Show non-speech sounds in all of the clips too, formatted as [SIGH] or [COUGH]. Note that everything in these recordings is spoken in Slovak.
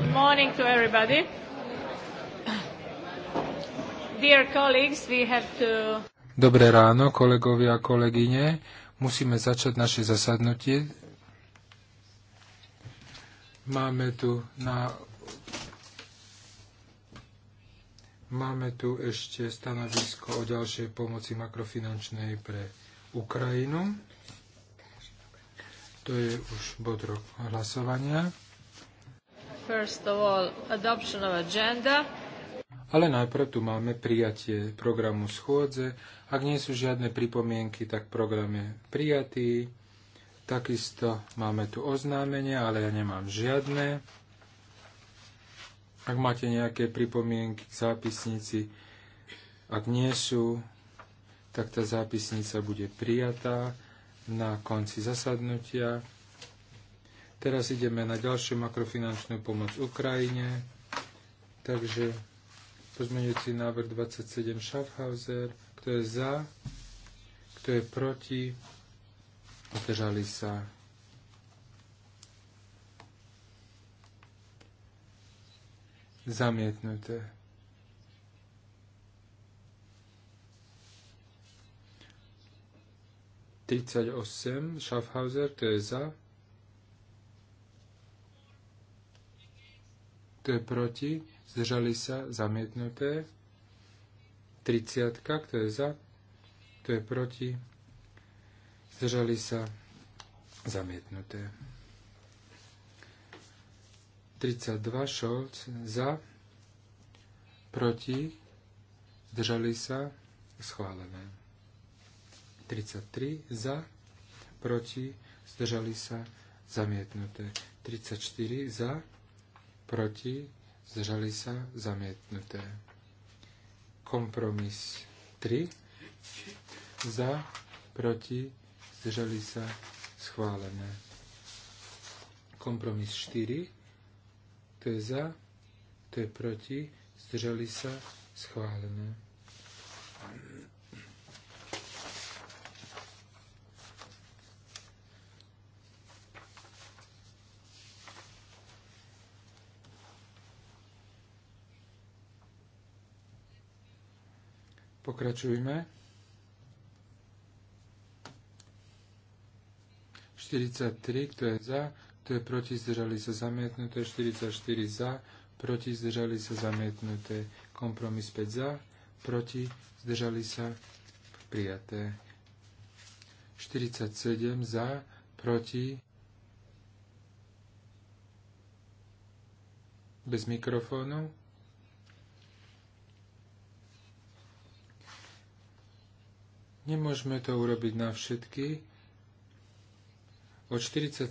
Good morning to everybody. Dear colleagues, we have to... Dobré ráno, kolegovia a kolegyne. Musíme začať naše zasadnutie. Máme tu na Máme tu ešte stanovisko o ďalšej pomoci makrofinančnej pre Ukrajinu. To je už bod rok hlasovania. First of all, adoption of agenda. Ale najprv tu máme prijatie programu schôdze. Ak nie sú žiadne pripomienky, tak program je prijatý. Takisto máme tu oznámenie, ale ja nemám žiadne. Ak máte nejaké pripomienky k zápisnici, ak nie sú, tak tá zápisnica bude prijatá na konci zasadnutia. Teraz ideme na ďalšiu makrofinančnú pomoc Ukrajine. Takže pozmeňujúci návrh 27 Schaffhauser. Kto je za? Kto je proti? Zdržali sa. Zamietnuté. 38, Schaffhauser, to je za? Kto je proti? Zdržali sa, zamietnuté. 30, kto je za? to je proti? Zdržali sa, zamietnuté. 32, Scholz, za? Proti? Zdržali sa, schválené. 33 za, proti, zdržali sa, zamietnuté. 34 za, proti, zdržali sa, zamietnuté. Kompromis 3 za, proti, zdržali sa, schválené. Kompromis 4, to je za, to je proti, zdržali sa, schválené. Pokračujme. 43, kto je za, kto je proti, zdržali sa zamietnuté. 44 za, proti, zdržali sa zamietnuté. Kompromis 5 za, proti, zdržali sa prijaté. 47 za, proti, bez mikrofónu. Nemôžeme to urobiť na všetky. Od 47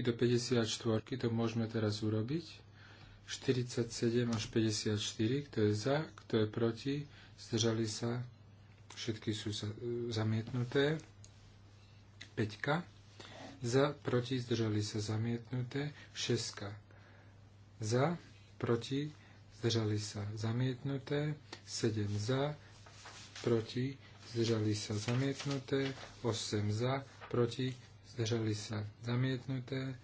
do 54 to môžeme teraz urobiť. 47 až 54, kto je za, kto je proti, zdržali sa, všetky sú zamietnuté. 5. Za, proti, zdržali sa zamietnuté. 6. Za, proti, zdržali sa zamietnuté. 7. Za, proti, zdržali sa zamietnuté, 8 za, proti, zdržali sa zamietnuté,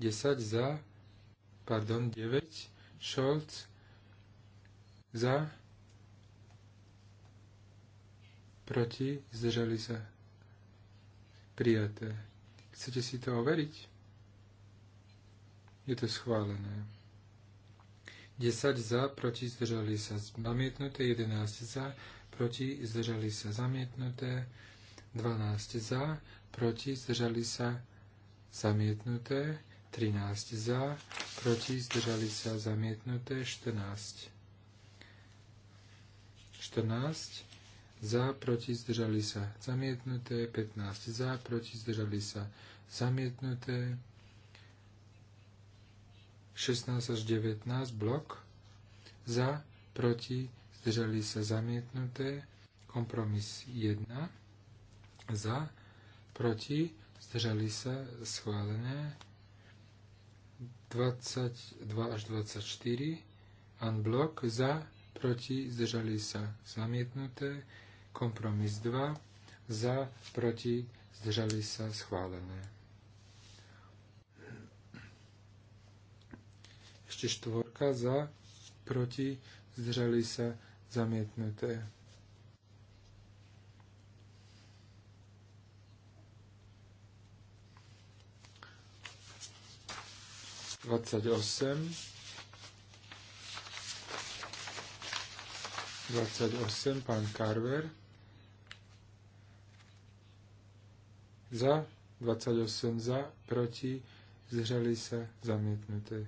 10 za, pardon, 9, Scholz za, proti, zdržali sa prijaté. Chcete si to overiť? Je to schválené. 10 za, proti zdržali sa zamietnuté, 11 za, proti zdržali sa zamietnuté, 12 za, proti zdržali sa zamietnuté, 13 za, proti zdržali sa zamietnuté, 14. 14 za, proti zdržali sa zamietnuté, 15 za, proti zdržali sa zamietnuté, 16 až 19 blok, za, proti, zdržali sa zamietnuté, kompromis 1, za, proti, zdržali sa schválené, 22 až 24, unblock, za, proti, zdržali sa zamietnuté, kompromis 2, za, proti, zdržali sa schválené. Ešte štvorka za, proti, zdrželi sa, zamietnuté. Dvadsať osem. Dvadsať osem, pán Carver. Za, osem za, proti, zdrželi sa, zamietnuté.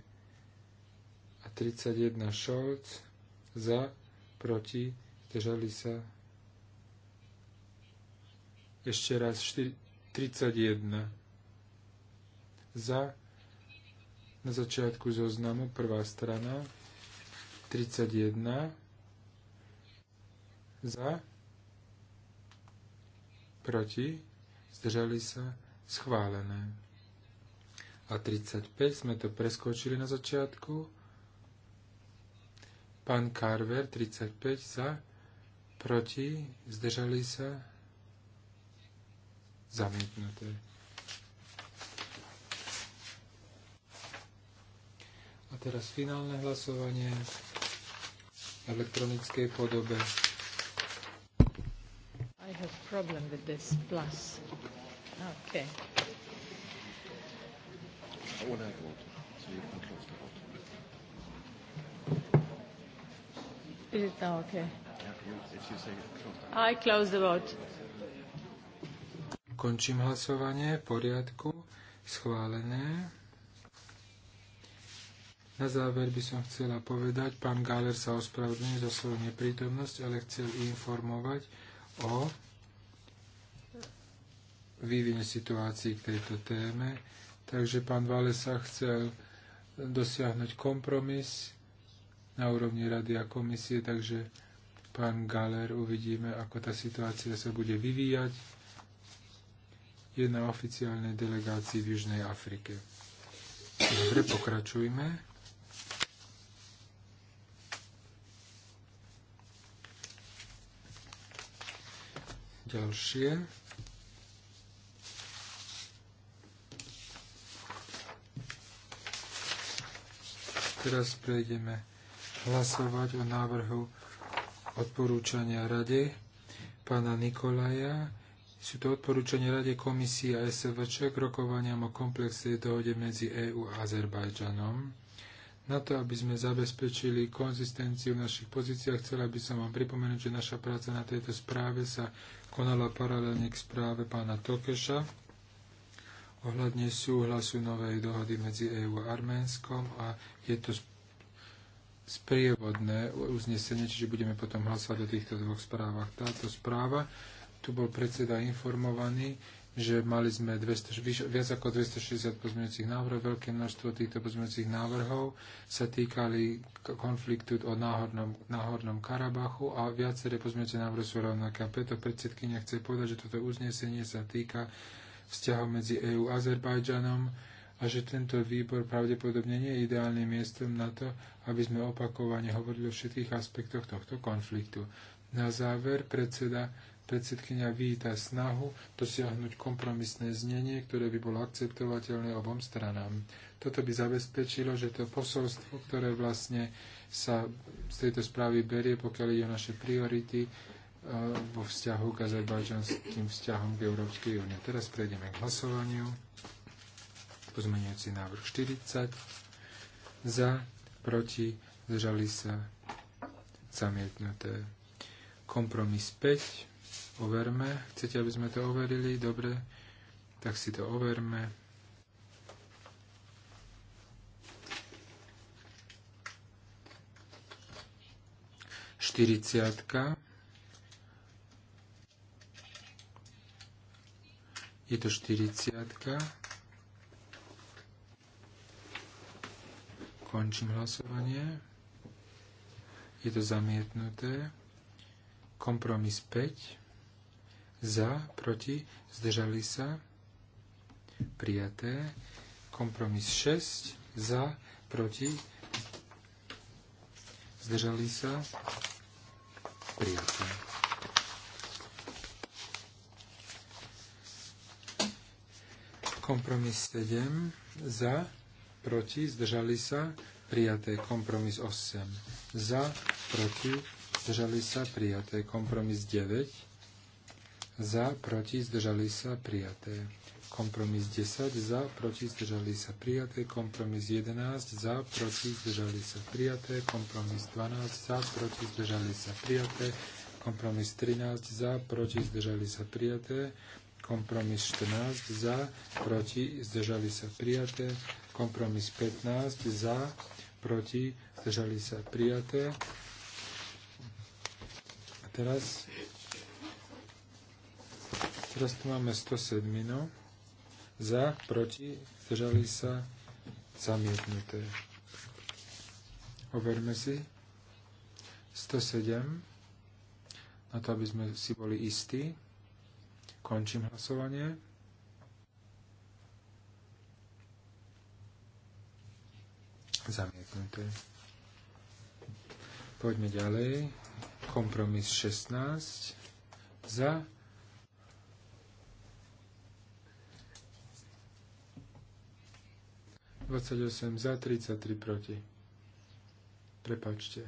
31 Scholz za, proti, zdržali sa. Ešte raz 4, 31 za, na začiatku zoznamu prvá strana 31 za, proti, zdržali sa, schválené. A 35 sme to preskočili na začiatku. Pán Carver 35 za, proti, zdržali sa, zamietnuté. A teraz finálne hlasovanie v elektronickej podobe. I have problem with this plus. Okay. I want to have vote. Is it now oh, okay? I close the vote. Končím hlasovanie v poriadku. Schválené. Na záver by som chcela povedať, pán Gáler sa ospravedlňuje za svoju neprítomnosť, ale chcel informovať o vývine situácií k tejto téme. Takže pán Vale sa chcel dosiahnuť kompromis na úrovni rady a komisie, takže pán Galer uvidíme, ako tá situácia sa bude vyvíjať. Je na oficiálnej delegácii v Južnej Afrike. Dobre, pokračujme. ďalšie. Teraz prejdeme hlasovať o návrhu odporúčania rade pána Nikolaja. Sú to odporúčania Rade komisie a SVČ k rokovaniam o komplexnej dohode medzi EÚ a Azerbajdžanom. Na to, aby sme zabezpečili konzistenciu v našich pozíciách, chcela by som vám pripomenúť, že naša práca na tejto správe sa konala paralelne k správe pána Tokeša ohľadne súhlasu novej dohody medzi EÚ a Arménskom a je to sprievodné uznesenie, čiže budeme potom hlasovať o týchto dvoch správach. Táto správa, tu bol predseda informovaný, že mali sme 200, viac ako 260 pozmeňujúcich návrhov, veľké množstvo týchto pozmeňujúcich návrhov sa týkali konfliktu o náhornom, náhornom Karabachu a viaceré pozmeňujúce návrhy sú rovnaké. A preto predsedkynia chce povedať, že toto uznesenie sa týka vzťahov medzi EÚ a Azerbajdžanom, a že tento výbor pravdepodobne nie je ideálnym miestom na to, aby sme opakovane hovorili o všetkých aspektoch tohto konfliktu. Na záver predseda predsedkynia víta snahu dosiahnuť kompromisné znenie, ktoré by bolo akceptovateľné obom stranám. Toto by zabezpečilo, že to posolstvo, ktoré vlastne sa z tejto správy berie, pokiaľ ide o naše priority, e, vo vzťahu k azerbajdžanským vzťahom k Európskej únie. Teraz prejdeme k hlasovaniu. Pozmeňujúci návrh 40. Za, proti, zdržali sa, zamietnuté. Kompromis 5. Overme. Chcete, aby sme to overili? Dobre. Tak si to overme. Štyriciatka. Je to štyriciatka. Končím hlasovanie. Je to zamietnuté. Kompromis 5. Za, proti, zdržali sa. Prijaté. Kompromis 6. Za, proti, zdržali sa. Prijaté. Kompromis 7. Za, proti, zdržali sa, prijaté kompromis 8. Za, proti, zdržali sa, prijaté kompromis 9. Za, proti, zdržali sa, prijaté kompromis 10. Za, proti, zdržali sa, prijaté kompromis 11. Za, proti, zdržali sa, prijaté kompromis 12. Za, proti, zdržali sa, prijaté kompromis 13. Za, proti, zdržali sa, prijaté kompromis Kompromis 14 za, proti, zdržali sa prijaté. Kompromis 15 za, proti, zdržali sa prijaté. A teraz, teraz tu máme 107 za, proti, zdržali sa zamietnuté. Overme si. 107 na to, aby sme si boli istí. Končím hlasovanie. Zamietnuté. Poďme ďalej. Kompromis 16. Za. Dvadsaťosem za, 33 proti. Prepačte.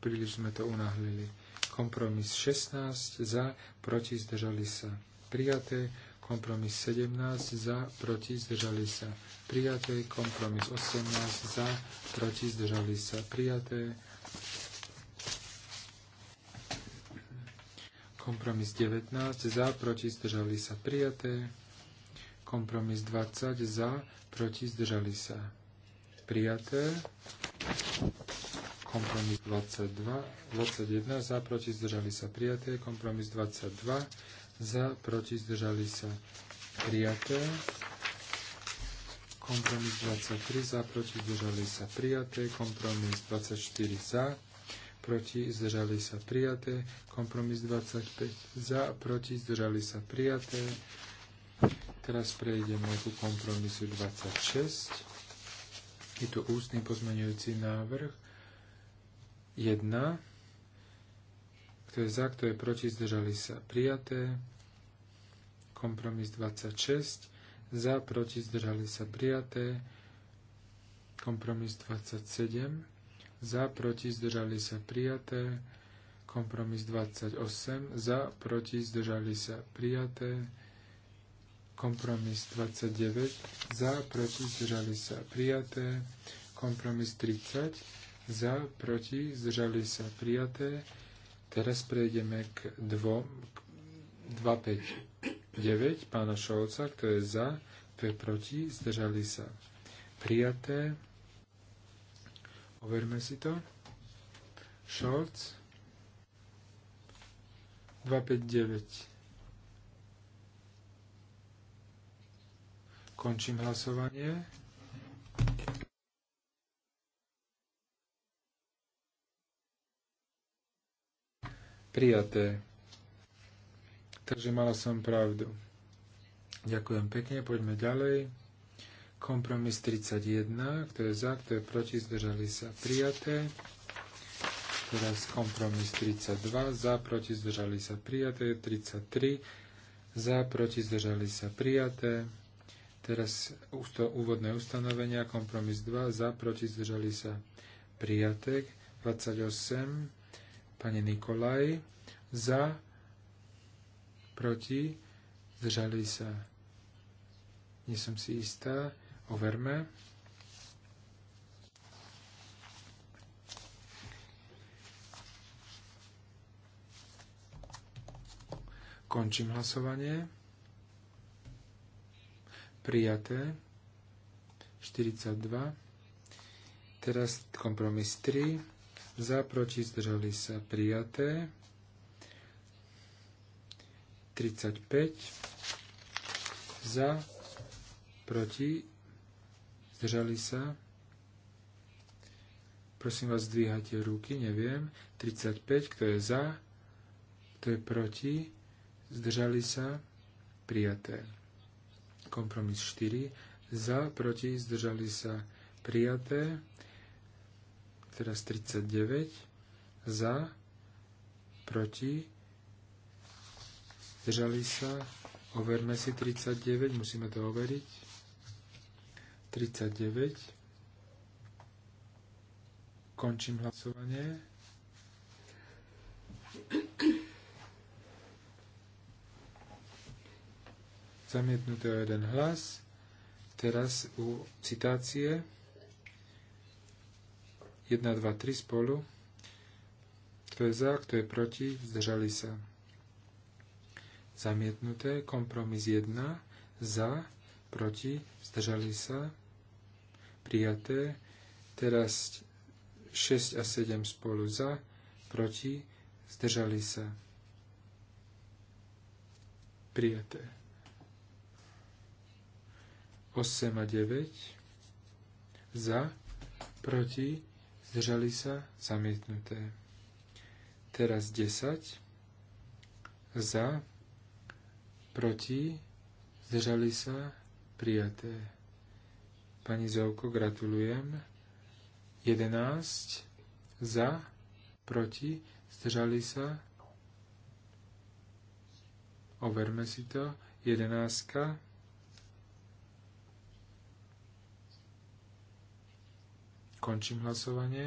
Príliš sme to unahlili kompromis 16 za, proti zdržali sa prijaté, kompromis 17 za, proti zdržali sa prijaté, kompromis 18 za, proti zdržali sa prijaté, kompromis 19 za, proti zdržali sa prijaté, kompromis 20 za, proti zdržali sa prijaté kompromis 22, 21 za, proti zdržali sa prijaté, kompromis 22 za, proti zdržali sa prijaté, kompromis 23 za, proti zdržali sa prijaté, kompromis 24 za, proti zdržali sa prijaté, kompromis 25 za, proti zdržali sa prijaté. Teraz prejdeme ku kompromisu 26. Je tu ústny pozmeňujúci návrh 1. Kto je za, kto je proti, zdržali sa prijaté. Kompromis 26. Za, proti, zdržali sa prijaté. Kompromis 27. Za, proti, zdržali sa prijaté. Kompromis 28. Za, proti, zdržali sa prijaté. Kompromis 29. Za, proti, zdržali sa prijaté. Kompromis 30 za, proti, zdržali sa prijaté. Teraz prejdeme k 9 pána Šolca, kto je za, kto je proti, zdržali sa prijaté. Overme si to. Šolc 259. Končím hlasovanie. prijaté. Takže mala som pravdu. Ďakujem pekne, poďme ďalej. Kompromis 31, kto je za, kto je proti, zdržali sa prijaté. Teraz kompromis 32, za, proti, zdržali sa prijaté. 33, za, proti, zdržali sa prijaté. Teraz úvodné ustanovenia, kompromis 2, za, proti, zdržali sa prijaté. 28, pani Nikolaj, za, proti, zdržali sa. Nie som si istá, overme. Končím hlasovanie. Prijaté. 42. Teraz kompromis 3 za, proti, zdržali sa prijaté. 35 za, proti, zdržali sa. Prosím vás, zdvíhate ruky, neviem. 35, kto je za, kto je proti, zdržali sa, prijaté. Kompromis 4, za, proti, zdržali sa, prijaté. Teraz 39 za, proti, zdržali sa, overme si 39, musíme to overiť. 39. Končím hlasovanie. Zamietnuté o jeden hlas. Teraz u citácie. 1, 2, 3 spolu. Kto je za, kto je proti, zdržali sa. Zamietnuté. Kompromis 1. Za, proti, zdržali sa. Prijaté. Teraz 6 a 7 spolu za, proti, zdržali sa. Prijaté. 8 a 9 za, proti, zdržali sa, zamietnuté. Teraz 10, za, proti, zdržali sa, prijaté. Pani Zovko, gratulujem. 11, za, proti, zdržali sa, overme si to, jedenáctka, Končím hlasovanie.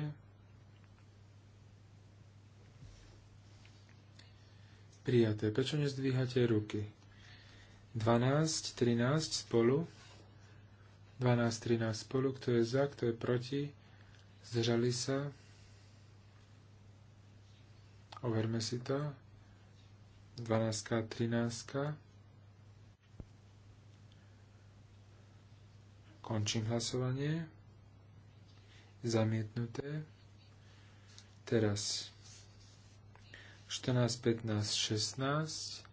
Prijaté. Prečo nezdvíhate ruky? 12, 13 spolu. 12, 13 spolu. Kto je za, kto je proti? Zdržali sa. Overme si to. 12, 13. Končím hlasovanie zamietnuté. Teraz 14, 15, 16.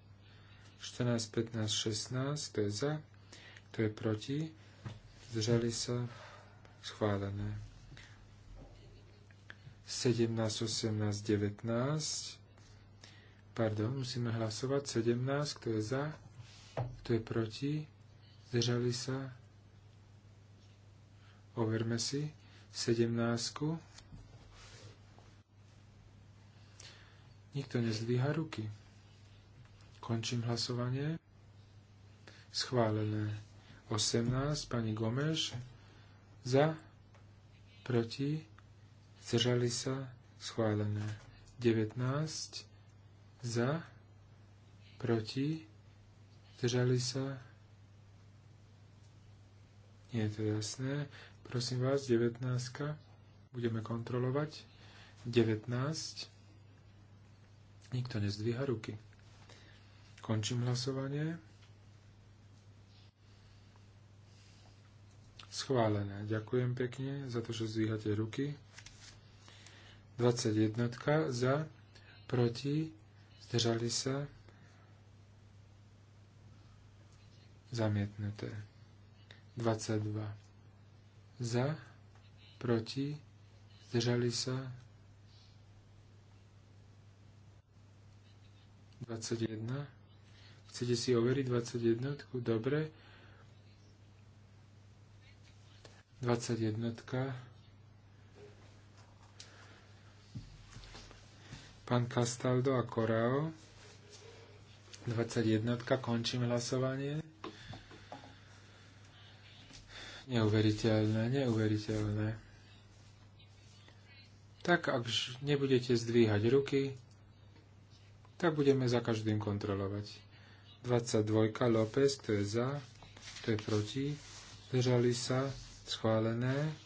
14, 15, 16, to je za, to je proti, zdržali sa, schválené. 17, 18, 19, pardon, musíme hlasovať, 17, kto je za, kto je proti, zdržali sa, overme si, 17. Nikto nezdvíha ruky. Končím hlasovanie. Schválené. 18. Pani Gomeš. Za. Proti. Zdržali sa. Schválené. 19. Za. Proti. Zdržali sa. Nie je to jasné. Prosím vás, 19. Budeme kontrolovať. 19. Nikto nezdvíha ruky. Končím hlasovanie. Schválené. Ďakujem pekne za to, že zdvíhate ruky. 21 za, proti, zdržali sa, zamietnuté. 22 za, proti, zdržali sa 21. Chcete si overiť 21? Dobre. 21. Pán Castaldo a Korao. 21. Končím hlasovanie. Neuveriteľné, neuveriteľné. Tak, ak nebudete zdvíhať ruky, tak budeme za každým kontrolovať. 22. López, to je za, to je proti, zdržali sa, schválené.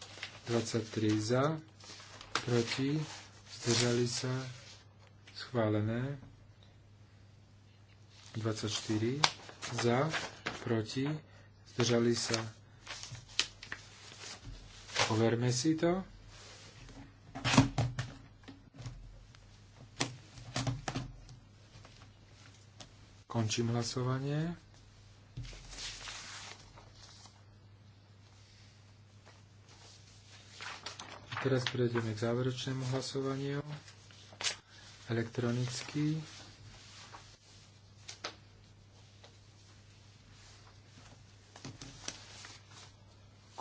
23 za, proti, zdržali sa, schválené. 24 za, proti, zdržali sa, Overme si to. Končím hlasovanie. Teraz prejdeme k záverečnému hlasovaniu elektronicky.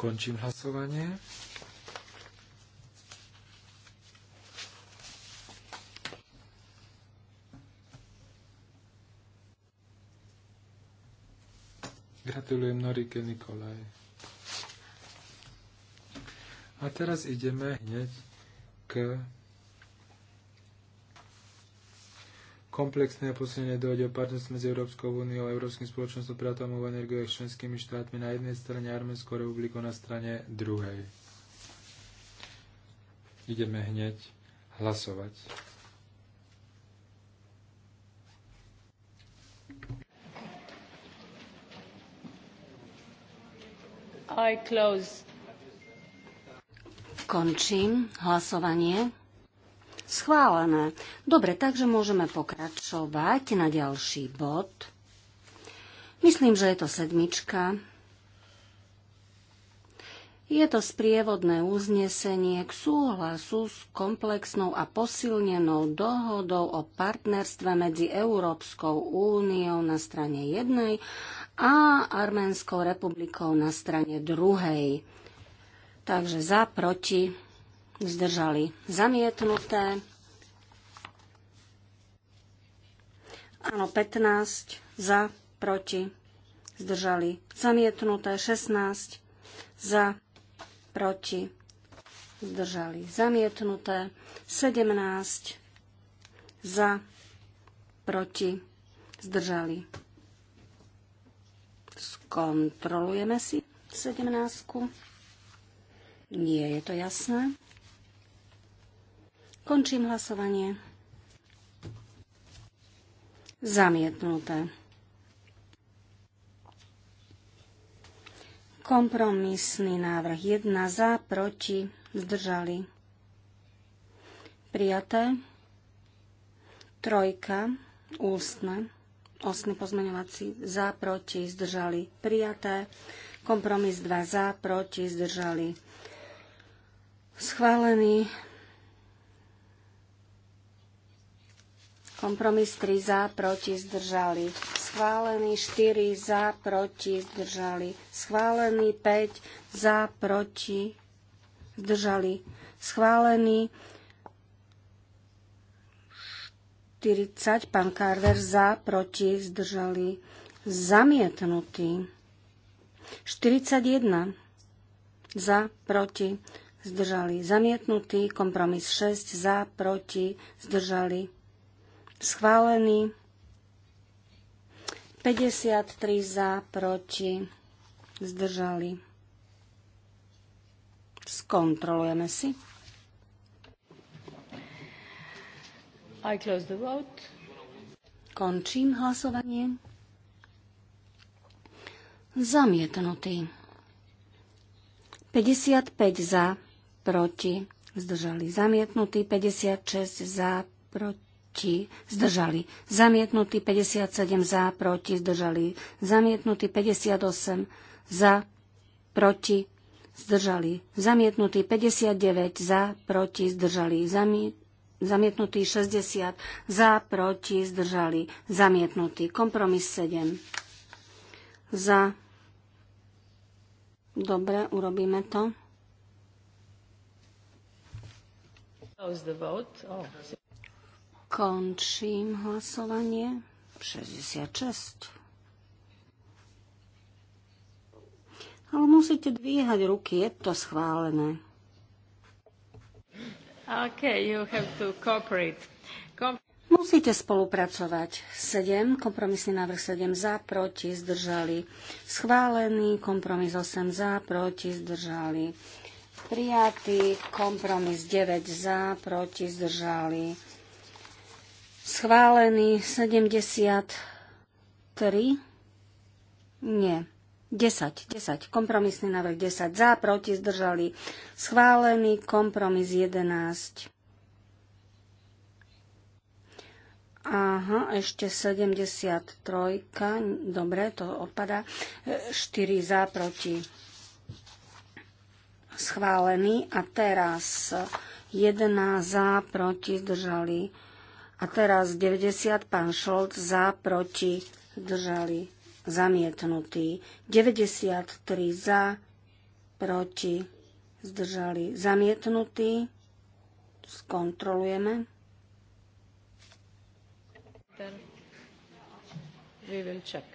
Končím hlasovanie. Gratulujem Norike Nikolaj. A teraz ideme hneď k komplexné posilnenie dohode o partnerstve medzi Európskou úniou a Európskym spoločenstvom pre atomovú energiu a členskými štátmi na jednej strane a Arménskou republikou na strane druhej. Ideme hneď hlasovať. I close. Končím hlasovanie. Schválené. Dobre, takže môžeme pokračovať na ďalší bod. Myslím, že je to sedmička. Je to sprievodné uznesenie k súhlasu s komplexnou a posilnenou dohodou o partnerstve medzi Európskou úniou na strane jednej a Arménskou republikou na strane druhej. Takže za, proti, zdržali zamietnuté. Áno, 15 za, proti, zdržali zamietnuté. 16 za, proti, zdržali zamietnuté. 17 za, proti, zdržali. Skontrolujeme si 17. Nie je to jasné. Končím hlasovanie. Zamietnuté. Kompromisný návrh 1 za, proti, zdržali. Prijaté. Trojka, ústne. Osný pozmeňovací za, proti, zdržali. Prijaté. Kompromis 2 za, proti, zdržali. Schválený Kompromis 3 za, proti, zdržali. Schválený 4 za, proti, zdržali. Schválený 5 za, proti, zdržali. Schválený 40, pán Carver za, proti, zdržali. Zamietnutý. 41 za, proti, zdržali. Zamietnutý. Kompromis 6 za, proti, zdržali Schválený. 53 za, proti, zdržali. Skontrolujeme si. I close the vote. Končím hlasovanie. Zamietnutý. 55 za, proti, zdržali. Zamietnutý. 56 za, proti proti, zdržali. Zamietnutý 57 za, proti, zdržali. Zamietnutý 58 za, proti, zdržali. Zamietnutý 59 za, proti, zdržali. Zamiet zamietnutý 60, za, proti, zdržali, zamietnutý. Kompromis 7. Za. Dobre, urobíme to. Oh. Končím hlasovanie. 66. Ale musíte dvíhať ruky, je to schválené. Okay, you have to cooperate. Com- Musíte spolupracovať. 7, kompromisný návrh 7 za, proti, zdržali. Schválený, kompromis 8 za, proti, zdržali. Prijatý, kompromis 9 za, proti, zdržali Schválený 73. Nie. 10, 10, kompromisný návrh 10, za, proti, zdržali, schválený kompromis 11. Aha, ešte 73, dobre, to odpada, 4 e, za, proti, schválený a teraz 11 za, proti, zdržali, a teraz 90 pán Šolt za, proti, držali, zamietnutý. 93 za, proti, zdržali, zamietnutý. Skontrolujeme. We will check.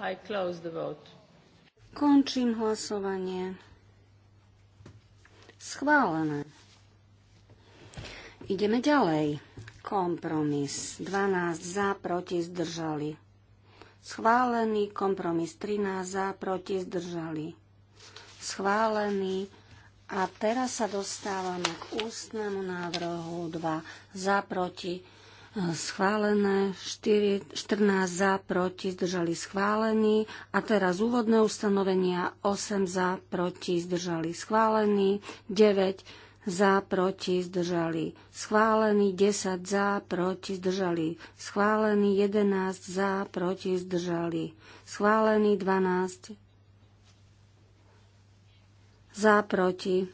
I close the vote. Končím hlasovanie. Schválené. Ideme ďalej. Kompromis. 12 za, proti, zdržali. Schválený kompromis 13 za, proti, zdržali. Schválený. A teraz sa dostávame k ústnemu návrhu 2 za, proti, schválené, 4, 14 za, proti, zdržali schválený. A teraz úvodné ustanovenia, 8 za, proti, zdržali schválený, 9 za, proti, zdržali schválený, 10 za, proti, zdržali schválený, 11 za, proti, zdržali schválený, 12 za, proti,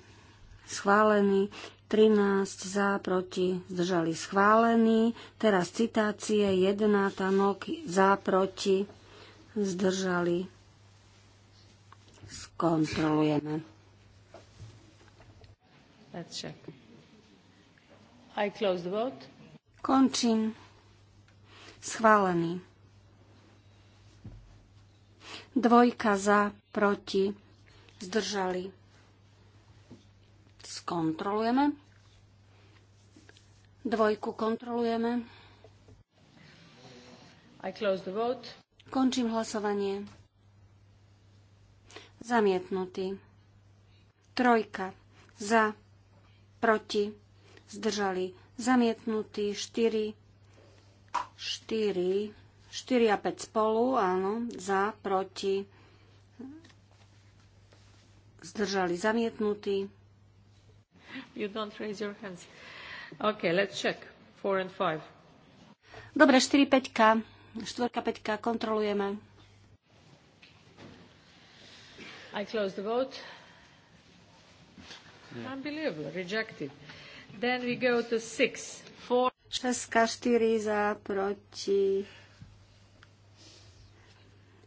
schválený, 13 za, proti, zdržali schválený. Teraz citácie 1, tanok za, proti, zdržali. Skontrolujeme. Let's check. I close the vote. Končím. Schválený. Dvojka za, proti, zdržali Kontrolujeme. Dvojku kontrolujeme. I close the vote. Končím hlasovanie. Zamietnutý. Trojka. Za. Proti. Zdržali. Zamietnutý. štyri štyri, štyri a päť spolu. Áno. Za. Proti. Zdržali. Zamietnutý. You don't raise your hands. Okay, let's check. 4 and 5. Dobre, 4, 5. 4, 5. Kontrolujeme. I close the vote. Yeah. Unbelievable. Rejected. Then we go to 6. 6, 4 za, proti.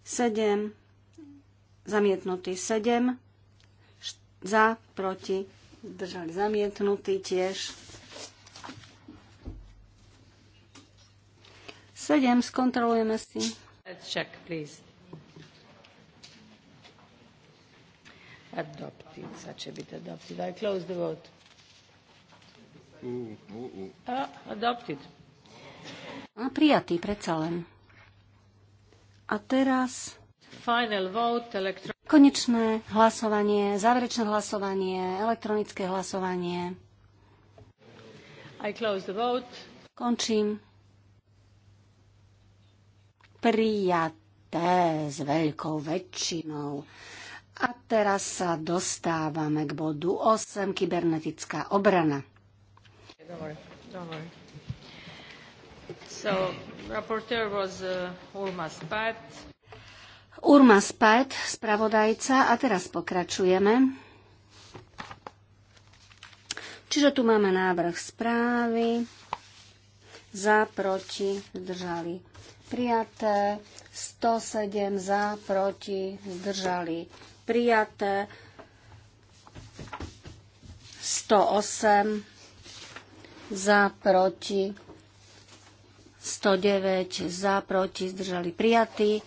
7. Zamietnutý. 7. Za, proti držali zamietnutý tiež. 7. Skontrolujeme si. Let's check, please. Adopted. Such a bit adopted. I close the vote. Uh, uh, uh. Uh, adopted. A prijatý, predsa len. A teraz... Final vote, electronic. Konečné hlasovanie, záverečné hlasovanie, elektronické hlasovanie. I close the vote. Končím. Prijaté s veľkou väčšinou. A teraz sa dostávame k bodu 8, kybernetická obrana. Don't worry, don't worry. So, was uh, Urma Spajt, spravodajca. A teraz pokračujeme. Čiže tu máme návrh správy. Za, proti, zdržali. Prijaté. 107 za, proti, zdržali. Prijaté. 108 za, proti, 109 za, proti, zdržali prijatí,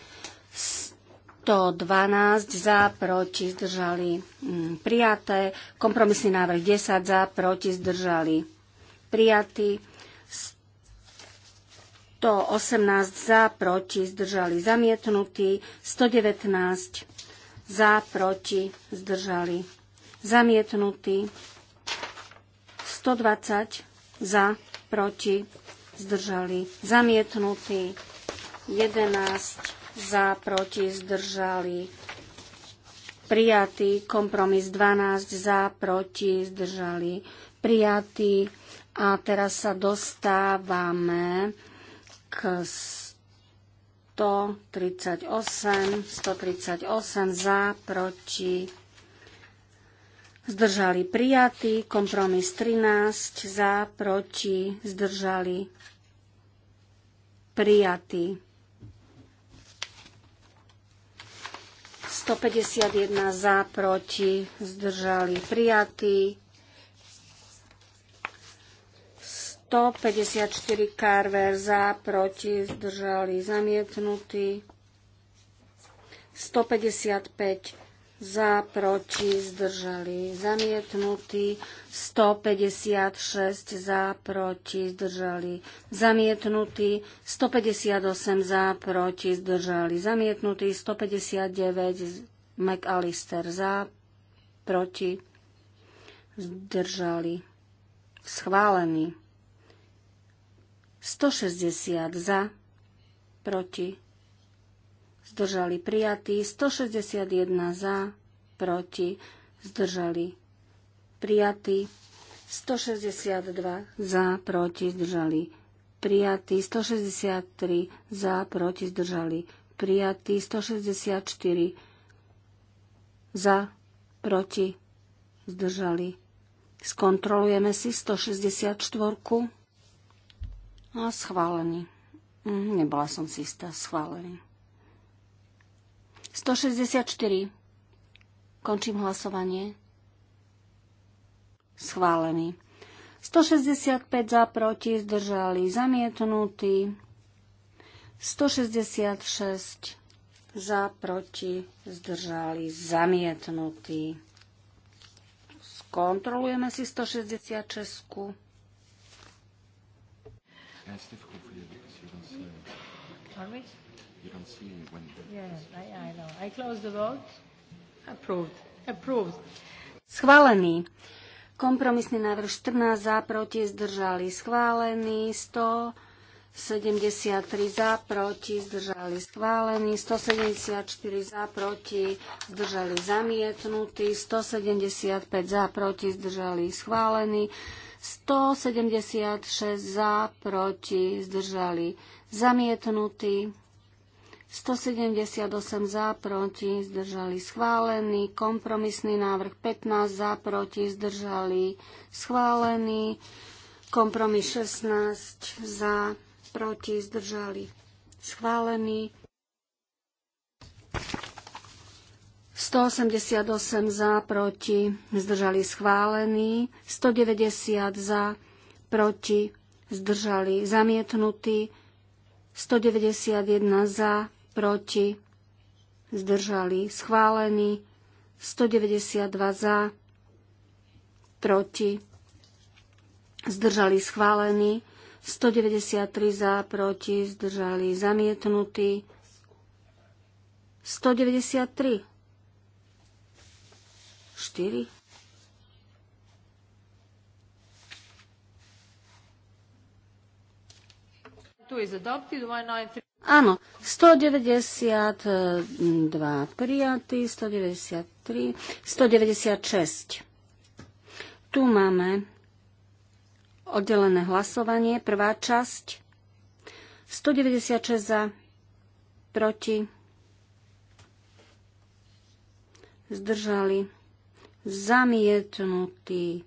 112 za, proti, zdržali mm, prijaté. Kompromisný návrh 10 za, proti, zdržali prijatý. 118 za, proti, zdržali zamietnutý. 119 za, proti, zdržali zamietnutý. 120 za, proti, zdržali zamietnutý. 11 za, proti, zdržali prijatý, kompromis 12 za, proti, zdržali prijatý. A teraz sa dostávame k 138, 138 za, proti, zdržali prijatý, kompromis 13, za, proti, zdržali prijatý. 151 za, proti, zdržali prijatí. 154 Carver za, proti, zdržali zamietnutí. 155 za, proti, zdržali, zamietnutý, 156 za, proti, zdržali, zamietnutý, 158 za, proti, zdržali, zamietnutý, 159 McAllister za, proti, zdržali, schválený, 160 za, proti, zdržali prijatí, 161 za, proti, zdržali prijatí, 162 za, proti, zdržali prijatí, 163 za, proti, zdržali prijatí, 164 za, proti, zdržali. Skontrolujeme si 164 a schválený. Mhm, Nebola som si istá, schválený. 164. Končím hlasovanie. Schválený. 165 za, proti, zdržali, zamietnutý. 166 za, proti, zdržali, zamietnutý. Skontrolujeme si 166. Are you don't see when... Yes, I, I know. I close the vote. Approved. Approved. Schválený. Kompromisný návrh 14 za, proti, zdržali. Schválený 173 za, proti, zdržali. Schválený 174 za, proti, zdržali. Zamietnutý 175 za, proti, zdržali. Schválený 176 za, proti, zdržali. Zamietnutý 178 za, proti, zdržali schválený. Kompromisný návrh 15 za, proti, zdržali schválený. Kompromis 16 za, proti, zdržali schválený. 188 za, proti, zdržali schválený. 190 za, proti, zdržali zamietnutý. 191 za, proti, zdržali, schválený, 192 za, proti, zdržali, schválený, 193 za, proti, zdržali, zamietnutý, 193, 4, two is adopted one nine three Áno, 192 prijatý, 193, 196. Tu máme oddelené hlasovanie, prvá časť. 196 za, proti, zdržali, zamietnutý.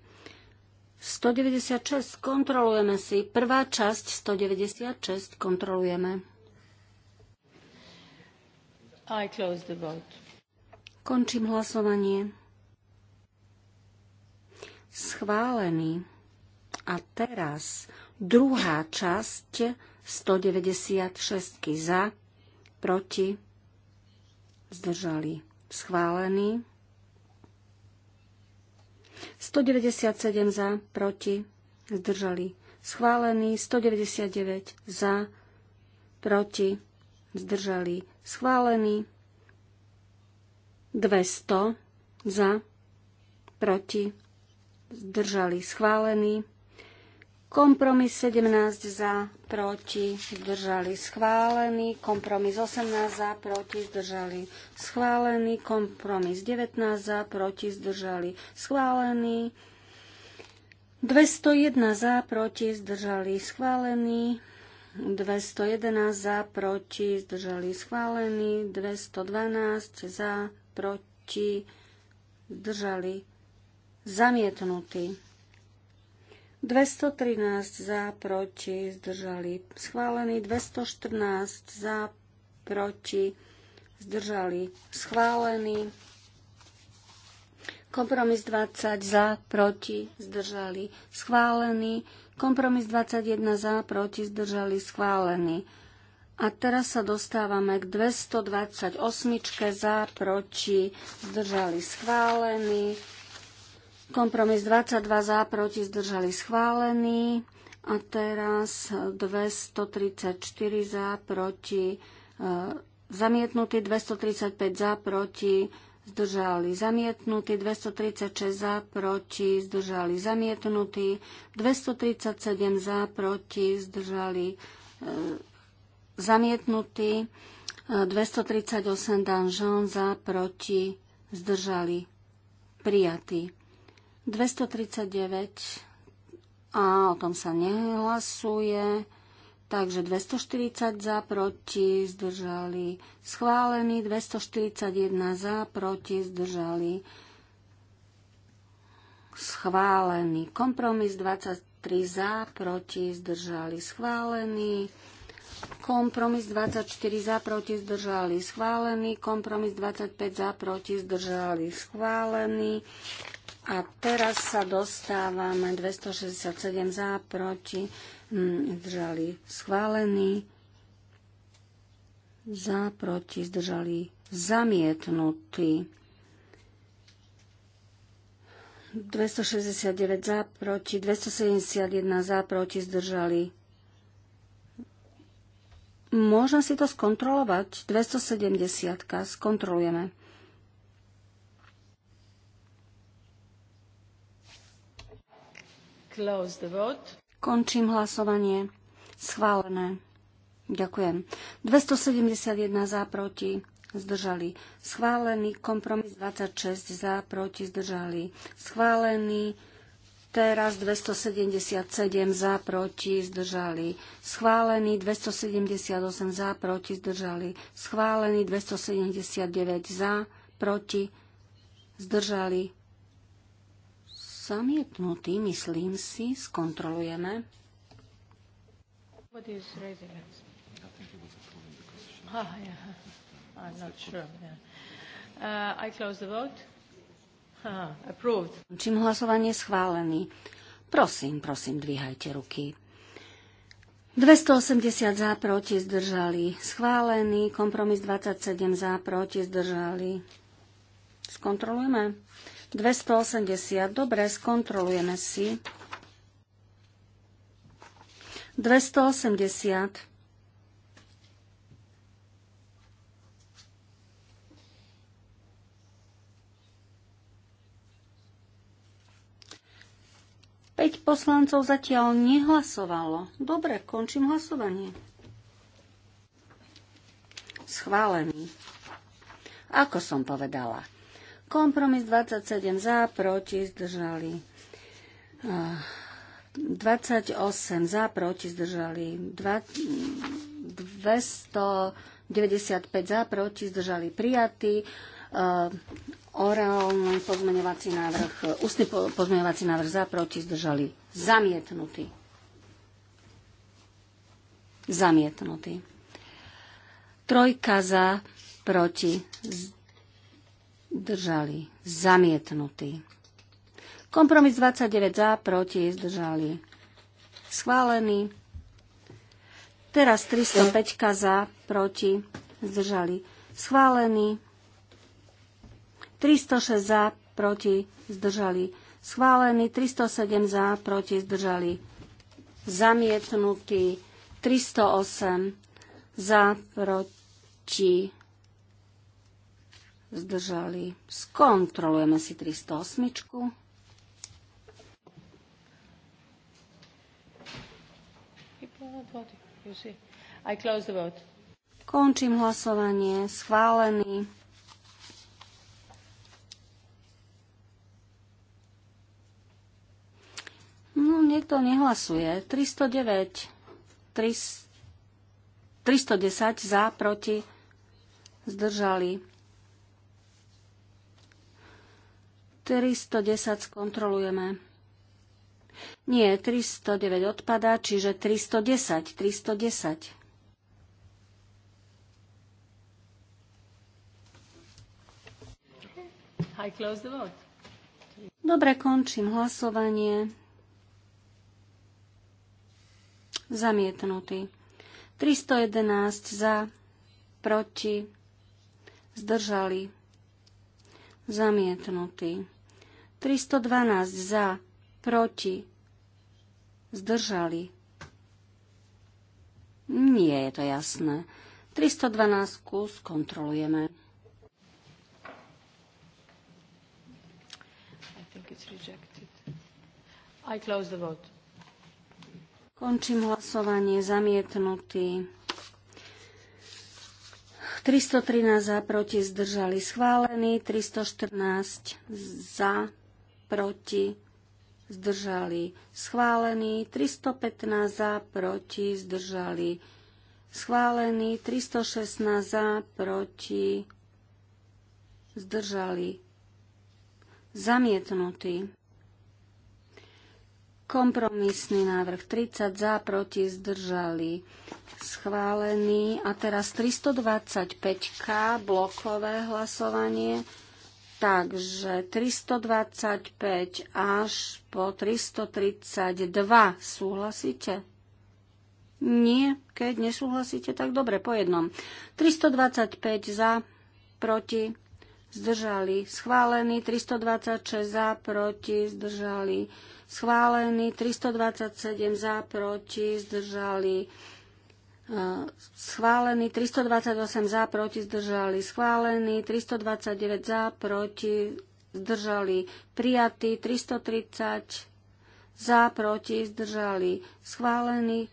196, kontrolujeme si. Prvá časť 196, kontrolujeme. I close the vote. Končím hlasovanie. Schválený. A teraz druhá časť 196 za, proti, zdržali. Schválený. 197 za, proti, zdržali. Schválený 199 za, proti, zdržali schválený. 200 za, proti, zdržali schválený. Kompromis 17 za, proti, zdržali schválený. Kompromis 18 za, proti, zdržali schválený. Kompromis 19 za, proti, zdržali schválený. 201 za, proti, zdržali schválený. 211 za, proti, zdržali schválený, 212 za, proti, zdržali zamietnutý. 213 za, proti, zdržali schválený, 214 za, proti, zdržali schválený. Kompromis 20 za, proti, zdržali schválený. Kompromis 21 za, proti, zdržali, schválený. A teraz sa dostávame k 228 za, proti, zdržali schválený. Kompromis 22 za, proti, zdržali schválený. A teraz 234 za, proti, e, zamietnutý, 235 za, proti, zdržali zamietnutí, 236 za, proti, zdržali zamietnutí, 237 za, proti, zdržali e, zamietnutí, 238 e, Danžon za, proti, zdržali prijatí. 239 a o tom sa nehlasuje. Takže 240 za, proti, zdržali schválený, 241 za, proti, zdržali schválený. Kompromis 23 za, proti, zdržali schválený. Kompromis 24 za, proti, zdržali schválený. Kompromis 25 za, proti, zdržali schválený. A teraz sa dostávame 267 za, proti, Hm, zdržali schválený, za, proti, zdržali zamietnutý. 269 za, proti, 271 za, proti, zdržali. Môžem si to skontrolovať. 270 skontrolujeme. Close the vote. Končím hlasovanie. Schválené. Ďakujem. 271 za, proti, zdržali. Schválený kompromis 26 za, proti, zdržali. Schválený teraz 277 za, proti, zdržali. Schválený 278 za, proti, zdržali. Schválený 279 za, proti, zdržali. Zamietnutý, myslím si, skontrolujeme. Ah, [LAUGHS] uh, ah, Čím hlasovanie schválený. Prosím, prosím, dvíhajte ruky. 280 za, proti, zdržali. Schválený. Kompromis 27 za, proti, zdržali. Skontrolujeme. 280. Dobre, skontrolujeme si. 280. Päť poslancov zatiaľ nehlasovalo. Dobre, končím hlasovanie. Schválený. Ako som povedala. Kompromis 27 za, proti, zdržali. 28 za, proti, zdržali. 295 za, proti, zdržali Prijatý Orálny pozmeňovací návrh, ústny pozmeňovací návrh za, proti, zdržali zamietnutý. Zamietnutý. Trojka za, proti, zdržali zdržali, zamietnutý. Kompromis 29 za, proti, zdržali, schválený. Teraz 305 za, proti, zdržali, schválený. 306 za, proti, zdržali, schválený. 307 za, proti, zdržali, zamietnutý. 308 za, proti, zdržali. Skontrolujeme si 308. Končím hlasovanie. Schválený. No, niekto nehlasuje. 309. 310 za, proti, zdržali 310 skontrolujeme. Nie, 309 odpadá, čiže 310, 310. Dobre, končím hlasovanie. Zamietnutý. 311 za, proti, zdržali. Zamietnutý. 312 za, proti, zdržali. Nie je to jasné. 312 skontrolujeme. Končím hlasovanie zamietnutý. 313 za, proti zdržali schválený, 314 za, proti, zdržali schválený, 315 za, proti, zdržali schválený, 316 za, proti, zdržali zamietnutý. Kompromisný návrh 30 za, proti, zdržali schválený. A teraz 325K blokové hlasovanie Takže 325 až po 332 súhlasíte? Nie, keď nesúhlasíte, tak dobre, po jednom. 325 za, proti, zdržali, schválený, 326 za, proti, zdržali, schválený, 327 za, proti, zdržali, schválený, 328 za, proti, zdržali, schválený, 329 za, proti, zdržali, prijatý, 330 za, proti, zdržali, schválený.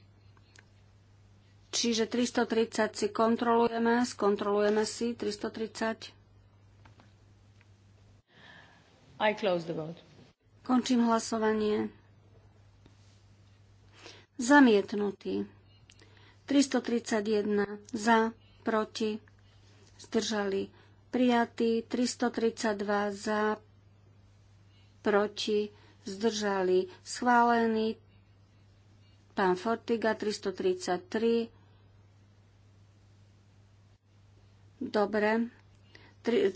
Čiže 330 si kontrolujeme, skontrolujeme si 330. I close the vote. Končím hlasovanie. Zamietnutý. 331 za, proti, zdržali prijatí, 332 za, proti, zdržali schválený, pán Fortiga 333, dobre,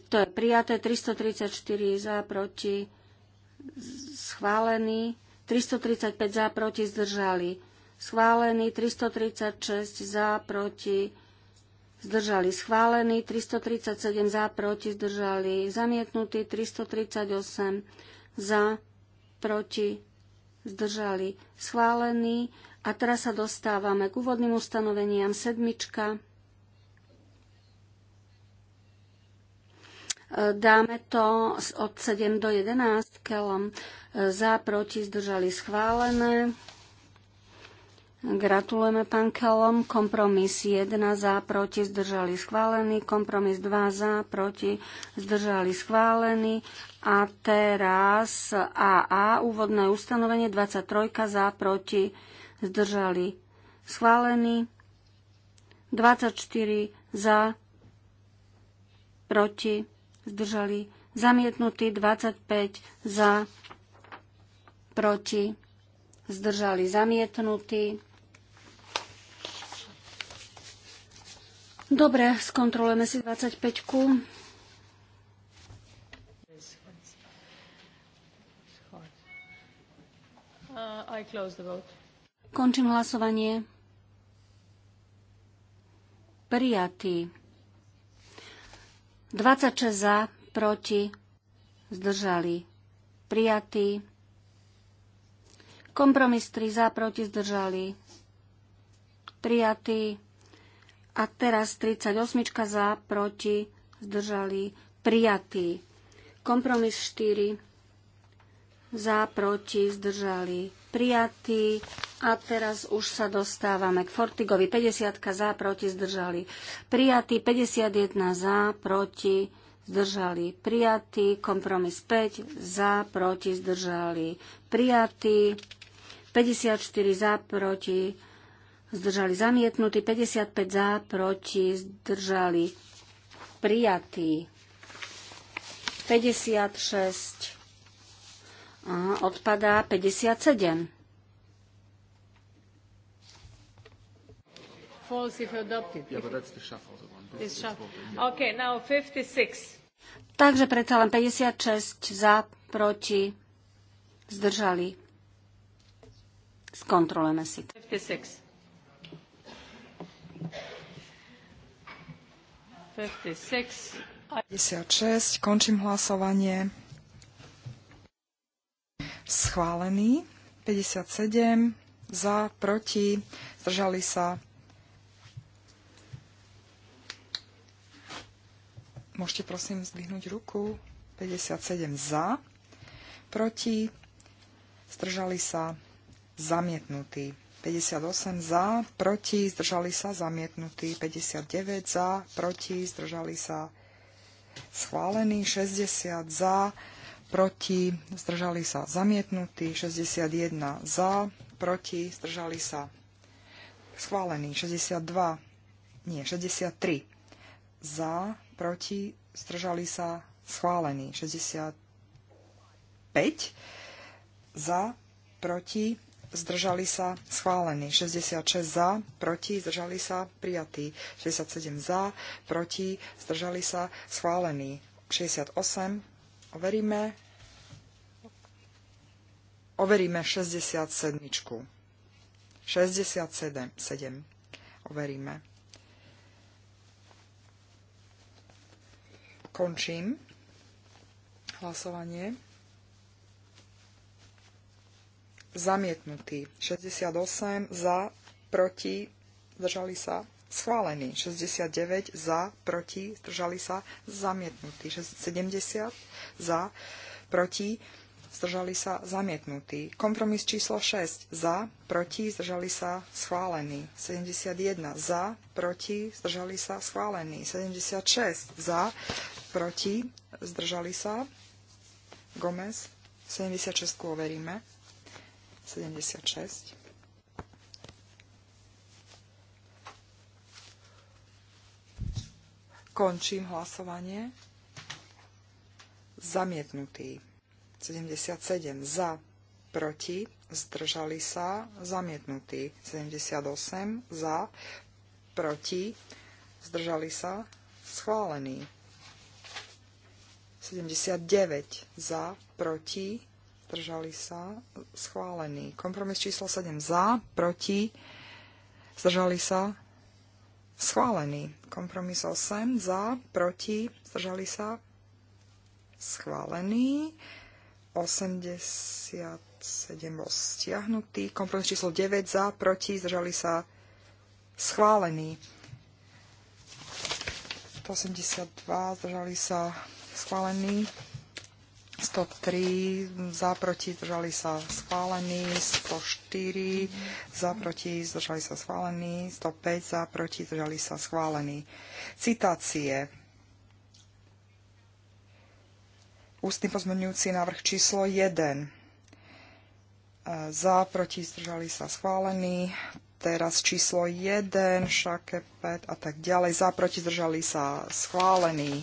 to je prijaté, 334 za, proti, schválený, 335 za, proti, zdržali schválený, 336 za, proti, zdržali schválený, 337 za, proti, zdržali zamietnutý, 338 za, proti, zdržali schválený. A teraz sa dostávame k úvodným ustanoveniam sedmička. Dáme to od 7 do 11, keľom za, proti, zdržali schválené. Gratulujeme, pán Kelom. Kompromis 1 za, proti, zdržali schválený. Kompromis 2 za, proti, zdržali schválený. A teraz AA, úvodné ustanovenie 23 za, proti, zdržali schválený. 24 za, proti, zdržali zamietnutý. 25 za, proti, zdržali zamietnutý. Dobre, skontrolujeme si 25. -ku. Uh, Končím hlasovanie. Prijatý. 26 za, proti, zdržali. Prijatý. Kompromis 3 za, proti, zdržali. Prijatý. A teraz 38 za, proti, zdržali, prijatý. Kompromis 4 za, proti, zdržali, prijatý. A teraz už sa dostávame k Fortigovi. 50 za, proti, zdržali, prijatý. 51 za, proti, zdržali, prijatý. Kompromis 5 za, proti, zdržali, prijatý. 54 za, proti, zdržali zamietnutí, 55 za, proti, zdržali prijatí, 56 Aha, odpadá 57. Takže predsa len 56 za, proti, zdržali. Skontrolujeme si. 56. 56. Končím hlasovanie. Schválený. 57. Za, proti. Zdržali sa. Môžete prosím zdvihnúť ruku. 57 za, proti. Zdržali sa. Zamietnutý. 58 za, proti, zdržali sa, zamietnutí, 59 za, proti, zdržali sa, schválený. 60 za, proti, zdržali sa, zamietnutí, 61 za, proti, zdržali sa, schválený. 62, nie, 63 za, proti, zdržali sa, schválení. 65 za, proti, zdržali sa, schválený. 66 za, proti, zdržali sa, prijatý. 67 za, proti, zdržali sa, schválený. 68, overíme. Overíme 67. 67, 7. Overíme. Končím hlasovanie zamietnutý. 68 za, proti, zdržali sa, schválený. 69 za, proti, zdržali sa, zamietnutý. 70 za, proti, zdržali sa, zamietnutý. Kompromis číslo 6 za, proti, zdržali sa, schválený. 71 za, proti, zdržali sa, schválený. 76 za, proti, zdržali sa, Gomez. 76 overíme. 76. Končím hlasovanie. Zamietnutý. 77 za, proti, zdržali sa, zamietnutý. 78 za, proti, zdržali sa, schválený. 79 za, proti, zdržali sa, schválený. Kompromis číslo 7 za, proti, zdržali sa, schválený. Kompromis 8 za, proti, zdržali sa, schválený. 87 bol stiahnutý. Kompromis číslo 9 za, proti, zdržali sa, schválený. 182 zdržali sa, schválený. 103 za proti, zdržali sa schválení, 104 zaproti, zdržali sa schválení, 105 za proti, zdržali sa schválení. Citácie. Ústny pozmenujúci návrh číslo 1. Za proti, zdržali sa schválení, e, teraz číslo 1, šake 5 a tak ďalej. Za proti, zdržali sa schválení.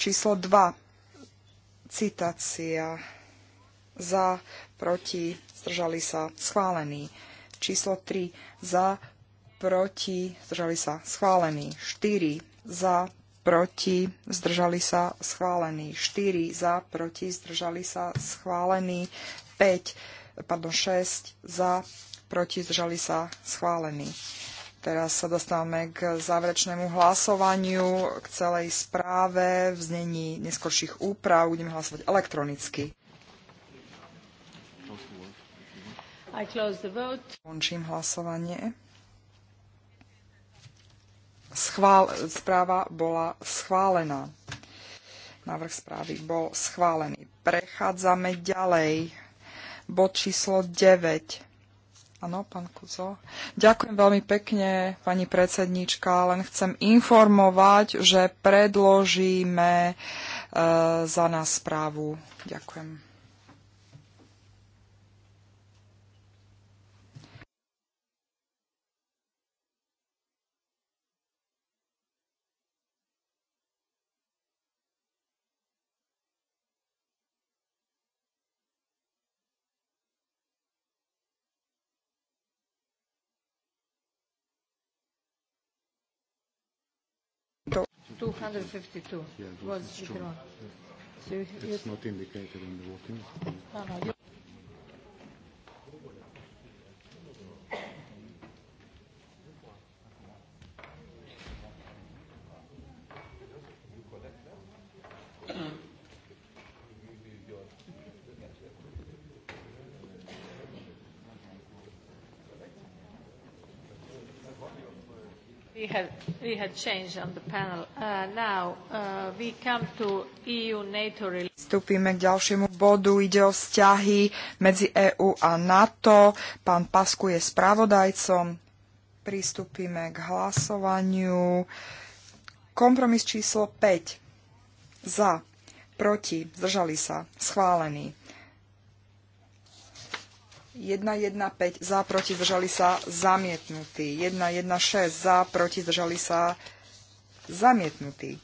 Číslo 2 Citácia za, proti, zdržali sa, schválený. Číslo 3 za, proti, zdržali sa, schválený. 4 za, proti, zdržali sa, schválený. 4 za, proti, zdržali sa, schválený. 5, pardon, 6 za, proti, zdržali sa, schválený. Teraz sa dostávame k záverečnému hlasovaniu, k celej správe v znení neskorších úprav. Budeme hlasovať elektronicky. Končím hlasovanie. Schvál, správa bola schválená. Návrh správy bol schválený. Prechádzame ďalej. Bod číslo 9 Áno, pán Kuzo. Ďakujem veľmi pekne, pani predsednička. Len chcem informovať, že predložíme e, za nás správu. Ďakujem. 252 yeah, was withdrawn. So it's not indicated in the voting. No, no, We had change on the panel. Uh, now uh, we come to EU-NATO Vstúpime k ďalšiemu bodu. Ide o vzťahy medzi EÚ a NATO. Pán Pasku je spravodajcom. Pristúpime k hlasovaniu. Kompromis číslo 5. Za. Proti. Zdržali sa. Schválený. 1, 1, 5 za, proti, zdržali sa, zamietnutí. 1 116 za, proti, zdržali sa, zamietnutí.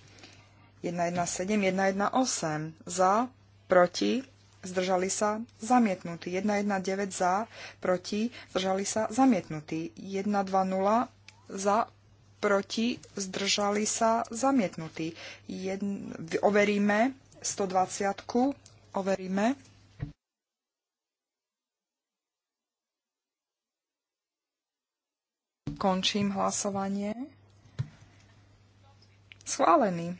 1, 1, 1, 8 za, proti, zdržali sa, zamietnutý. 119 za, proti, zdržali sa, zamietnutý. 120 za, proti, zdržali sa, zamietnutí. Jedn, overíme 120, overíme Končím hlasovanie. Schválený.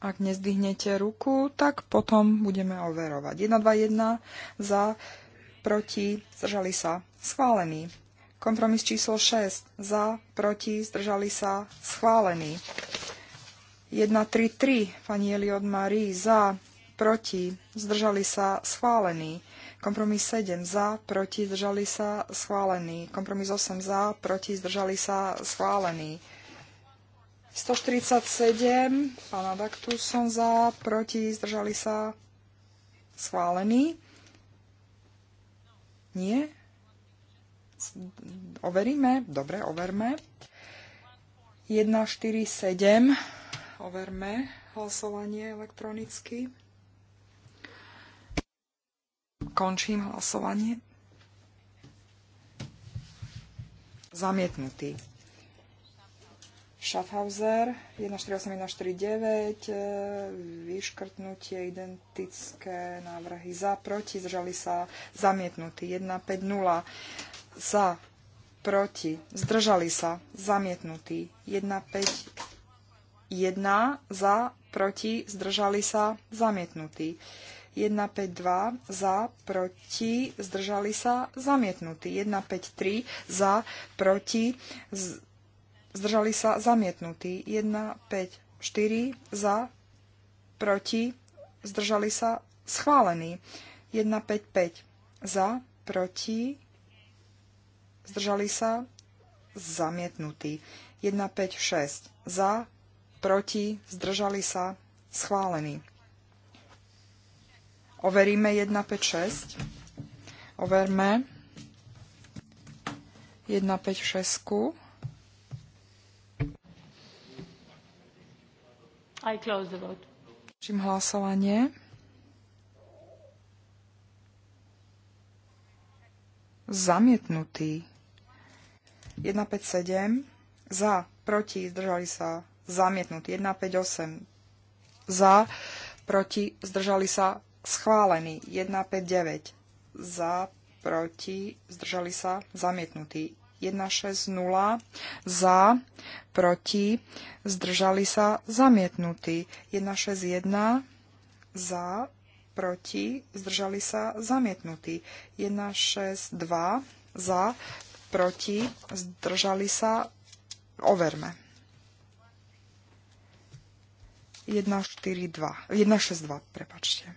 Ak nezdvihnete ruku, tak potom budeme overovať. 1, 2, 1 za, proti, zdržali sa, schválený. Kompromis číslo 6 za, proti, zdržali sa, schválený. 1, 3, 3, pani Eliot Marie za, proti, zdržali sa, schválený. Kompromis 7 za, proti, zdržali sa, schválený. Kompromis 8 za, proti, zdržali sa, schválený. 147, pána Daktuson za, proti, zdržali sa, schválený. Nie? Overíme? Dobre, overme. 1, 4, 7. Overme hlasovanie elektronicky. Končím hlasovanie. Zamietnutý. Schaffhauser 148149, e, vyškrtnutie identické návrhy za, proti, zdržali sa zamietnutí 150, za, proti, zdržali sa zamietnutí 151, za, proti, zdržali sa zamietnutí 152 za, proti, zdržali sa, zamietnutý. 153 za, proti, zdržali sa, zamietnutý. 154 za, proti, zdržali sa, schválený. 155 za, proti, zdržali sa, zamietnutý. 156 za, proti, zdržali sa, schválený. Overíme 1, 5, 6. Overme. 1, 5, 6. I close the vote. Čím hlasovanie. Zamietnutý. 1, 5, 7. Za, proti, zdržali sa. Zamietnutý. 1, 5, 8. Za, proti, zdržali sa. Schválený 159 za, proti, zdržali sa, zamietnutý 160 za, proti, zdržali sa, zamietnutý 161 za, proti, zdržali sa, zamietnutý 162 za, proti, zdržali sa, overme. 142, 162, prepačte.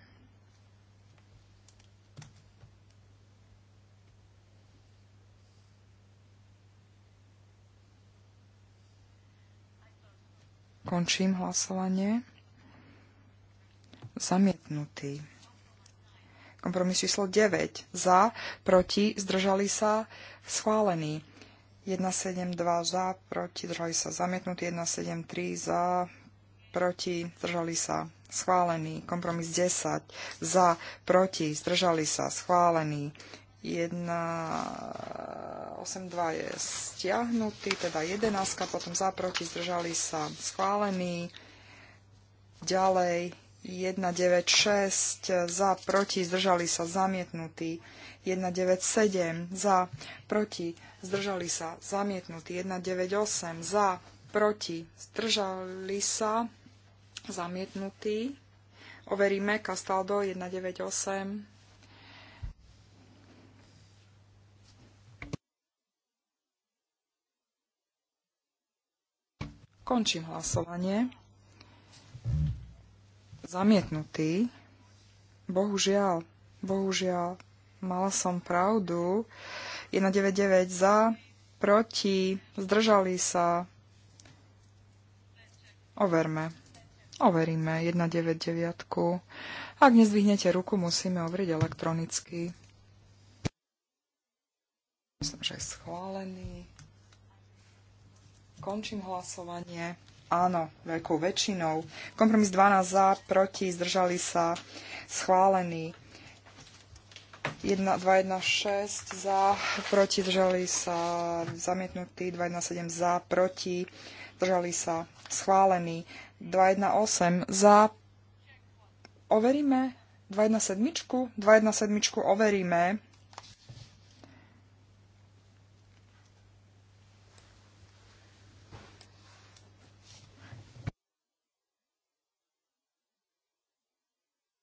Končím hlasovanie. Zamietnutý. Kompromis číslo 9. Za, proti, zdržali sa, schválený. 2, za, proti, zdržali sa, zamietnutý. 173 za, proti, zdržali sa, schválený. Kompromis 10. Za, proti, zdržali sa, schválený. 1... 8.2 je stiahnutý, teda 11, potom za, proti, zdržali sa schválený. Ďalej 1.9.6 za, proti, zdržali sa zamietnutý. 1.9.7 za, proti, zdržali sa zamietnutý. 1.9.8 za, proti, zdržali sa zamietnutý. Overíme Castaldo 198. Končím hlasovanie. Zamietnutý. Bohužiaľ, bohužiaľ, mala som pravdu. 199 za, proti, zdržali sa. Overme. Overíme 199. Ak nezdvihnete ruku, musíme overiť elektronicky. Myslím, že je schválený. Končím hlasovanie. Áno, veľkou väčšinou. Kompromis 12 za, proti, zdržali sa, schválený. 1, 2, 1, 6 za, proti, zdržali sa, zamietnutý. 2, 1, 7 za, proti, zdržali sa, schválený. 2, 1, 8 za, overíme. 2, 1, 7, 2, 1, 7 overíme.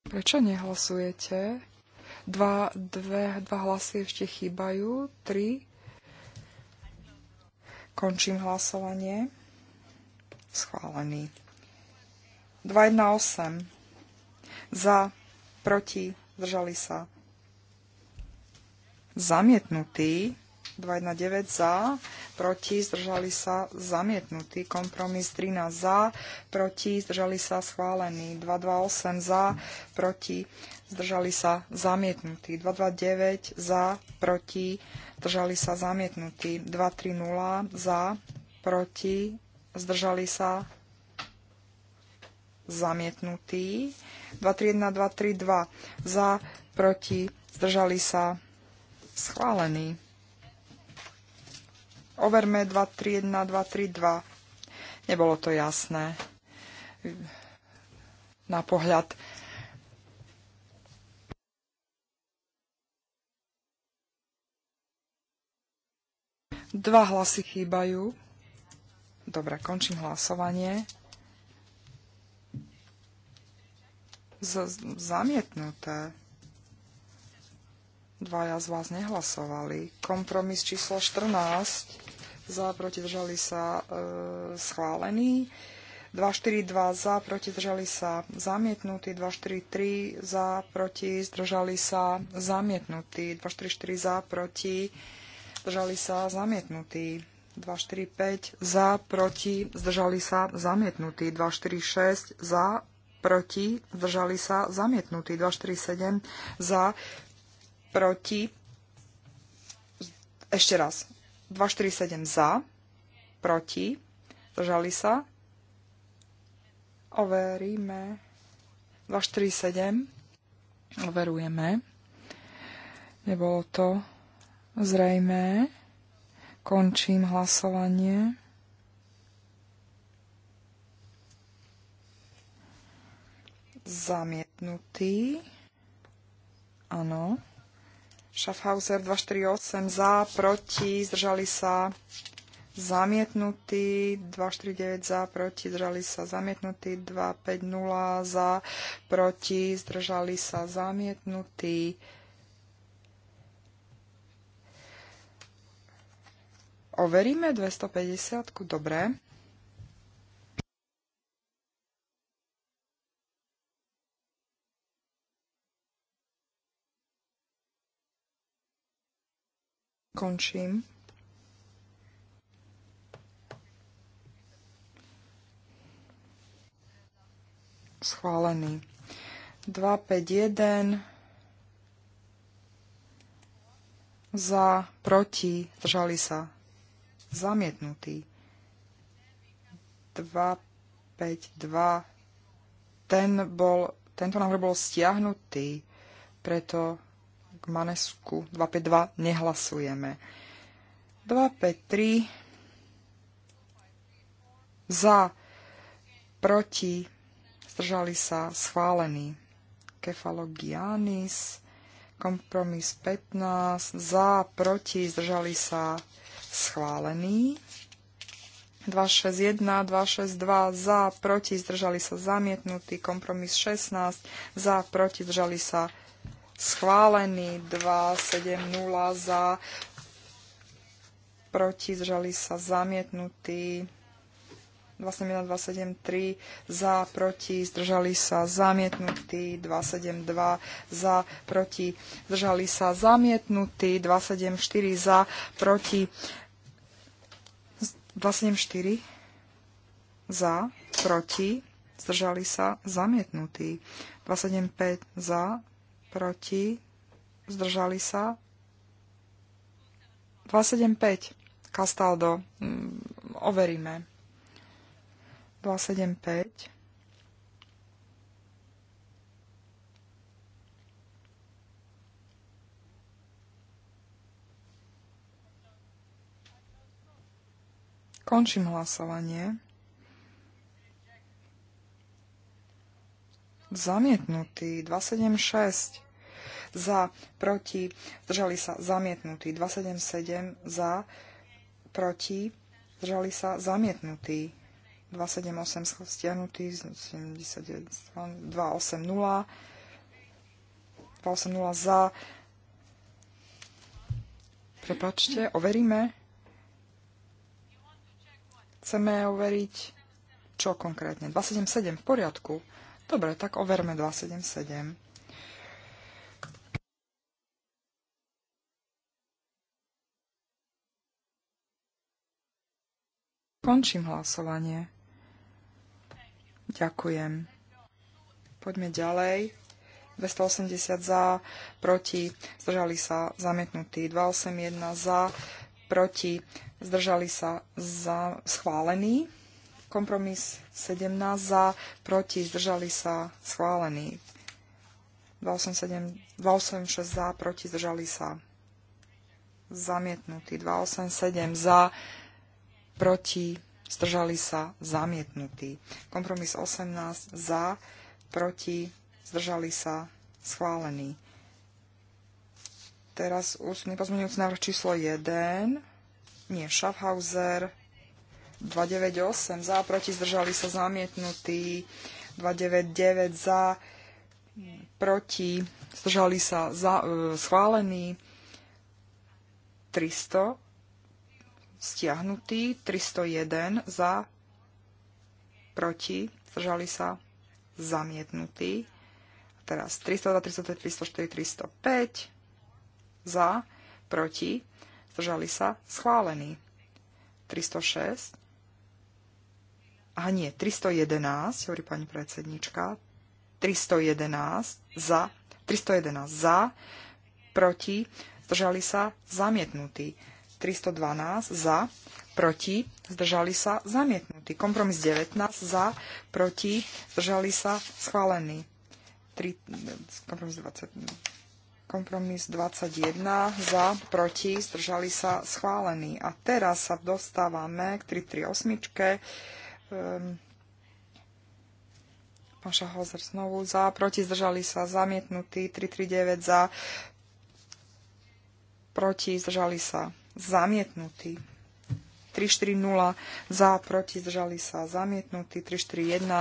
Prečo nehlasujete? Dva, dve, dva hlasy ešte chýbajú. Tri. Končím hlasovanie. Schválený. 218. Za, proti, zdržali sa. Zamietnutý. 219 za, proti, zdržali sa zamietnutý. Kompromis 13 za, proti, zdržali sa schválený. 228 za, proti, zdržali sa zamietnutý. 229 za, proti, zdržali sa zamietnutý. 230 za, proti, zdržali sa zamietnutý. 231, 232 za, proti, zdržali sa schválený. Overme 231, 232. Nebolo to jasné na pohľad. Dva hlasy chýbajú. Dobre, končím hlasovanie. Z- zamietnuté. Dvaja z vás nehlasovali. Kompromis číslo 14 za, proti zdržali sa e, schválený. 242 za, proti zdržali sa zamietnutí, 243 za, proti zdržali sa zamietnutí, 244 za, proti zdržali sa zamietnutí, 245 za, proti zdržali sa zamietnutí, 246 za, proti zdržali sa zamietnutí, 247 za, proti ešte raz. 247 za, proti, zdržali sa. Overíme. 247. Overujeme. Nebolo to zrejmé. Končím hlasovanie. Zamietnutý. Áno. Schaffhauser 248 za, proti, zdržali sa zamietnutí, 249 za, proti, zdržali sa zamietnutí, 250 za, proti, zdržali sa zamietnutí. Overíme 250, dobre. končím. Schválený. 2, 5, 1. Za, proti, držali sa. Zamietnutý. 2, 5, 2. Ten bol, tento návrh bol stiahnutý, preto Manesku 252 nehlasujeme. 253 za, proti, zdržali sa, schválený. Kefalogianis, kompromis 15, za, proti, zdržali sa, schválený. 261, 262, za, proti, zdržali sa, zamietnutý. Kompromis 16, za, proti, zdržali sa, schválený schválený 270 za, proti, zdržali sa zamietnutí 271, 273 za, proti, zdržali sa zamietnutí 272 za, proti, zdržali sa zamietnutí 274 za, proti, 274 za, proti, zdržali sa zamietnutí 275 za, proti, zdržali sa. 275, Castaldo, mm, overíme. 275. Končím hlasovanie. zamietnutý. 276 za, proti, zdržali sa, zamietnutý. 277 za, proti, zdržali sa, zamietnutý. 278 stiahnutý, 280, 280 za, prepačte, overíme. Chceme overiť, čo konkrétne? 277 v poriadku. Dobre, tak overme 277. Končím hlasovanie. Ďakujem. Poďme ďalej. 280 za, proti, zdržali sa zamietnutí, 281 za, proti, zdržali sa za schválení. Kompromis 17 za, proti, zdržali sa, schválený. 287, 286 za, proti, zdržali sa, zamietnutý. 287 za, proti, zdržali sa, zamietnutý. Kompromis 18 za, proti, zdržali sa, schválený. Teraz ústny pozmeňujúci návrh číslo 1. Nie, Schaffhauser, 298 za, proti zdržali sa zamietnutí, 299 za, proti zdržali sa za, e, schválení, 300 stiahnutí 301 za, proti zdržali sa zamietnutí. Teraz 302, 303, 304, 305 za, proti, zdržali sa, schválení. 306 a nie, 311, hovorí pani predsednička, 311 za, 311 za, proti, zdržali sa, zamietnutí. 312 za, proti, zdržali sa, zamietnutí. Kompromis 19 za, proti, zdržali sa, schválený. kompromis 20, kompromis 21 za, proti, zdržali sa, schválený. A teraz sa dostávame k 338 Um, pán Šahozer znovu za, proti zdržali sa zamietnutí, 339 za, proti zdržali sa zamietnutí, 340 za, proti zdržali sa zamietnutí, 341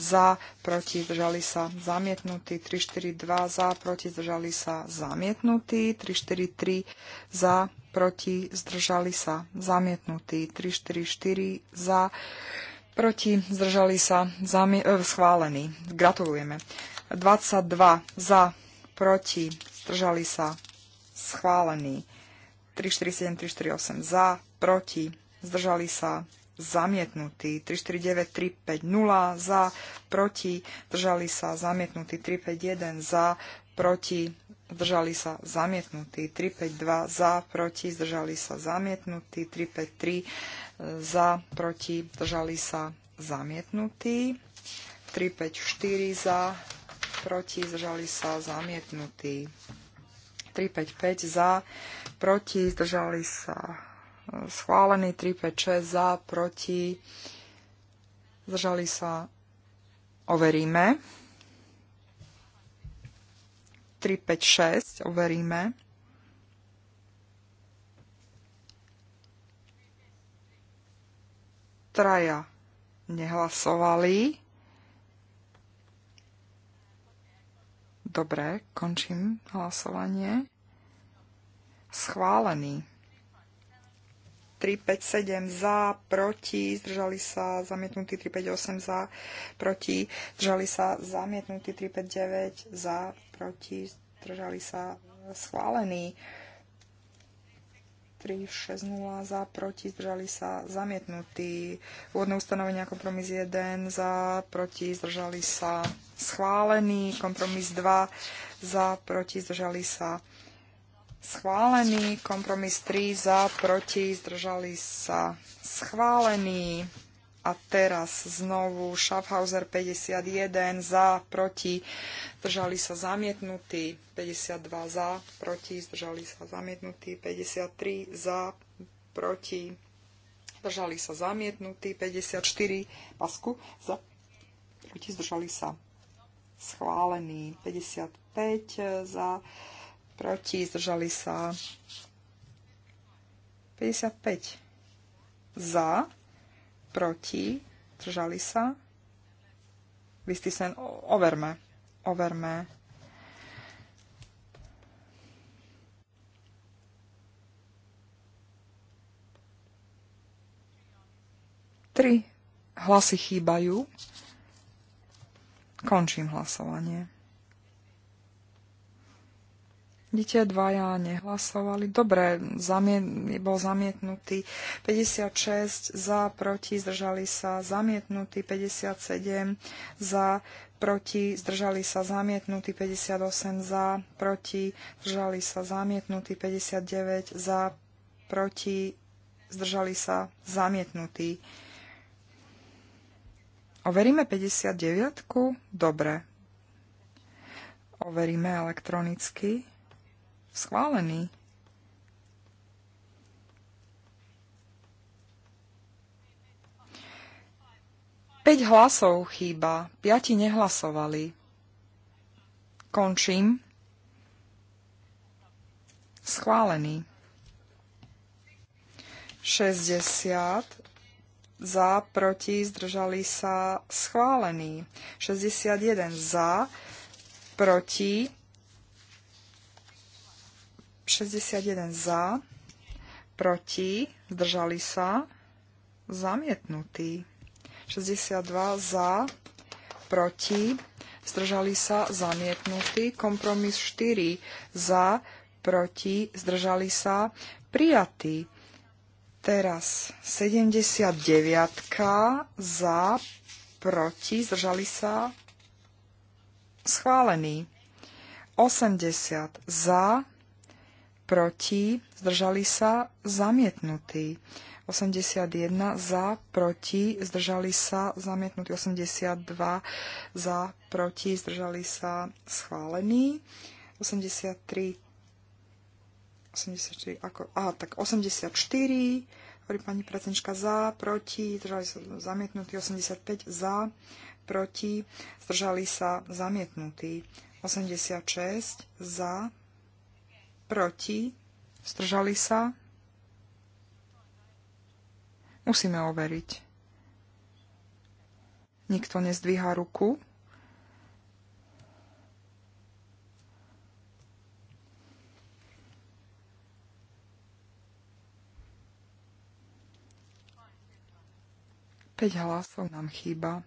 za, proti zdržali sa zamietnutí, 342 za, proti zdržali sa zamietnutí, 343 za, proti zdržali sa zamietnutí, 344 za, proti, zdržali sa, zami- eh, schválený. Gratulujeme. 22 za, proti, zdržali sa, schválený. 347, 348 za, proti, zdržali sa, zamietnutý. 349, 350 za, proti, zdržali sa, zamietnutý. 351 za, proti, zdržali sa zamietnutí, 352 za, proti, zdržali sa zamietnutí, 353 e, za, proti, zdržali sa zamietnutí, 354 za, proti, zdržali sa zamietnutí, 355 za, proti, zdržali sa e, schválení, 356 za, proti, zdržali sa overíme. 3 5, 6 overíme. Traja nehlasovali. Dobre, končím hlasovanie. Schválený. 357 za, proti, zdržali sa zamietnutí 358 za, proti, zdržali sa zamietnutí 359 za, proti, zdržali sa schválení 360 za, proti, zdržali sa zamietnutí. Úvodné ustanovenia, kompromis 1 za, proti, zdržali sa schválený, kompromis 2 za, proti, zdržali sa schválený schválený, kompromis 3 za, proti, zdržali sa schválený. A teraz znovu Schaffhauser 51 za, proti, zdržali sa zamietnutí, 52 za, proti, zdržali sa zamietnutí, 53 za, proti, zdržali sa zamietnutí, 54 pasku za, proti, zdržali sa schválený, 55 za, proti, zdržali sa 55 za, proti, zdržali sa. Vystý sen overme, overme. Tri hlasy chýbajú. Končím hlasovanie. Vidíte, dvaja nehlasovali. Dobre, zamiet, bol zamietnutý 56 za, proti, zdržali sa, zamietnutý 57 za, proti, zdržali sa, zamietnutý 58 za, proti, zdržali sa, zamietnutý 59 za, proti, zdržali sa, zamietnutý. Overíme 59? Dobre. Overíme elektronicky. Schválený. Peť hlasov chýba, piati nehlasovali. Končím. Schválený. 60 za, proti, zdržali sa schválený. 61 za, proti, 61 za, proti, zdržali sa, zamietnutý. 62 za, proti, zdržali sa, zamietnutý. Kompromis 4 za, proti, zdržali sa, prijatý. Teraz 79 za, proti, zdržali sa, schválený. 80 za, proti, zdržali sa, zamietnutý. 81 za, proti, zdržali sa, zamietnutý 82 za, proti, zdržali sa, schválený. 83, 84, ako, aha, tak 84, hovorí pani Pracenčka, za, proti, zdržali sa, zamietnutý 85 za, proti, zdržali sa, zamietnutý 86 za, proti, zdržali sa. Musíme overiť. Nikto nezdvíha ruku. Päť hlasov nám chýba.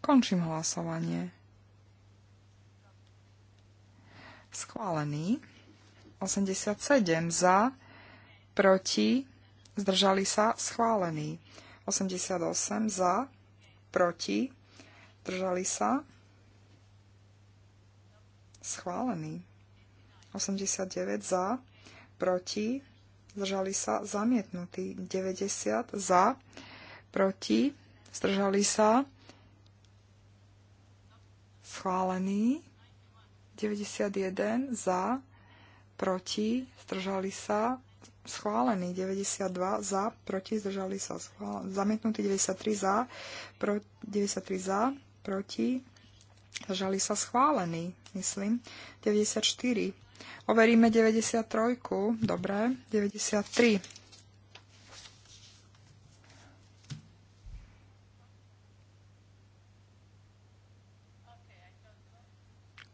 Končím hlasovanie. Schválený. 87 za, proti, zdržali sa, schválený. 88 za, proti, zdržali sa, schválený. 89 za, proti, zdržali sa, zamietnutý. 90 za, proti, zdržali sa, schválený. 91 za, proti, zdržali sa, schválený 92 za, proti, zdržali sa, schválený, zamietnutý 93 za, pro, 93 za, proti, zdržali sa, schválený, myslím, 94. Overíme 93, dobre, 93.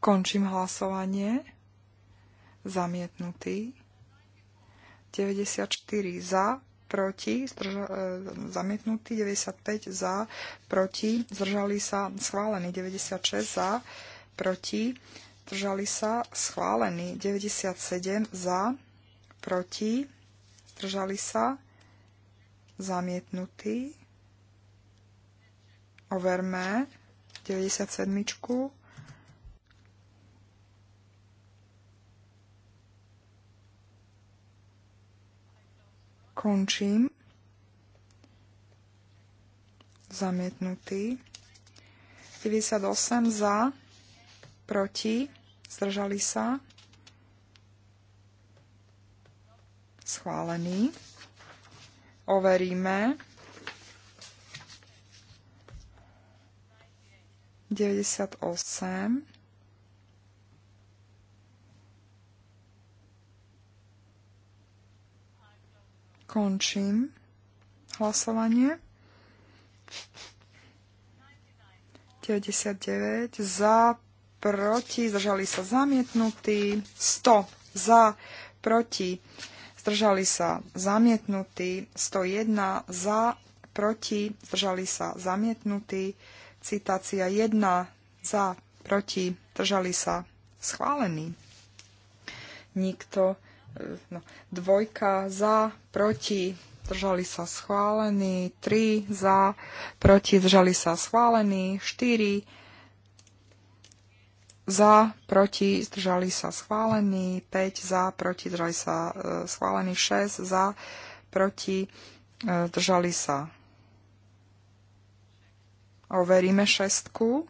Končím hlasovanie. Zamietnutý. 94 za, proti, zdrža- e, zamietnutý, 95 za, proti, zdržali sa, schválený, 96 za, proti, zdržali sa, schválený, 97 za, proti, zdržali sa, zamietnutý, overme, 97. Končím. Zamietnutý. 98 za, proti, zdržali sa. Schválený. Overíme. 98. Končím hlasovanie. 99 za, proti, zdržali sa zamietnutí. 100 za, proti, zdržali sa zamietnutí. 101 za, proti, zdržali sa zamietnutí. Citácia 1 za, proti, zdržali sa schválení. Nikto no, dvojka za, proti, držali sa schválení, 3 za, proti, držali sa schválení, 4 za, proti, zdržali sa schválení, 5 za, proti, zdržali sa e, schválení, 6 za, proti, e, zdržali sa. Overíme šestku.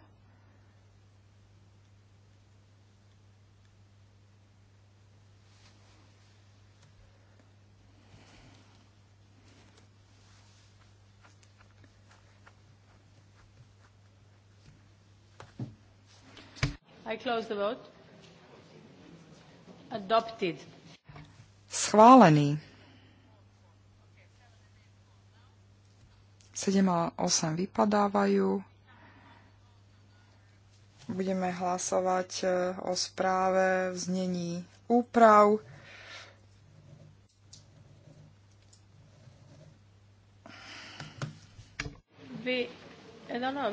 I close the vote. Adopted. Schválený. 7 a 8 vypadávajú. Budeme hlasovať e, o správe v znení úprav. Vy Eh, no, no, eh,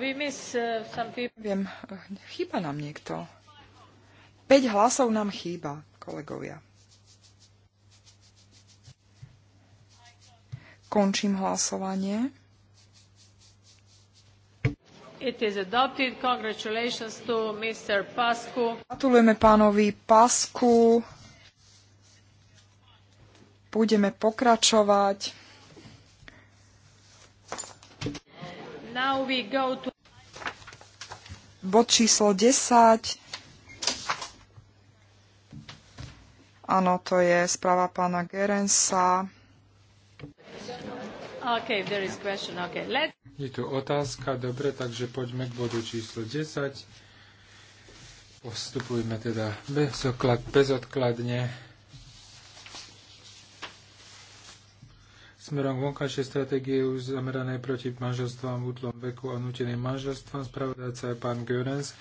Viem, eh, chýba nám niekto. 5 hlasov nám chýba, kolegovia. Končím hlasovanie. It is adopted. Congratulations to Mr. Gratulujeme pánovi Pasku. Budeme pokračovať. Bod číslo 10. Áno, to je správa pána Gerensa. Okay, there is question. Okay, Je tu otázka, dobre, takže poďme k bodu číslo 10. Postupujme teda bezodkladne. smerom vonkajšej stratégie už zamerané proti manželstvám v útlom veku a nuteným manželstvám. Spravodajca je pán Görens.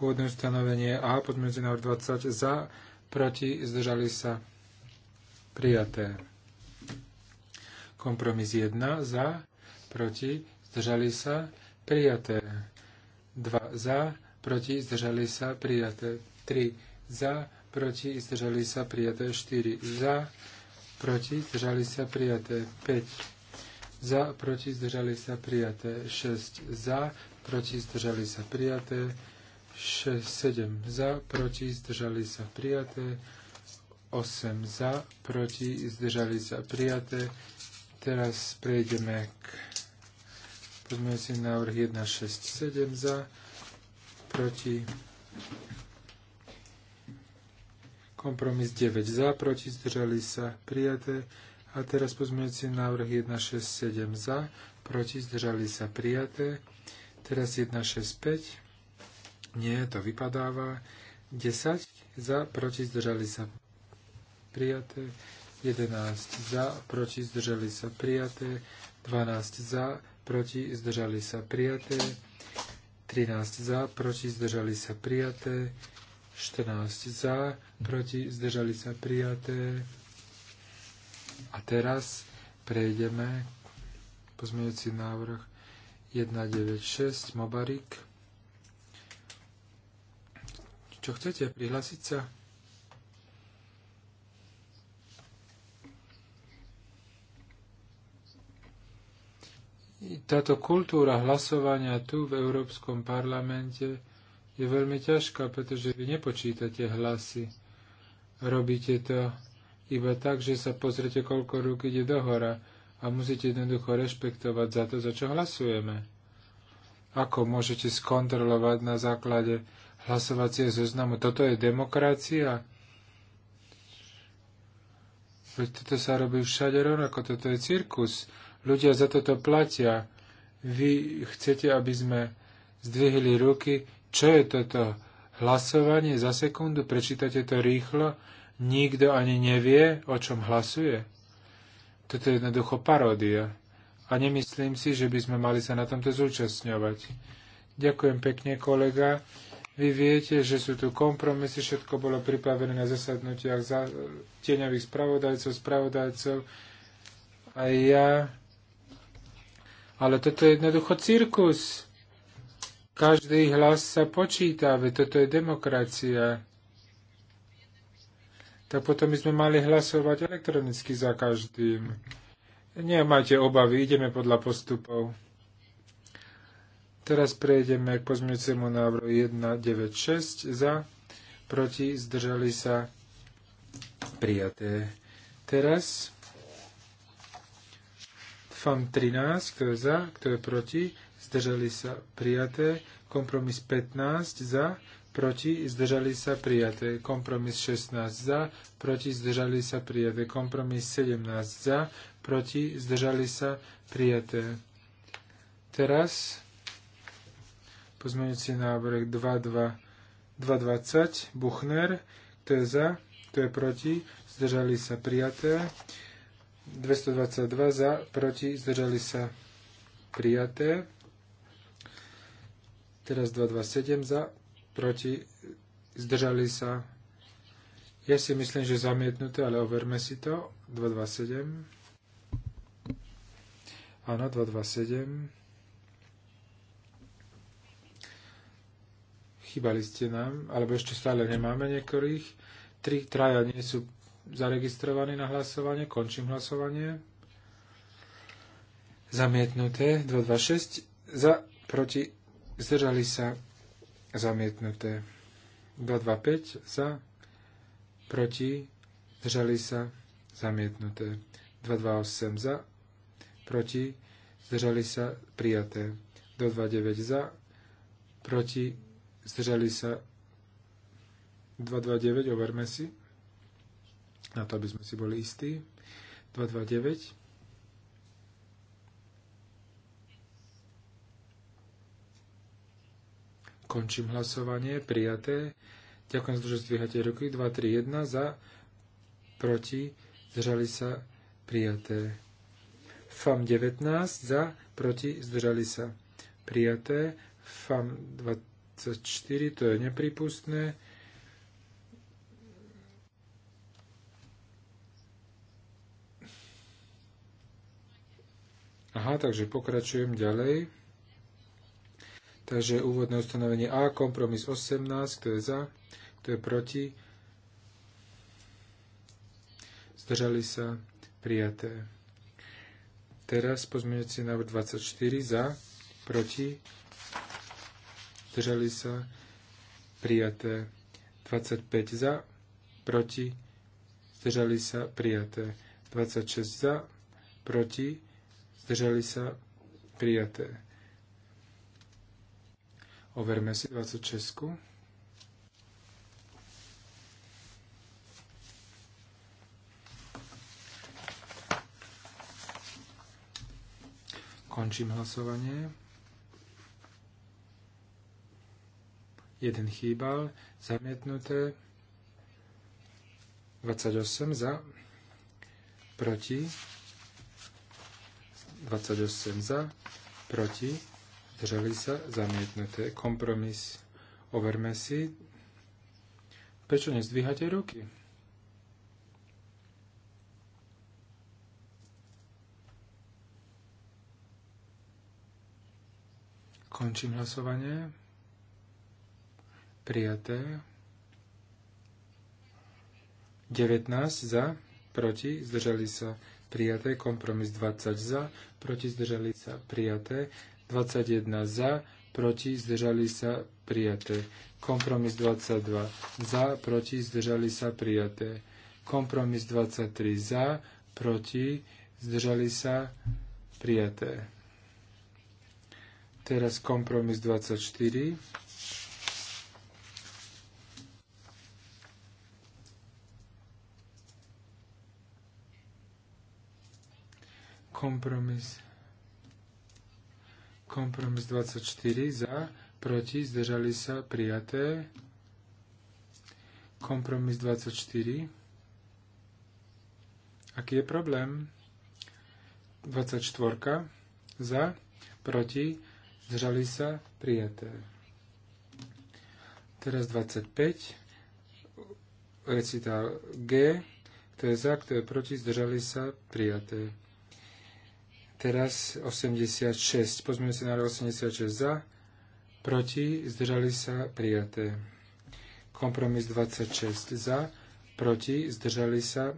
Úvodné ustanovenie A pod na 20 za, proti, zdržali sa prijaté. Kompromis 1 za, proti, zdržali sa prijaté. 2 za, proti, zdržali sa prijaté. 3 za, proti, zdržali sa prijaté. 4 za, proti, zdržali sa prijaté 5 za, proti, zdržali sa prijaté 6 za, proti, zdržali sa prijaté 6, 7 za, proti, zdržali sa prijaté 8 za, proti, zdržali sa prijaté. Teraz prejdeme k pozmeňujúci návrh 1, 6, 7 za, proti, Kompromis 9 za, proti zdržali sa prijaté. A teraz pozmeňujúci návrh 167 za, proti zdržali sa prijaté. Teraz 165. Nie, to vypadáva. 10 za, proti zdržali sa prijaté. 11 za, proti zdržali sa prijaté. 12 za, proti zdržali sa prijaté. 13 za, proti zdržali sa prijaté, 14 za, proti, zdržali sa prijaté. A teraz prejdeme pozmeňujúci návrh 196 Mobarik. Čo chcete? Prihlásiť sa? Táto kultúra hlasovania tu v Európskom parlamente je veľmi ťažká, pretože vy nepočítate hlasy. Robíte to iba tak, že sa pozrete, koľko rúk ide dohora a musíte jednoducho rešpektovať za to, za čo hlasujeme. Ako môžete skontrolovať na základe hlasovacie zoznamu? Toto je demokracia? Veď toto sa robí všade rovnako, toto je cirkus. Ľudia za toto platia. Vy chcete, aby sme zdvihli ruky, čo je toto hlasovanie za sekundu? Prečítate to rýchlo? Nikto ani nevie, o čom hlasuje? Toto je jednoducho paródia. A nemyslím si, že by sme mali sa na tomto zúčastňovať. Ďakujem pekne, kolega. Vy viete, že sú tu kompromisy, všetko bolo pripravené na zasadnutiach za, e, tieňových spravodajcov, spravodajcov. A ja... Ale toto je jednoducho cirkus. Každý hlas sa počíta, veď toto je demokracia. Tak potom by sme mali hlasovať elektronicky za každým. Nemajte obavy, ideme podľa postupov. Teraz prejdeme k pozmeňujúcemu návrhu 196 za, proti, zdržali sa prijaté. Teraz FAM 13, kto je za, kto je proti, zdržali sa prijaté, kompromis 15 za, proti, zdržali sa prijaté, kompromis 16 za, proti, zdržali sa prijaté, kompromis 17 za, proti, zdržali sa prijaté. Teraz pozmeňujúci návrh 220 Buchner, kto je za, kto je proti, zdržali sa prijaté, 222 za, proti, zdržali sa prijaté, Teraz 227 za, proti, zdržali sa. Ja si myslím, že zamietnuté, ale overme si to. 227. Áno, 227. Chýbali ste nám, alebo ešte stále nemáme niektorých. Tri traja nie sú zaregistrovaní na hlasovanie. Končím hlasovanie. Zamietnuté. 226. Za, proti, zdržali sa zamietnuté. 225 za, proti, zdržali sa zamietnuté. 228 za, proti, zdržali sa prijaté. 229 za, proti, zdržali sa 229, overme si, na to, aby sme si boli istí. 229, Končím hlasovanie. Prijaté. Ďakujem za to, že zdvíhate ruky. 2, 3, 1. Za. Proti. Zdržali sa. Prijaté. FAM 19. Za. Proti. Zdržali sa. Prijaté. FAM 24. To je nepripustné. Aha, takže pokračujem ďalej. Takže úvodné ustanovenie A, kompromis 18, kto je za, kto je proti, zdržali sa, prijaté. Teraz pozmeňujúci návrh 24 za, proti, zdržali sa, prijaté. 25 za, proti, zdržali sa, prijaté. 26 za, proti, zdržali sa, prijaté. Overme si 26. Končím hlasovanie. Jeden chýbal. Zamietnuté. 28 za. Proti. 28 za. Proti zdržali sa, zamietnuté. Kompromis, overme si. Prečo nezdvíhate ruky? Končím hlasovanie. Prijaté. 19 za, proti, zdržali sa prijaté. Kompromis 20 za, proti, zdržali sa prijaté. 21 za, proti, zdržali sa, prijaté. Kompromis 22 za, proti, zdržali sa, prijaté. Kompromis 23 za, proti, zdržali sa, prijaté. Teraz kompromis 24. Kompromis Kompromis 24 za, proti, zdržali sa, prijaté. Kompromis 24. Aký je problém? 24 za, proti, zdržali sa, prijaté. Teraz 25, Recital G, kto je za, kto je proti, zdržali sa, prijaté. Teraz 86. Pozmeňujem sa na 86 za. Proti. Zdržali sa. Prijaté. Kompromis 26 za. Proti. Zdržali sa.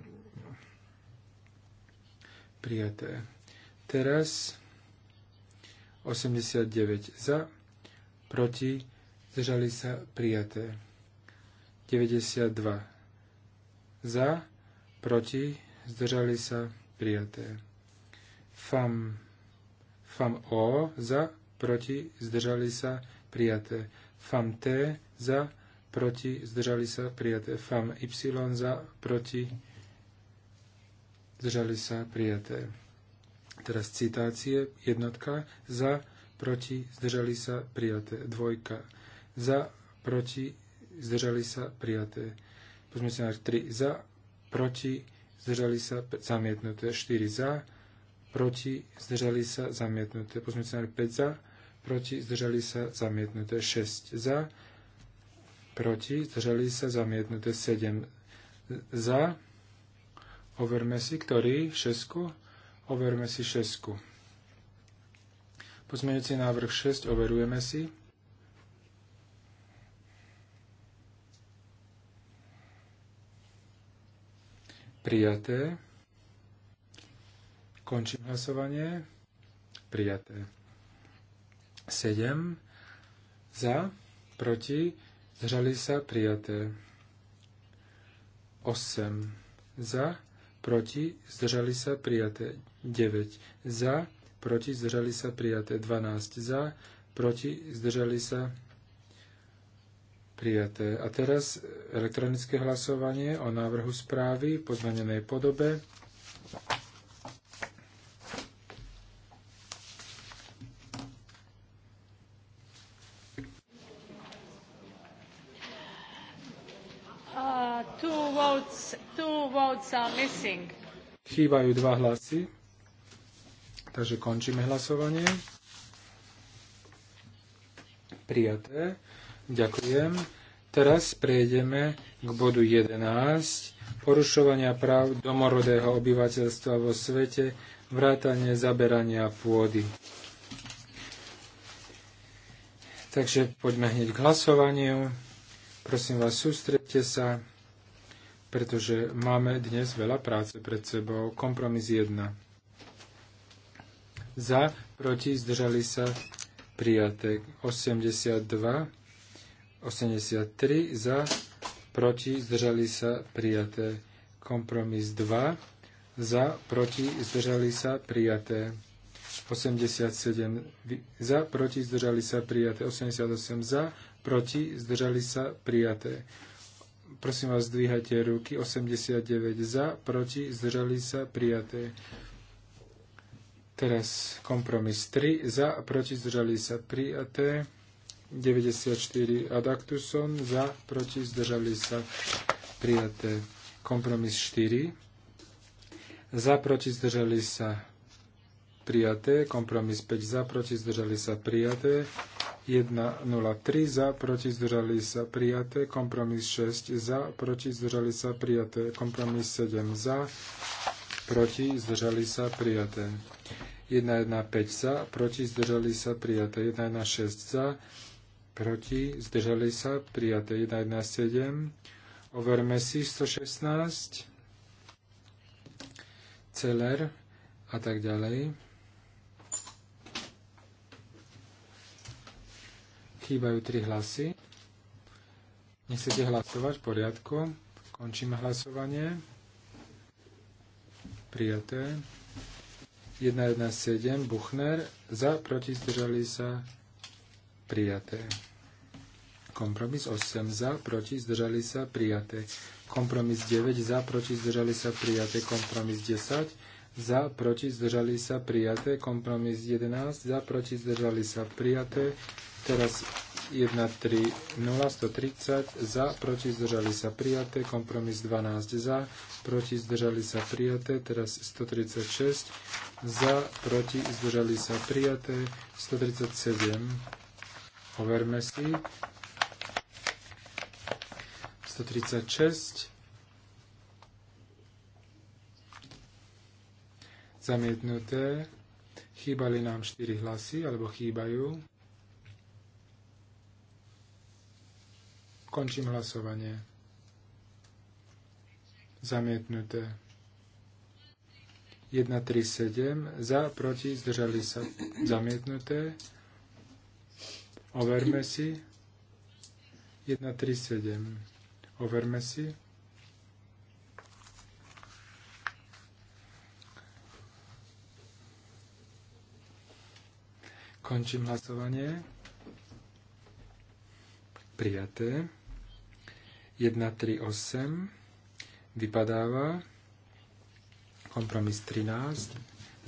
Prijaté. Teraz 89 za. Proti. Zdržali sa. Prijaté. 92 za. Proti. Zdržali sa. Prijaté. FAM, FAM O za, proti, zdržali sa, prijaté. FAM T za, proti, zdržali sa, prijaté. FAM Y za, proti, zdržali sa, prijaté. Teraz citácie, jednotka, za, proti, zdržali sa, prijaté. Dvojka, za, proti, zdržali sa, prijaté. sa na 3, za, proti, zdržali sa, zamietnuté. 4 za, proti, zdržali sa, zamietnuté. Pozmeňujúci sa 5 za, proti, zdržali sa, zamietnuté. 6 za, proti, zdržali sa, zamietnuté. 7 za, overme si, ktorý, 6, overme si 6. Pozmeňujúci návrh 6, overujeme si. Prijaté. Končím hlasovanie. Prijaté. 7. Za, proti, zdržali sa, prijaté. 8. Za, proti, zdržali sa, prijaté. 9. Za, proti, zdržali sa, prijaté. 12. Za, proti, zdržali sa, prijaté. A teraz elektronické hlasovanie o návrhu správy v podobe. votes, two votes are missing. Chýbajú dva hlasy, takže končíme hlasovanie. Prijaté. Ďakujem. Teraz prejdeme k bodu 11. Porušovania práv domorodého obyvateľstva vo svete, vrátanie zaberania pôdy. Takže poďme hneď k hlasovaniu. Prosím vás, sústredte sa pretože máme dnes veľa práce pred sebou. Kompromis 1. Za, proti, zdržali sa prijaté. 82, 83, za, proti, zdržali sa prijaté. Kompromis 2, za, proti, zdržali sa prijaté. 87 za, proti, zdržali sa prijaté. 88 za, proti, zdržali sa prijaté. Prosím vás, zdvíhajte ruky. 89 za, proti, zdržali sa, prijaté. Teraz kompromis 3 za, proti, zdržali sa, prijaté. 94 Adaktuson za, proti, zdržali sa, prijaté. Kompromis 4 za, proti, zdržali sa, prijaté. Kompromis 5 za, proti, zdržali sa, prijaté. 1.03 za, proti zdržali sa prijaté, kompromis 6 za, proti zdržali sa prijaté, kompromis 7 za, proti zdržali sa prijaté. 1.1.5 za, proti zdržali sa prijaté, 1.1.6 za, proti zdržali sa prijaté, 1.1.7. Overme si 116, Celer a tak ďalej. Chýbajú tri hlasy. Nechcete hlasovať? V poriadku. Končíme hlasovanie. Prijaté. 117 Buchner. Za, proti, zdržali sa. Prijaté. Kompromis 8 za, proti, zdržali sa. Prijaté. Kompromis 9 za, proti, zdržali sa. Prijaté. Kompromis 10 za, proti, zdržali sa, prijaté. Kompromis 11, za, proti, zdržali sa, prijaté. Teraz 1 0, 130, za, proti, zdržali sa, prijaté. Kompromis 12, za, proti, zdržali sa, prijaté. Teraz 136, za, proti, zdržali sa, prijaté. 137, overme si. 136, zamietnuté. Chýbali nám 4 hlasy, alebo chýbajú. Končím hlasovanie. Zamietnuté. 1 7. za, proti, zdržali sa zamietnuté. Overme si. 1 7. Overme si. Končím hlasovanie. Prijaté. 1, 3, 8. Vypadáva. Kompromis 13.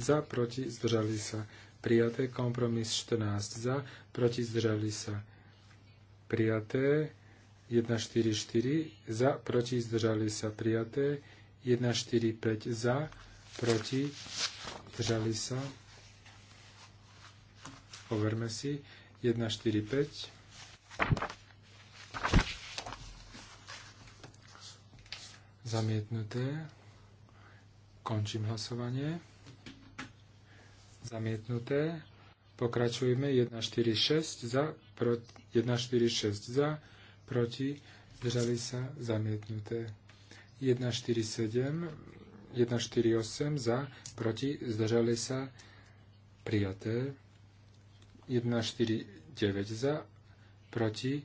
Za, proti, zdržali sa. Prijaté. Kompromis 14. Za, proti, zdržali sa. Prijaté. 1, 4, 4. Za, proti, zdržali sa. Prijaté. 1, 4, 5. Za, proti, zdržali sa. Overme si. 1, 4, 5. Zamietnuté. Končím hlasovanie. Zamietnuté. Pokračujeme 146 za, proti, 6 za, proti, Držali sa, zamietnuté. 147, 148 za, proti, zdržali sa, prijaté. 149 za, proti,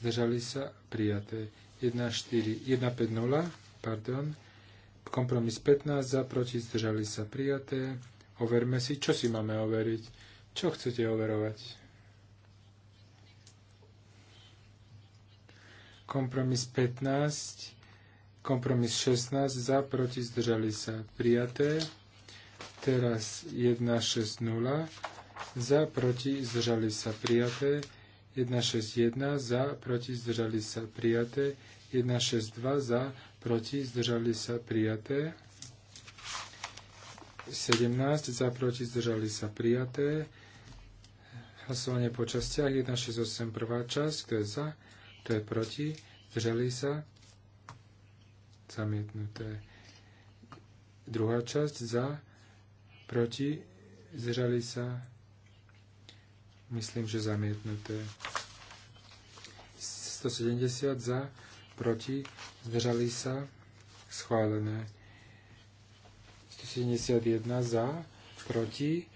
zdržali sa, prijaté. 150, pardon, kompromis 15 za, proti, zdržali sa, prijaté. Overme si, čo si máme overiť, čo chcete overovať. Kompromis 15, kompromis 16 za, proti, zdržali sa, prijaté. Teraz 160 za, proti, zdržali sa prijaté, 161 za, proti, zdržali sa prijaté, 162 za, proti, zdržali sa prijaté, 17 za, proti, zdržali sa prijaté, hlasovanie po častiach 168 prvá časť, kto je za, kto je proti, zdržali sa, zamietnuté. Druhá časť za, proti, zdržali sa, Myslím, že zamietnuté. 170 za, proti, zdržali sa, schválené. 171 za, proti,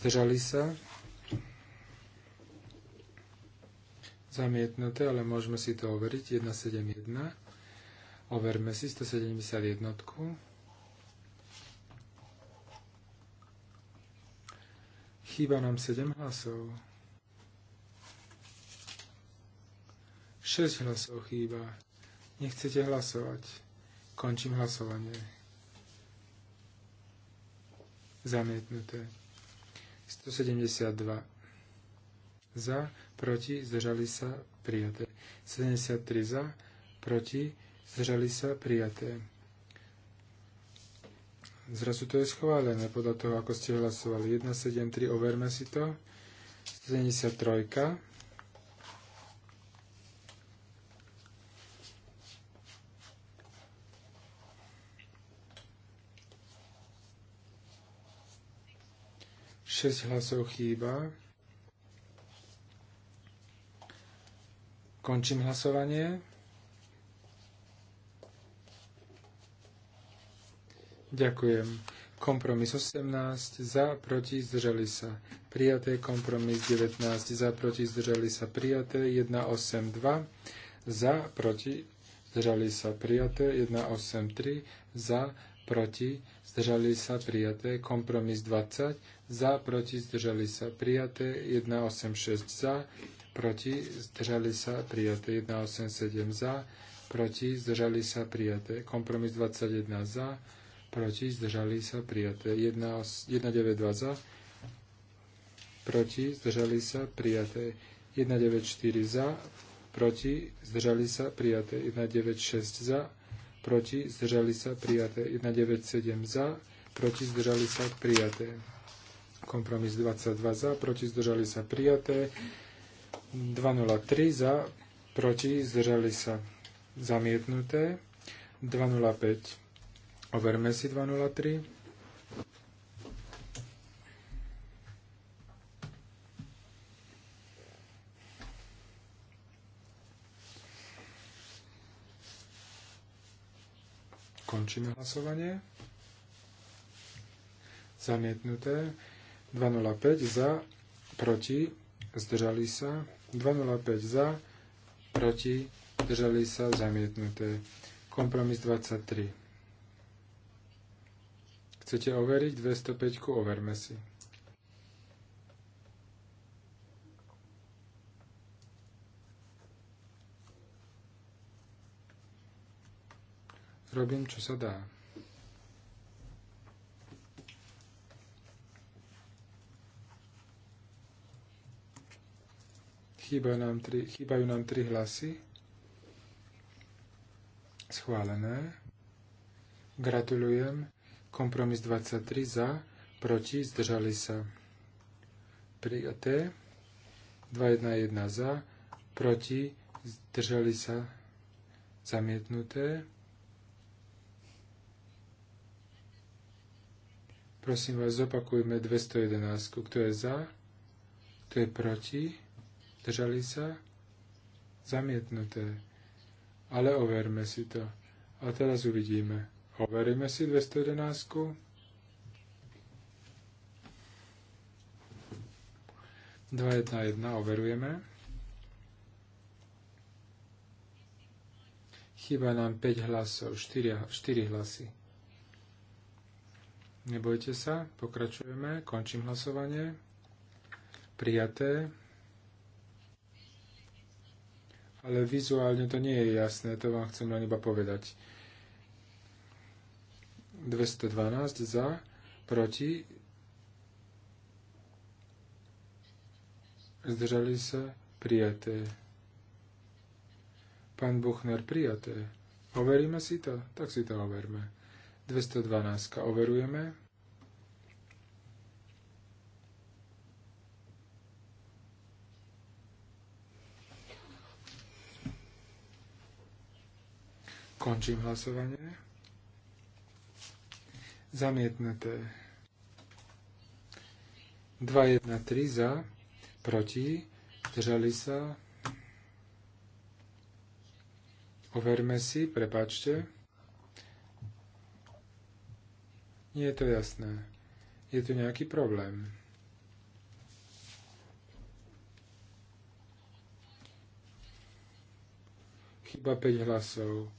zdržali sa, zamietnuté, ale môžeme si to overiť. 171. Overme si 171. Chýba nám 7 hlasov. 6 hlasov chýba. Nechcete hlasovať. Končím hlasovanie. Zamietnuté. 172. Za, proti, zdržali sa, prijaté. 73 za, proti, zdržali sa, prijaté. Zrazu to je schválené podľa toho, ako ste hlasovali. 1, 7, 3, overme si to. 73. Šesť hlasov chýba. Končím hlasovanie. Ďakujem. Kompromis 18 za, proti, zdržali sa. Prijaté. Kompromis 19 za, proti, zdržali sa. Prijaté. 182 za, proti, zdržali sa. Prijaté. 183 za, proti, zdržali sa. Prijaté. Kompromis 20 za, proti, zdržali sa. Prijaté. 186 za, proti, zdržali sa. Prijaté. 187 za, proti, zdržali sa. Prijaté. Kompromis 21 za, proti, proti, zdržali sa, prijaté. 192 za, proti, zdržali sa, prijaté. 194 za, proti, zdržali sa, prijaté. 196 za, proti, zdržali sa, prijaté. 197 za, proti, zdržali sa, prijaté. Kompromis 22 za, proti, zdržali sa, prijaté. 203 za, proti, zdržali sa, zamietnuté. 205 Overme si 203. Končíme hlasovanie. Zamietnuté. 205 za, proti, zdržali sa. 205 za, proti, zdržali sa, zamietnuté. Kompromis 23. Chcete overiť 205? Overme si. Robím, čo sa dá. Chýba nám tri, chýbajú nám tri hlasy. Schválené. Gratulujem. Kompromis 23 za, proti, zdržali sa. Prijaté. 211 za, proti, zdržali sa. Zamietnuté. Prosím vás, zopakujme 211. Kto je za? Kto je proti? Držali sa? Zamietnuté. Ale overme si to. A teraz uvidíme. Overíme si 211. jedna jedna overujeme. Chýba nám 5 hlasov, 4, 4 hlasy. Nebojte sa, pokračujeme, končím hlasovanie. Prijaté. Ale vizuálne to nie je jasné, to vám chcem len iba povedať. 212 za, proti, zdržali sa, prijaté. Pán Buchner, prijaté. Overíme si to? Tak si to overme. 212 overujeme. Končím hlasovanie. Zamietnuté. 2-1-3 za, proti, zdržali sa. Overme si, prepáčte. Nie je to jasné. Je tu nejaký problém. Chyba 5 hlasov.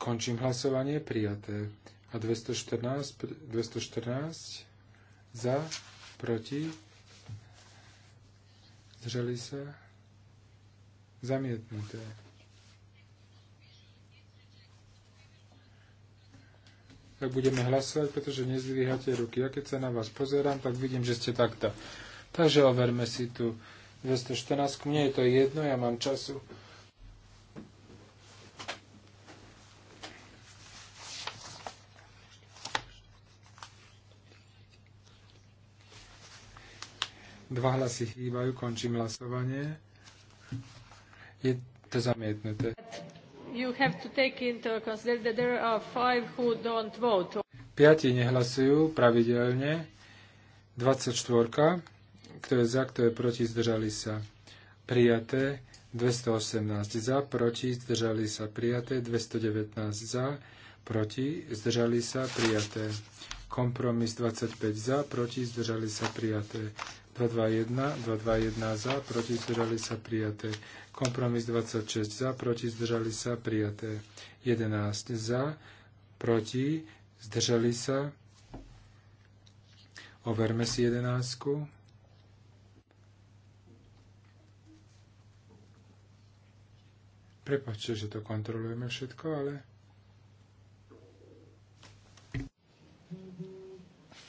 Končím hlasovanie. Prijaté. A 214, 214 za, proti, zdrželi sa, zamietnuté. Tak budeme hlasovať, pretože nezdvíhate ruky. Ja keď sa na vás pozerám, tak vidím, že ste takto. Takže overme si tu 214. Mne je to jedno, ja mám času. Dva hlasy chýbajú, končím hlasovanie. Je to zamietnuté. Piati nehlasujú pravidelne. 24. Kto je za, kto je proti, zdržali sa. Prijaté 218 za, proti, zdržali sa. Prijaté 219 za, proti, zdržali sa. Prijaté Kompromis 25 za, proti zdržali sa prijaté. 221, 221 za, proti zdržali sa prijaté. Kompromis 26 za, proti zdržali sa prijaté. 11 za, proti zdržali sa. Overme si 11. -ku. Prepačte, že to kontrolujeme všetko, ale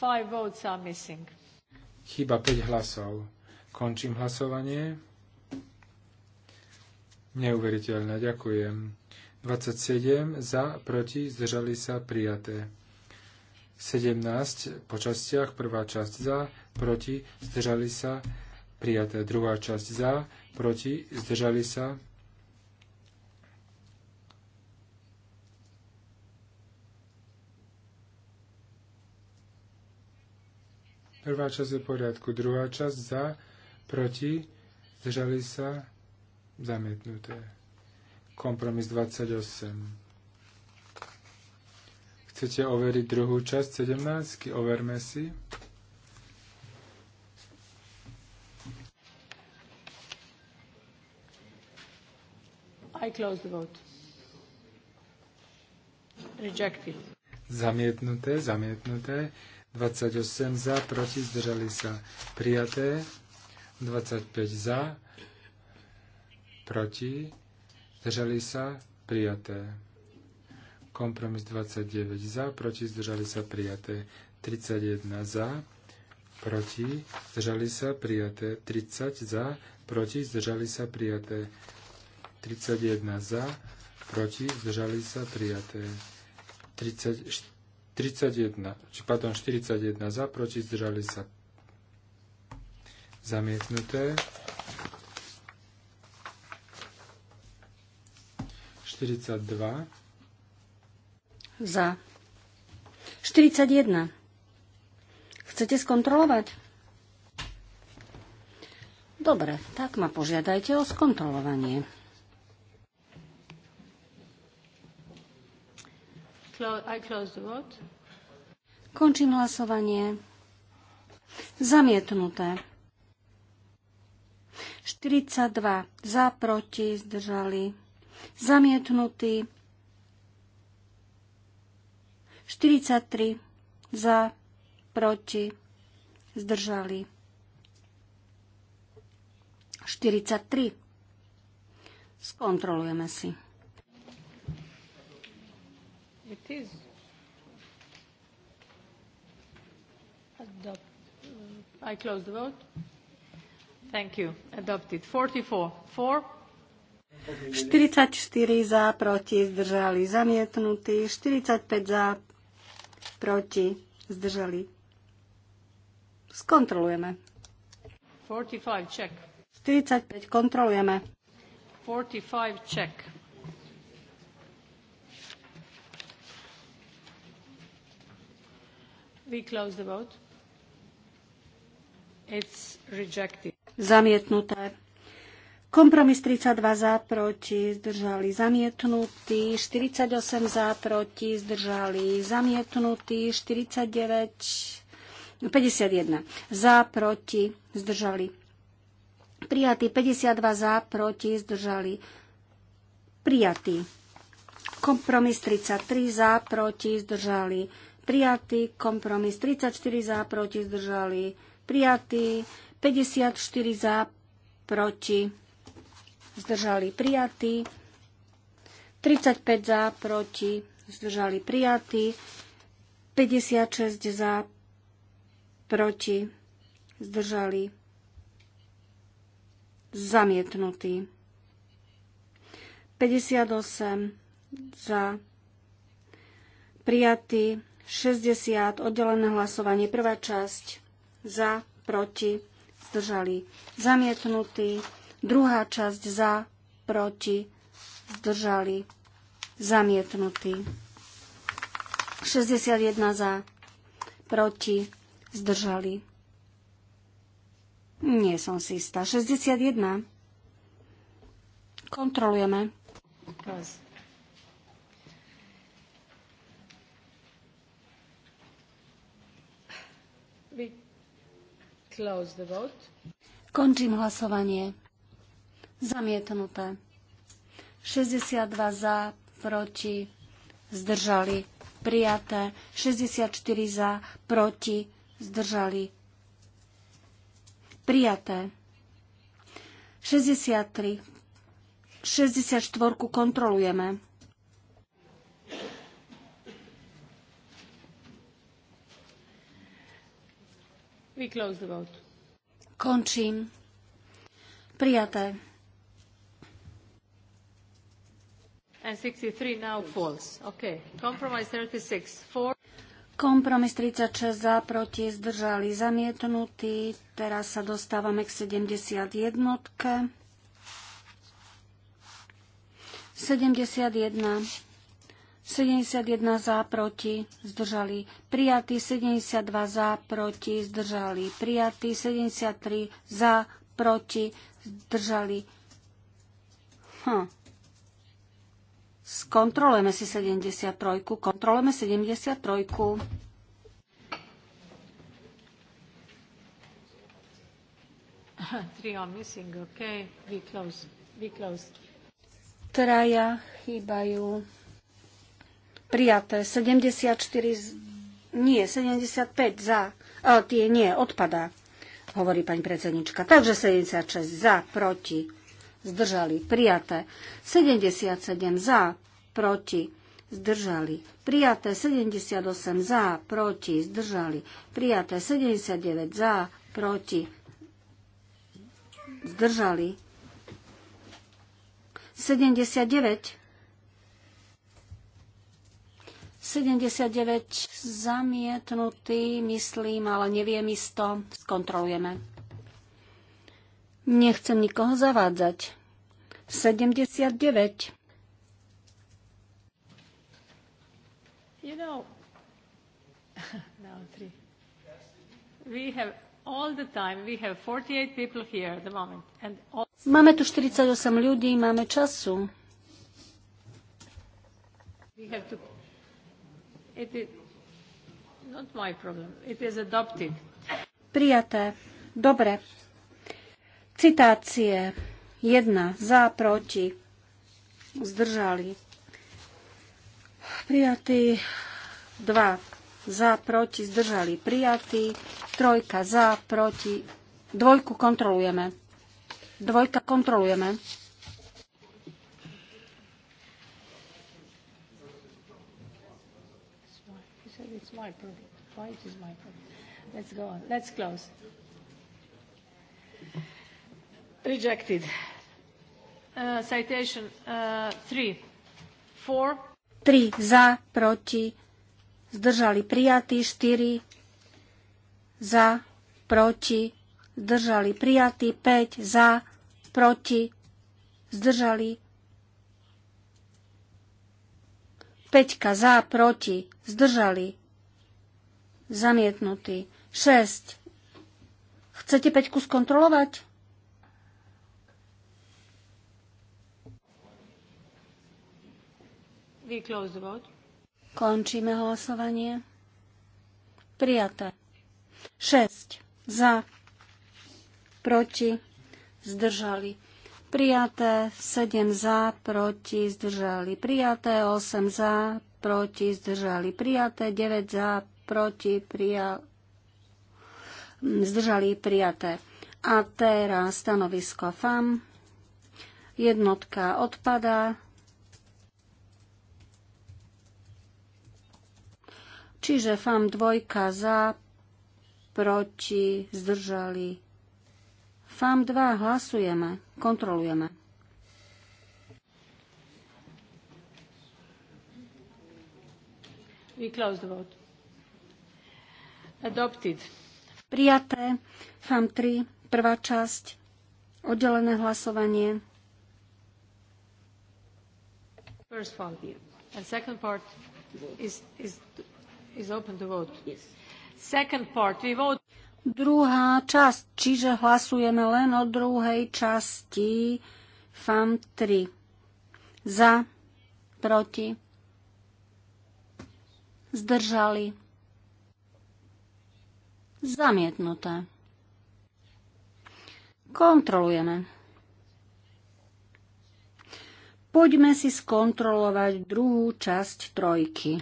Five votes are missing. Chyba 5 hlasov. Končím hlasovanie. Neuveriteľné, ďakujem. 27 za, proti, zdržali sa, prijaté. 17 po častiach, prvá časť za, proti, zdržali sa, prijaté. Druhá časť za, proti, zdržali sa, prijaté Prvá časť je v poriadku, druhá časť za, proti, zdržali sa, zamietnuté. Kompromis 28. Chcete overiť druhú časť 17? Overme si. I close the vote. Rejected. Zamietnuté, zamietnuté. 28 za, proti, zdržali sa prijaté. 25 za, proti, zdržali sa prijaté. Kompromis 29 za, proti, zdržali sa prijaté. 31 za, proti, zdržali sa prijaté. 30 za, proti, zdržali sa prijaté. 31 za, proti, zdržali sa prijaté. 34 31, či pardon, 41 za, proti zdržali sa zamietnuté. 42 za. 41. Chcete skontrolovať? Dobre, tak ma požiadajte o skontrolovanie. I close the vote. Končím hlasovanie. Zamietnuté. 42 za, proti, zdržali. Zamietnutý. 43 za, proti, zdržali. 43. Skontrolujeme si. It is adopt. I close the vote. Thank you. Adopted. 44. Four. 44 za, proti, zdržali, zamietnutí. 45 za, proti, zdržali. Skontrolujeme. 45 check. 45 kontrolujeme. 45 check. Zamietnuté. Kompromis 32 za, proti, zdržali zamietnutý, 48 za, proti, zdržali zamietnutý, 49, 51 za, proti, zdržali. Prijatý 52 za, proti, zdržali. Prijatý. Kompromis 33 za, proti, zdržali prijatý, kompromis 34 za, proti, zdržali, prijatý, 54 za, proti, zdržali, prijatý, 35 za, proti, zdržali, prijatý, 56 za, proti, zdržali, zamietnutý. 58 za, prijatý, 60, oddelené hlasovanie, prvá časť, za, proti, zdržali, zamietnutý, druhá časť, za, proti, zdržali, zamietnutý. 61 za, proti, zdržali. Nie som si istá. 61. Kontrolujeme. Yes. Close the vote. Končím hlasovanie. Zamietnuté. 62 za, proti, zdržali, prijaté. 64 za, proti, zdržali, prijaté. 63. 64 kontrolujeme. We close the vote. Končím. Prijaté. And 63 now falls. Okay. Compromise 36. Four. Kompromis 36 za, proti, zdržali, zamietnutý. Teraz sa dostávame k 71. 71. 71 za, proti, zdržali prijatí, 72 za, proti, zdržali prijatí, 73 za, proti, zdržali. Hm. Skontrolujeme si 73. Kontrolujeme 73. Traja chýbajú. Prijaté 74, nie, 75 za, o, tie nie, odpadá, hovorí pani predsednička. Takže 76 za, proti, zdržali, prijaté. 77 za, proti, zdržali, prijaté. 78 za, proti, zdržali, prijaté. 79 za, proti, zdržali. 79 79 zamietnutý, myslím, ale neviem isto. Skontrolujeme. Nechcem nikoho zavádzať. 79. You know, [LAUGHS] now three. We have all the time, we have 48 people here at the moment. And all... Máme tu 48 ľudí, máme času. We have to It is not my problem. It is adopted. Prijaté. Dobre. Citácie. Jedna. Za, proti. Zdržali. Prijatý. Dva. Za, proti. Zdržali. Prijatý. Trojka. Za, proti. Dvojku kontrolujeme. Dvojka kontrolujeme. my problem? Why it is my problem? Let's go on. Let's close. Rejected. Uh, citation uh, three. Four. 3 za, proti, zdržali prijatí, štyri za, proti, zdržali prijatí, 5 za, proti, zdržali. Peťka za, proti, zdržali Zamietnutý. 6. Chcete peťku skontrolovať? Končíme hlasovanie. Prijaté. 6. Za. Proti. Zdržali. Prijaté. 7 za. Proti. Zdržali. Prijaté. 8 za. Proti. Zdržali. Prijaté. 9 za proti, prijal, zdržali prijaté. A teraz stanovisko FAM. Jednotka odpadá. Čiže FAM dvojka za, proti, zdržali. FAM 2 hlasujeme, kontrolujeme. We close the vote. Adopted. Prijaté. FAM 3. Prvá časť. Oddelené hlasovanie. First part, yeah. And second part is, is, is open to vote. Yes. Second part, we vote. Druhá časť, čiže hlasujeme len o druhej časti FAM 3. Za, proti, zdržali. Zamietnuté. Kontrolujeme. Poďme si skontrolovať druhú časť trojky.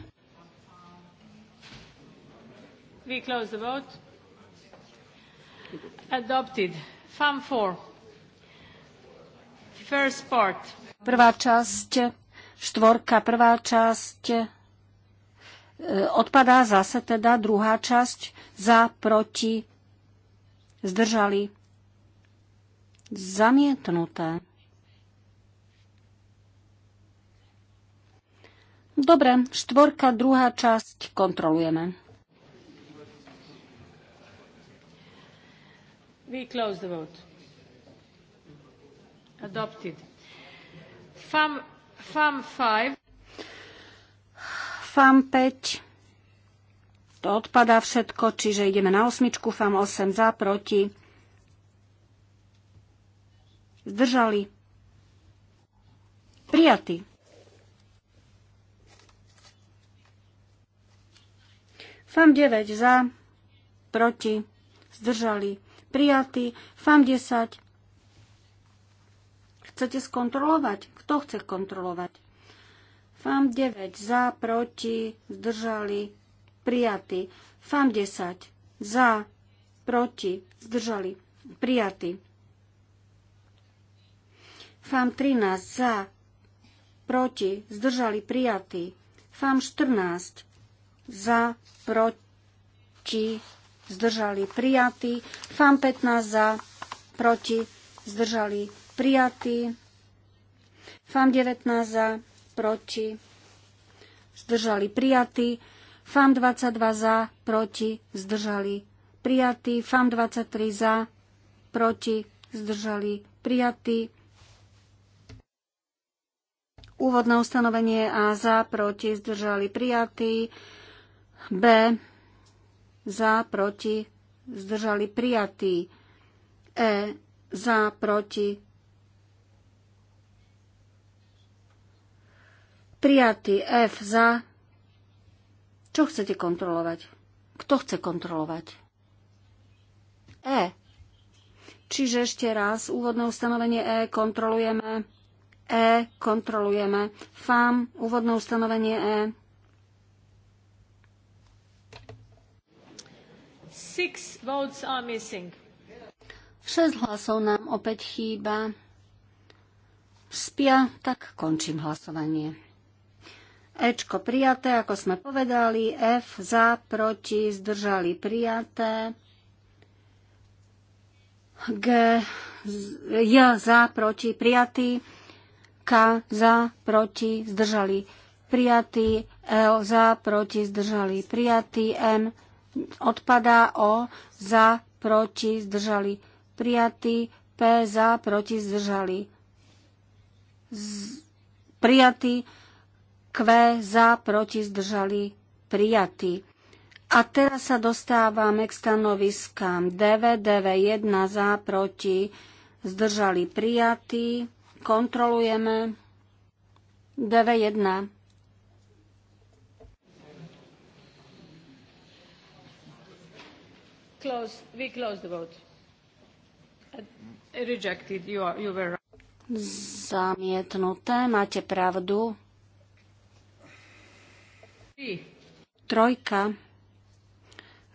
We close the vote. Adopted. Fun four. First part. Prvá časť, štvorka, prvá časť, Odpadá zase teda druhá časť za, proti, zdržali. Zamietnuté. Dobre, štvorka, druhá časť, kontrolujeme. We close the vote. Adopted. FAM, FAM 5. FAM 5, to odpadá všetko, čiže ideme na osmičku, FAM 8 za, proti, zdržali, prijatý. FAM 9 za, proti, zdržali, prijatý. FAM 10. Chcete skontrolovať? Kto chce kontrolovať? FAM 9 za, proti, zdržali, prijatý. FAM 10 za, proti, zdržali, prijatý. FAM 13 za, proti, zdržali, prijatý. FAM 14 za, proti, zdržali, prijatý. FAM 15 za, proti, zdržali, prijatý. FAM 19 za, proti, zdržali prijatí. FAM 22 za, proti, zdržali prijatí. FAM 23 za, proti, zdržali prijatí. Úvodné ustanovenie A za, proti, zdržali prijatí. B za, proti, zdržali prijatí. E za, proti, Prijatý F za. Čo chcete kontrolovať? Kto chce kontrolovať? E. Čiže ešte raz, úvodné ustanovenie E kontrolujeme. E kontrolujeme. FAM, úvodné ustanovenie E. 6 votes are missing. 6 hlasov nám opäť chýba. Spia, tak končím hlasovanie. Ečko prijaté, ako sme povedali, F za, proti, zdržali prijaté, G J za, proti, prijatý, K za, proti, zdržali prijatý, L e, za, proti, zdržali prijatý, M odpadá, O za, proti, zdržali prijatý, P za, proti, zdržali z, prijatý, Kve za, proti, zdržali, prijatý. A teraz sa dostávame k stanoviskám DV, DV1 za, proti, zdržali, prijatý. Kontrolujeme. DV1. Close, we close the vote. Rejected, you, are, you were right. Zamietnuté, máte pravdu. Trojka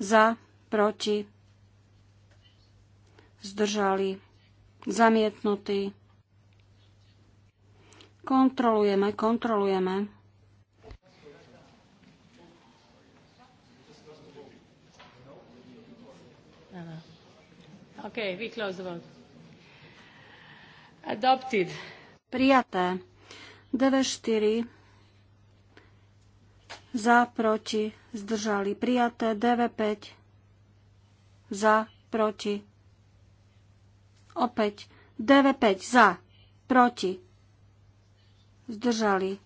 za, proti, zdržali, zamietnutý. Kontrolujeme, kontrolujeme. Okay, we close the vote. Adopted. Prijaté. DV4 za, proti, zdržali prijaté, DV5, za, proti, opäť, DV5, za, proti, zdržali.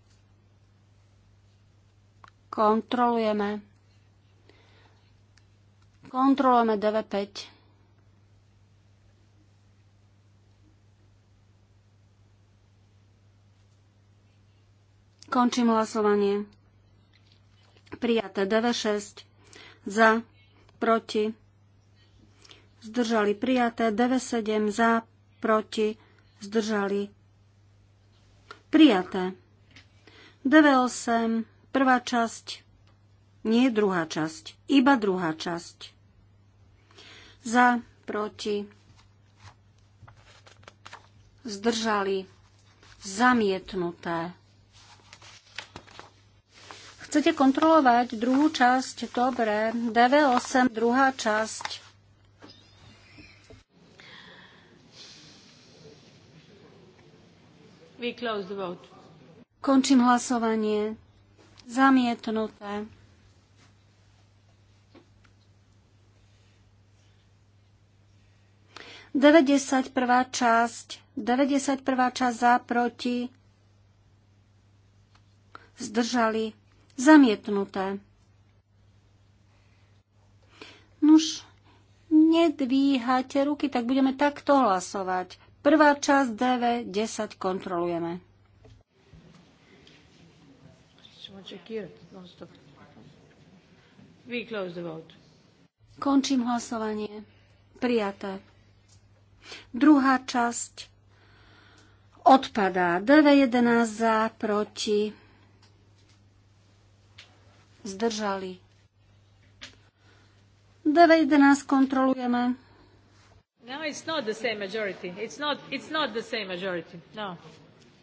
Kontrolujeme. Kontrolujeme DV5. Končím hlasovanie. Prijaté dv za, proti. Zdržali prijaté DV7 za, proti. Zdržali prijaté. DV8 prvá časť, nie druhá časť, iba druhá časť. Za, proti. Zdržali zamietnuté. Chcete kontrolovať druhú časť? Dobre. DV8, druhá časť. We close the vote. Končím hlasovanie. Zamietnuté. Deväťdesiat prvá časť. Deväťdesiat prvá časť za, proti. Zdržali Zamietnuté. Nuž, nedvíhate ruky, tak budeme takto hlasovať. Prvá časť DV 10 kontrolujeme. Končím hlasovanie. Prijaté. Druhá časť odpadá. DV11 za, proti zdržali. 9.11 kontrolujeme. No, it's not the same majority. It's not, it's not the same majority. No,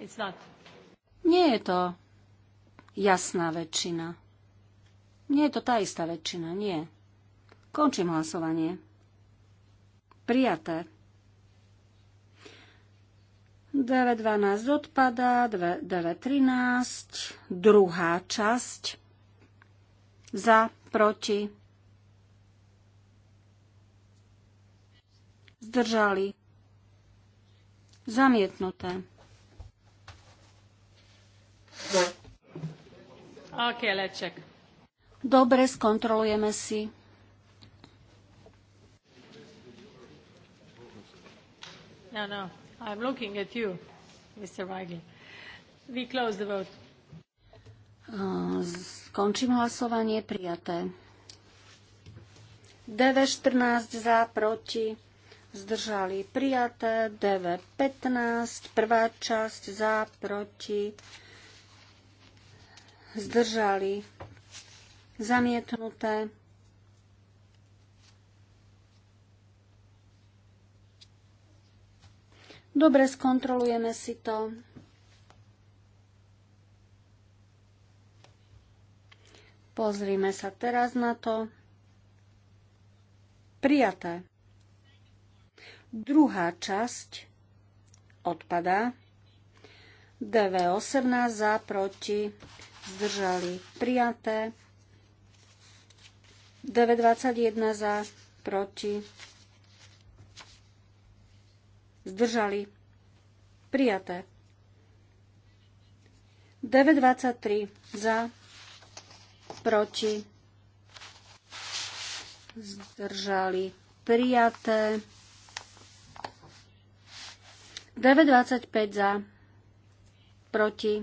it's not. Nie je to jasná väčšina. Nie je to tá istá väčšina, nie. Končím hlasovanie. Prijaté. 9.12 odpadá, 9.13, druhá časť za, proti, zdržali, zamietnuté. OK, leček. Dobre, skontrolujeme si. No, no, I'm looking at you, Mr. Weigl. We close the vote. Uh, Končím hlasovanie. Prijaté. DV14 za, proti, zdržali. Prijaté. DV15, prvá časť za, proti, zdržali. Zamietnuté. Dobre, skontrolujeme si to. Pozrime sa teraz na to. Prijaté. Druhá časť odpadá. DV18 za, proti, zdržali prijaté. DV21 za, proti, zdržali prijaté. DV23 za, proti, zdržali prijaté. DV25 za, proti,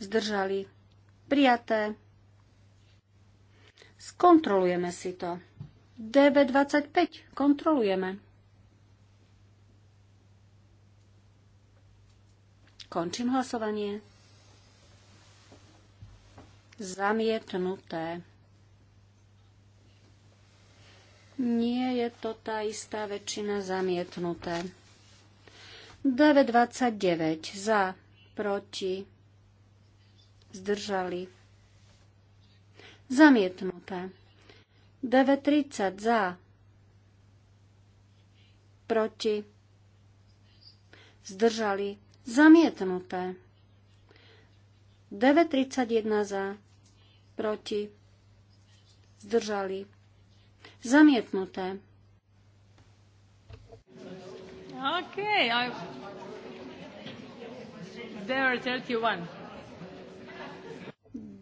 zdržali prijaté. Skontrolujeme si to. 925, 25 kontrolujeme. Končím hlasovanie zamietnuté. Nie je to tá istá väčšina zamietnuté. 9,29 za, proti, zdržali. Zamietnuté. 9,30 za, proti, zdržali. Zamietnuté. 931 za, proti, zdržali, zamietnuté. OK, I... There are 31.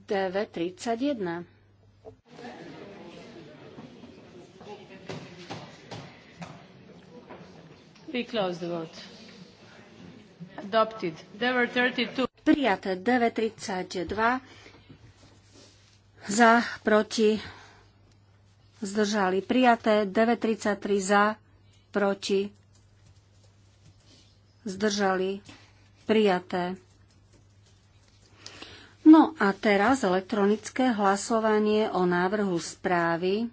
9.31. We close the vote. Adopted. There were 32. Prijaté 932 za, proti, zdržali. Prijaté 933 za, proti, zdržali. Prijaté. No a teraz elektronické hlasovanie o návrhu správy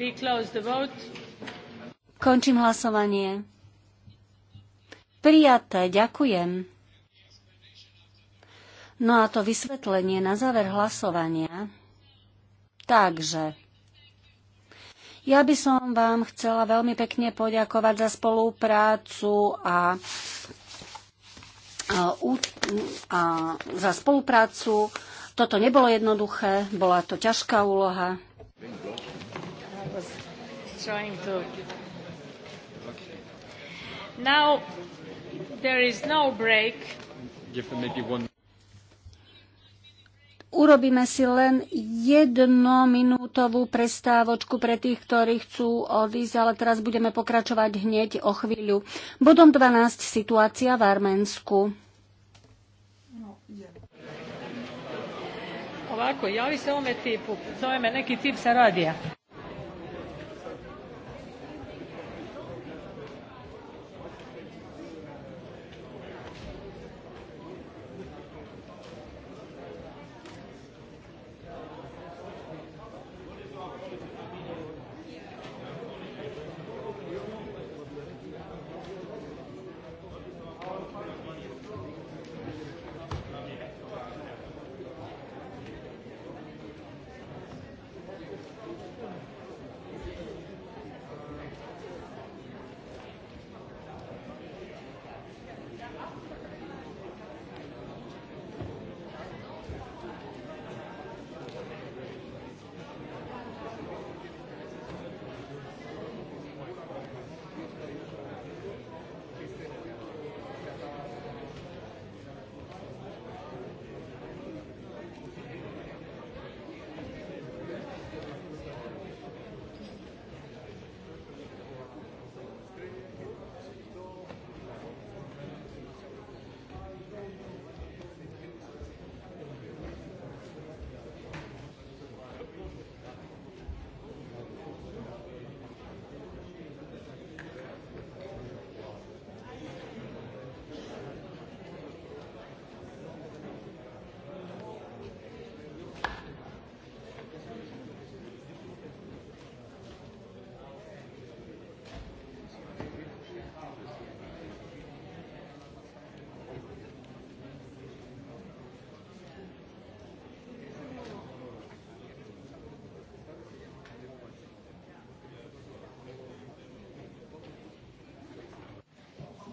We close the vote. Končím hlasovanie. Prijaté, ďakujem. No a to vysvetlenie na záver hlasovania. Takže, ja by som vám chcela veľmi pekne poďakovať za spoluprácu a, a, a za spoluprácu. Toto nebolo jednoduché, bola to ťažká úloha trying to. Now there is no break. Urobíme si len jednominútovú prestávočku pre tých, ktorí chcú odísť, ale teraz budeme pokračovať hneď o chvíľu. Bodom 12. Situácia v Arménsku. Ovako, javi se ovome tipu, zove me neki tip sa radija.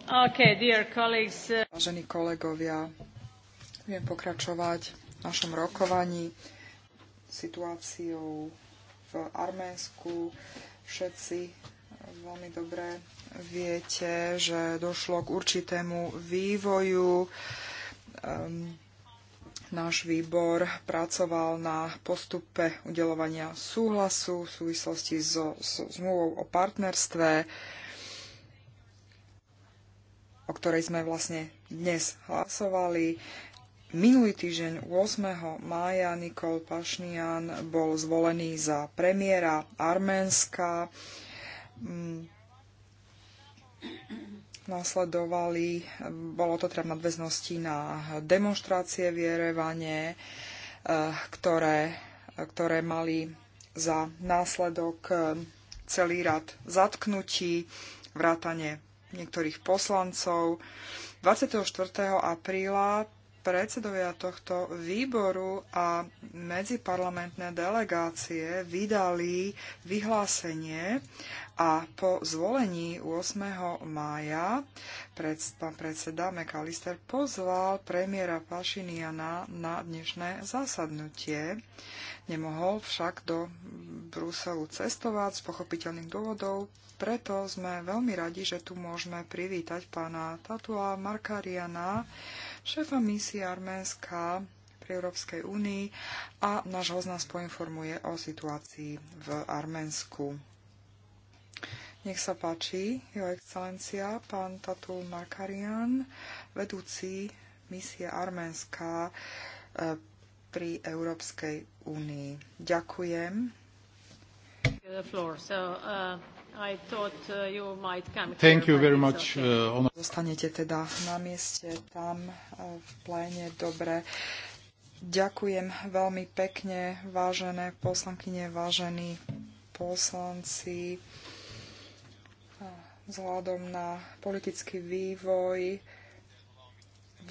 Okay, dear colleagues. Uh, Vážení kolegovia, viem pokračovať v našom rokovaní situáciou v Arménsku. Všetci veľmi dobre viete, že došlo k určitému vývoju. Um, Náš výbor pracoval na postupe udelovania súhlasu v súvislosti so, so zmluvou o partnerstve ktorej sme vlastne dnes hlasovali. Minulý týždeň 8. mája Nikol Pašnian bol zvolený za premiéra Arménska. Mm. Nasledovali, bolo to teda v nadväznosti na demonstrácie v Jerevane, eh, ktoré, ktoré mali za následok eh, celý rad zatknutí, vrátane niektorých poslancov. 24. apríla predsedovia tohto výboru a medziparlamentné delegácie vydali vyhlásenie a po zvolení 8. mája pred, pán predseda McAllister pozval premiéra Pašiniana na dnešné zasadnutie. Nemohol však do Bruselu cestovať z pochopiteľných dôvodov, preto sme veľmi radi, že tu môžeme privítať pána Tatua Markariana, Šéfa misie Arménska pri Európskej únii a náš host nás poinformuje o situácii v Arménsku. Nech sa páči, Jeho Excelencia, pán Tatu Makarian, vedúci misie Arménska e, pri Európskej únii. Ďakujem. The floor. So, uh... Uh, uh, Zostanete teda na mieste tam uh, v pléne. Dobre. Ďakujem veľmi pekne, vážené poslankyne, vážení poslanci. Vzhľadom na politický vývoj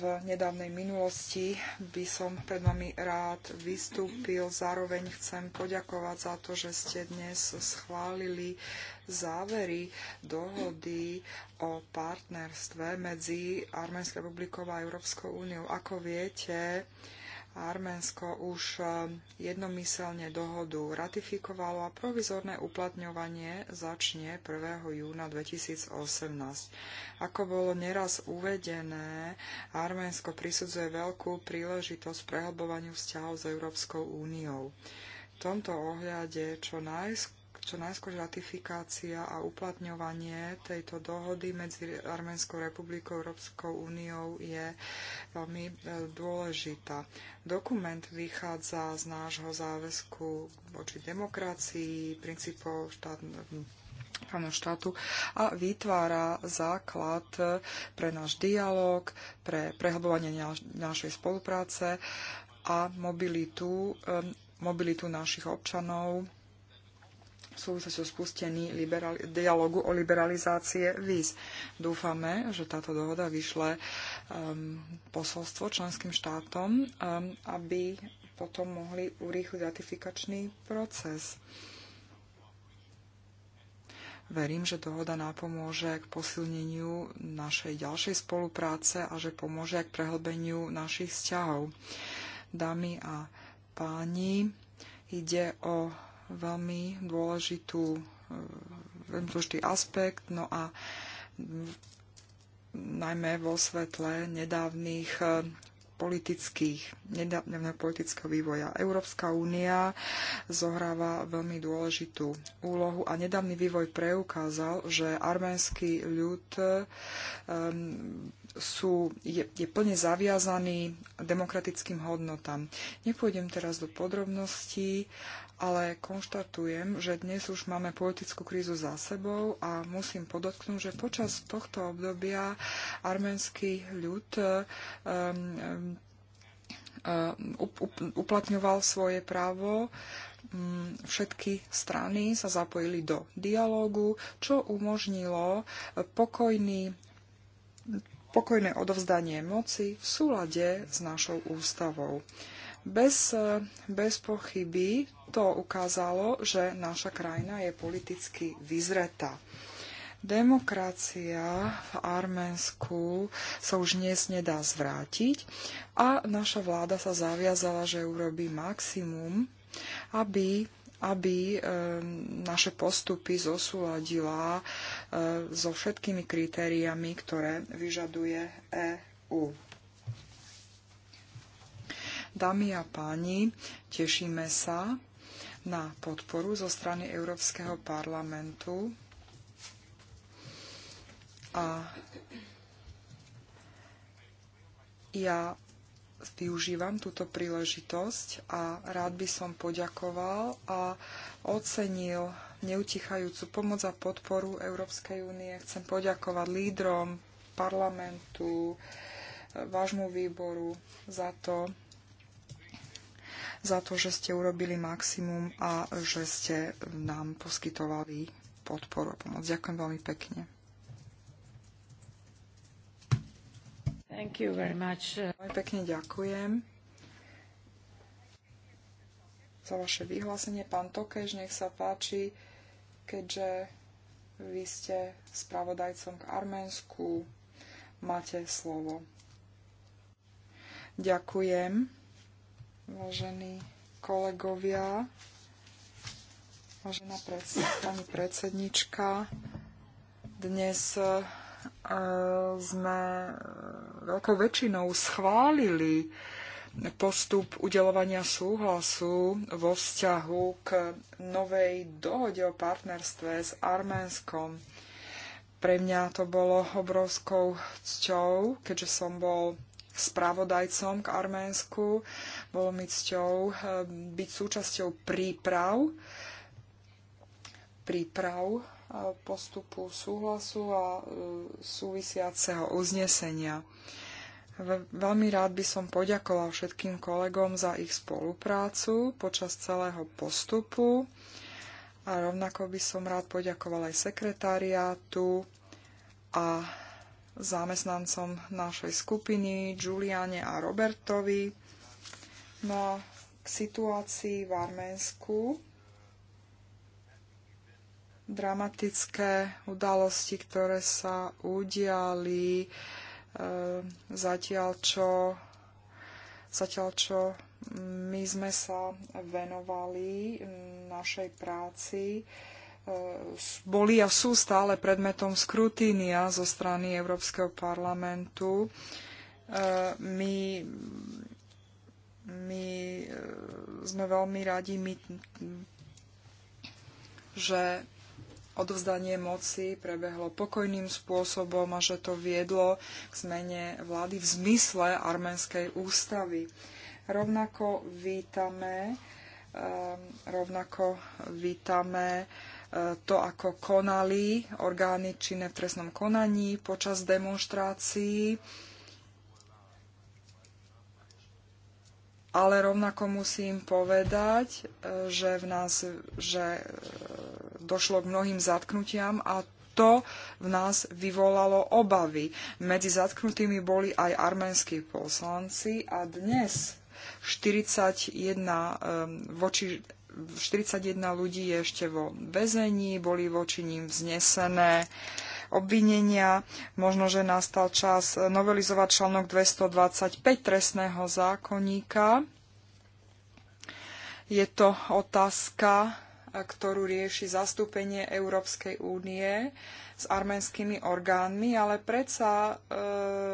v nedávnej minulosti by som pred vami rád vystúpil. Zároveň chcem poďakovať za to, že ste dnes schválili závery dohody o partnerstve medzi Arménskou republikou a Európskou úniou. Ako viete, Arménsko už ehm, jednomyselne dohodu ratifikovalo a provizorné uplatňovanie začne 1. júna 2018. Ako bolo neraz uvedené, Arménsko prisudzuje veľkú príležitosť prehlbovaniu vzťahov s Európskou úniou. V tomto ohľade čo najskôr čo najskôr ratifikácia a uplatňovanie tejto dohody medzi Arménskou republikou a Európskou úniou je veľmi e, dôležitá. Dokument vychádza z nášho záväzku voči demokracii, princípov štátnej štátu a vytvára základ e, pre náš dialog, pre prehlbovanie našej spolupráce a mobilitu, e, mobilitu našich občanov v súvislosti so spustení liberali- dialogu o liberalizácie víz. Dúfame, že táto dohoda vyšle um, posolstvo členským štátom, um, aby potom mohli urýchliť ratifikačný proces. Verím, že dohoda nápomôže k posilneniu našej ďalšej spolupráce a že pomôže k prehlbeniu našich vzťahov. Dámy a páni, ide o veľmi dôležitú, e, veľmi dôležitý aspekt. No a najmä vo svetle nedávnych e, politických, nedávneho politického vývoja. Európska únia zohráva veľmi dôležitú úlohu a nedávny vývoj preukázal, že arménsky ľud um, sú, je, je plne zaviazaný demokratickým hodnotám. Nepôjdem teraz do podrobností, ale konštatujem, že dnes už máme politickú krízu za sebou a musím podotknúť, že počas tohto obdobia arménsky ľud um, um, Eh, uplatňoval svoje právo. Mm, všetky strany sa zapojili do dialógu, čo umožnilo eh, pokojný, pokojné odovzdanie moci v súlade s našou ústavou. Bez, eh, bez pochyby to ukázalo, že naša krajina je politicky vyzretá. Demokracia v Arménsku sa už dnes nedá zvrátiť a naša vláda sa zaviazala, že urobí maximum, aby aby naše postupy zosúladila so všetkými kritériami, ktoré vyžaduje EÚ. Dámy a páni, tešíme sa na podporu zo strany Európskeho parlamentu a ja využívam túto príležitosť a rád by som poďakoval a ocenil neutichajúcu pomoc a podporu Európskej únie. Chcem poďakovať lídrom parlamentu, vášmu výboru za to, za to, že ste urobili maximum a že ste nám poskytovali podporu a pomoc. Ďakujem veľmi pekne. Thank you very much. Pekne ďakujem za vaše vyhlásenie. Pán Tokež, nech sa páči, keďže vy ste spravodajcom k Arménsku, máte slovo. Ďakujem, vážení kolegovia, vážená pani predsednička. Dnes sme e, veľkou väčšinou schválili postup udelovania súhlasu vo vzťahu k novej dohode o partnerstve s Arménskom. Pre mňa to bolo obrovskou cťou, keďže som bol spravodajcom k Arménsku. Bolo mi cťou e, byť súčasťou príprav príprav postupu súhlasu a e, súvisiaceho uznesenia. Veľmi rád by som poďakoval všetkým kolegom za ich spoluprácu počas celého postupu a rovnako by som rád poďakoval aj sekretariátu a zamestnancom našej skupiny, Juliane a Robertovi. No a k situácii v Arménsku dramatické udalosti, ktoré sa udiali, e, zatiaľ čo, zatiaľ čo my sme sa venovali našej práci. E, boli a sú stále predmetom skrutínia zo strany Európskeho parlamentu. E, my, my e, sme veľmi radi, my, že odovzdanie moci prebehlo pokojným spôsobom a že to viedlo k zmene vlády v zmysle arménskej ústavy. Rovnako vítame, ehm, rovnako vítame e, to, ako konali orgány činné v trestnom konaní počas demonstrácií ale rovnako musím povedať, e, že v nás že e, došlo k mnohým zatknutiam a to v nás vyvolalo obavy. Medzi zatknutými boli aj arménsky poslanci a dnes 41 voči 41 ľudí je ešte vo väzení, boli voči ním vznesené obvinenia. Možno, že nastal čas novelizovať článok 225 trestného zákonníka. Je to otázka, ktorú rieši zastúpenie Európskej únie s arménskymi orgánmi, ale predsa e,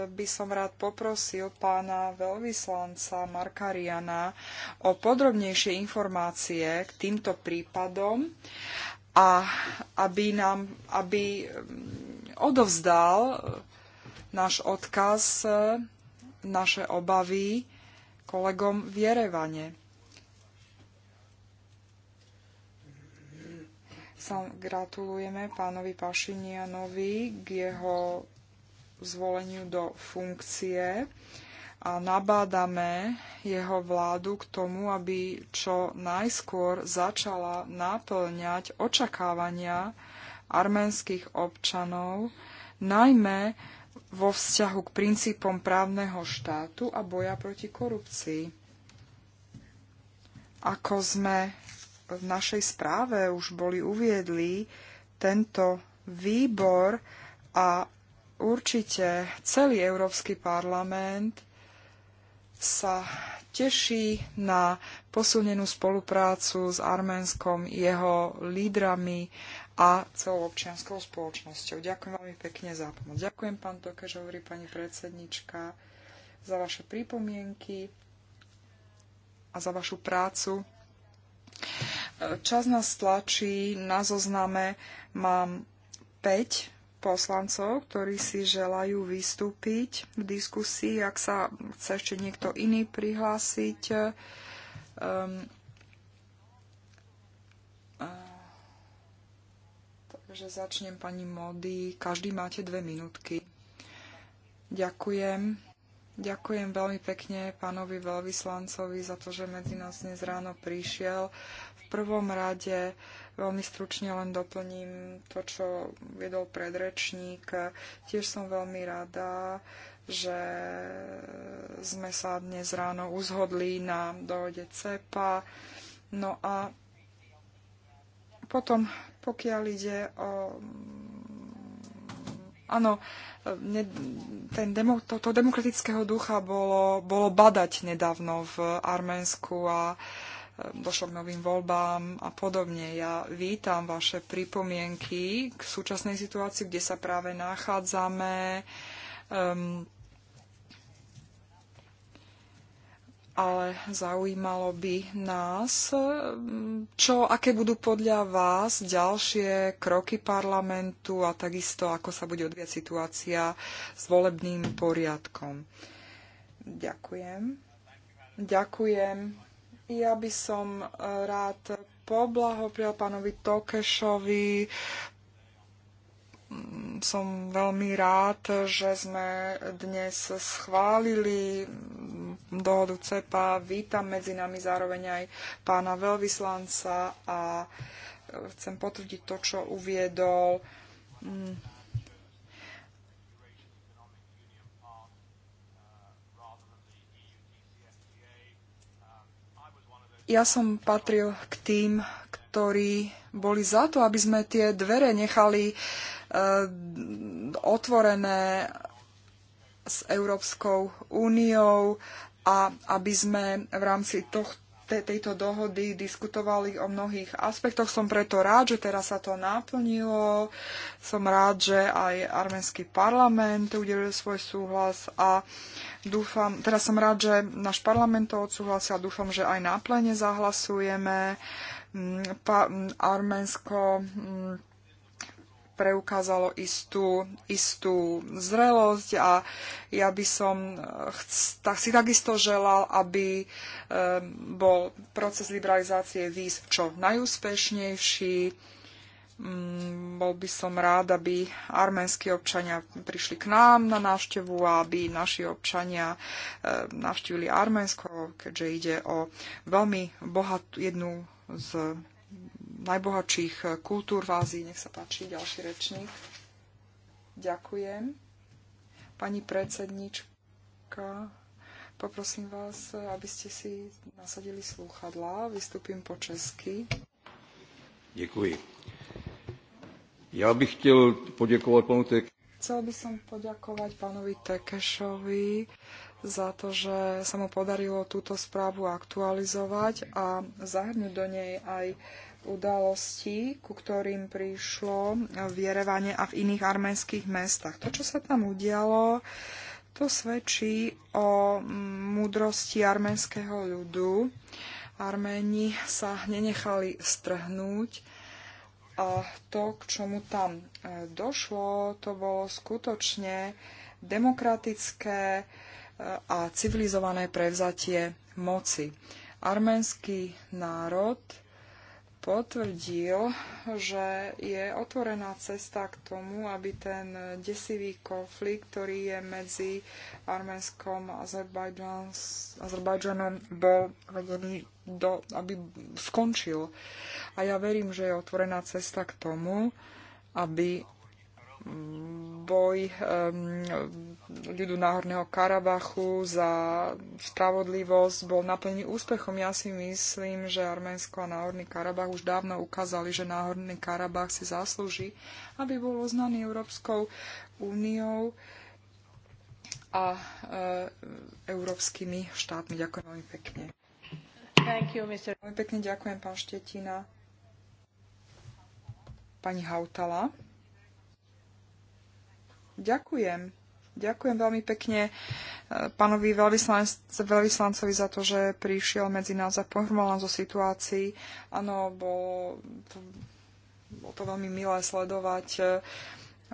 by som rád poprosil pána veľvyslanca Markariana o podrobnejšie informácie k týmto prípadom a aby nám, aby mm, odovzdal e, náš odkaz, e, naše obavy kolegom v Jerevane. Sam gratulujeme pánovi Pašinianovi k jeho zvoleniu do funkcie a nabádame jeho vládu k tomu, aby čo najskôr začala náplňať očakávania arménskych občanov, najmä vo vzťahu k princípom právneho štátu a boja proti korupcii. Ako sme v našej správe už boli uviedli, tento výbor a určite celý Európsky parlament sa teší na posunenú spoluprácu s Arménskom, jeho lídrami a celou občianskou spoločnosťou. Ďakujem veľmi pekne za pomoc. Ďakujem, pán Tokež, hovorí pani predsednička, za vaše pripomienky a za vašu prácu. Čas nás tlačí, na zozname mám 5 poslancov, ktorí si želajú vystúpiť v diskusii. Ak sa chce ešte niekto iný prihlásiť, um, Takže začnem pani Mody. Každý máte dve minútky. Ďakujem. Ďakujem veľmi pekne pánovi veľvyslancovi za to, že medzi nás dnes ráno prišiel. V prvom rade Veľmi stručne len doplním to, čo viedol predrečník. Tiež som veľmi rada, že sme sa dnes ráno uzhodli na dohode CEPA. No a potom, pokiaľ ide o... Áno, ten demo, to, to demokratického ducha bolo, bolo badať nedávno v Arménsku a uh, došlo k novým voľbám a podobne. Ja vítam vaše pripomienky k súčasnej situácii, kde sa práve nachádzame. Um, ale zaujímalo by nás, ehm, čo, aké budú podľa vás ďalšie kroky parlamentu a takisto, ako sa bude odviať situácia s volebným poriadkom. Ďakujem. Ďakujem. Ja by som e, rád poblahoprial pánovi Tokešovi. Mm, som veľmi rád, že sme dnes schválili mm, dohodu CEPA. Vítam medzi nami zároveň aj pána veľvyslanca a e, chcem potvrdiť to, čo uviedol. Mm, Ja som patril k tým, ktorí boli za to, aby sme tie dvere nechali e, otvorené s Európskou úniou a aby sme v rámci tohto tejto dohody diskutovali o mnohých aspektoch. Som preto rád, že teraz sa to naplnilo. Som rád, že aj arménsky parlament udelil svoj súhlas a dúfam, teraz som rád, že náš parlament to odsúhlasil a dúfam, že aj na plene zahlasujeme. Mm, pa, mm, Arménsko mm, preukázalo istú, istú zrelosť a ja by som tak si takisto želal, aby eh, bol proces liberalizácie víz čo najúspešnejší. Mm, bol by som rád, aby arménsky občania prišli k nám na návštevu a aby naši občania eh, navštívili Arménsko, keďže ide o veľmi bohatú, jednu z najbohatších kultúr v Ázii. Nech sa páči, ďalší rečník. Ďakujem. Pani predsednička, poprosím vás, aby ste si nasadili slúchadlá. Vystúpim po česky. Ďakujem. Ja bych chtěl poděkovat panu Tek. Chcel by som poďakovať pánovi Tekešovi za to, že sa mu podarilo túto správu aktualizovať a zahrnúť do nej aj udalostí, ku ktorým prišlo v Jerevane a v iných arménskych mestách. To, čo sa tam udialo, to svedčí o múdrosti arménskeho ľudu. Arméni sa nenechali strhnúť a to, k čomu tam e, došlo, to bolo skutočne demokratické e, a civilizované prevzatie moci. Arménsky národ potvrdil, že je otvorená cesta k tomu, aby ten desivý konflikt, ktorý je medzi Arménskom a Azerbajdžanom, bol vedený do, aby skončil. A ja verím, že je otvorená cesta k tomu, aby boj ľudu Náhorného Karabachu za spravodlivosť bol naplnený úspechom. Ja si myslím, že Arménsko a Náhorný Karabach už dávno ukázali, že Náhorný Karabach si zaslúži, aby bol uznaný Európskou úniou a e, európskymi štátmi. Ďakujem veľmi pekne. Thank you, Mr. Veľmi pekne ďakujem, pán Štetina. Pani Hautala. Ďakujem. Ďakujem veľmi pekne e, pánovi veľvyslancovi za to, že prišiel medzi nás a pohrmal nás o situácii. Áno, bolo, to, bolo to veľmi milé sledovať e,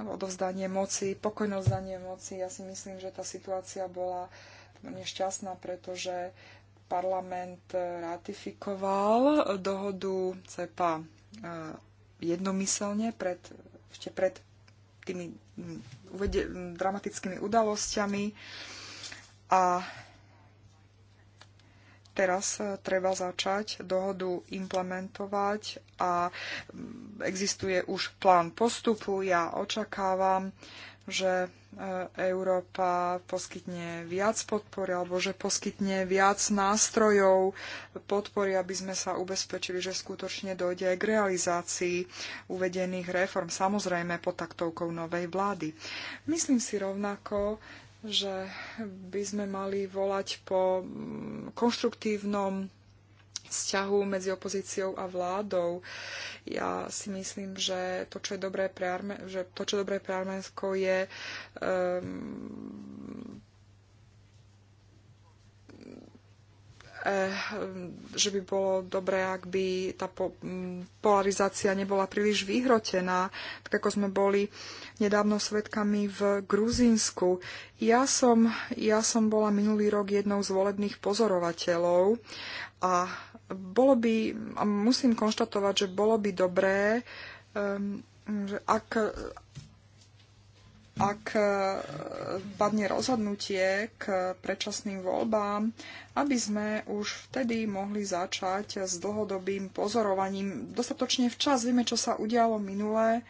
odovzdanie moci, pokojnosť ozdanie moci. Ja si myslím, že tá situácia bola nešťastná, pretože parlament e, ratifikoval dohodu CEPA jednomyselne pred, ešte pred tými dramatickými udalosťami a teraz eh, treba začať dohodu implementovať a mm, existuje už plán postupu. Ja očakávam, že e, Európa poskytne viac podpory alebo že poskytne viac nástrojov podpory, aby sme sa ubezpečili, že skutočne dojde aj k realizácii uvedených reform, samozrejme pod taktovkou novej vlády. Myslím si rovnako, že by sme mali volať po mm, konštruktívnom vzťahu medzi opozíciou a vládou. Ja si myslím, že to, čo je dobré pre, Arme- že to, čo je dobré pre Arménsko, je um, že by bolo dobré, ak by tá polarizácia nebola príliš vyhrotená, tak ako sme boli nedávno svetkami v Gruzínsku. Ja som, ja som bola minulý rok jednou z volebných pozorovateľov a bolo by, a musím konštatovať, že bolo by dobré, um, že ak, ak uh, padne rozhodnutie k predčasným voľbám, aby sme už vtedy mohli začať s dlhodobým pozorovaním. Dostatočne včas vieme, čo sa udialo minulé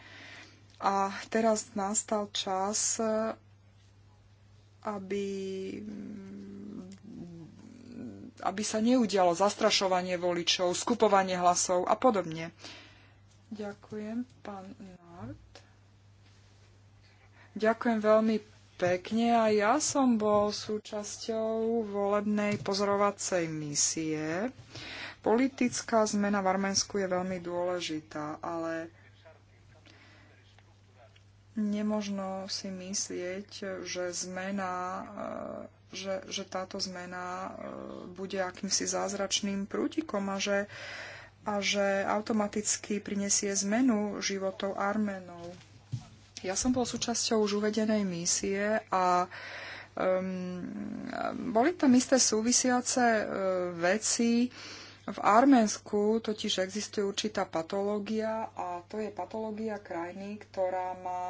a teraz nastal čas, aby aby sa neudialo zastrašovanie voličov, skupovanie hlasov a podobne. Ďakujem, pán Nart. Ďakujem veľmi pekne a ja som bol súčasťou volebnej pozorovacej misie. Politická zmena v Arménsku je veľmi dôležitá, ale nemožno si myslieť, že zmena že, že táto zmena e, bude akýmsi zázračným prútikom a že, a že automaticky prinesie zmenu životov Arménov. Ja som bol súčasťou už uvedenej misie a um, boli tam isté súvisiace uh, veci, uh, v Arménsku totiž existuje určitá patológia a to je patológia krajiny, ktorá má,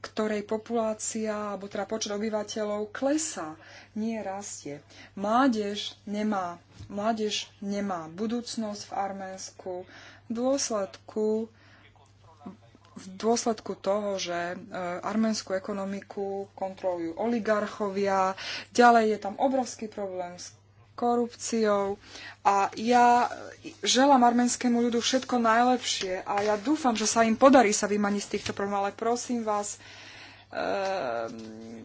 ktorej populácia alebo teda počet obyvateľov klesá, nie rastie. Mládež nemá, mládež nemá budúcnosť v Arménsku v dôsledku v dôsledku toho, že e, arménskú ekonomiku kontrolujú oligarchovia, ďalej je tam obrovský problém s korupciou. A ja želám arménskému ľudu všetko najlepšie a ja dúfam, že sa im podarí sa vymaniť z týchto problémov, ale prosím vás, ehm,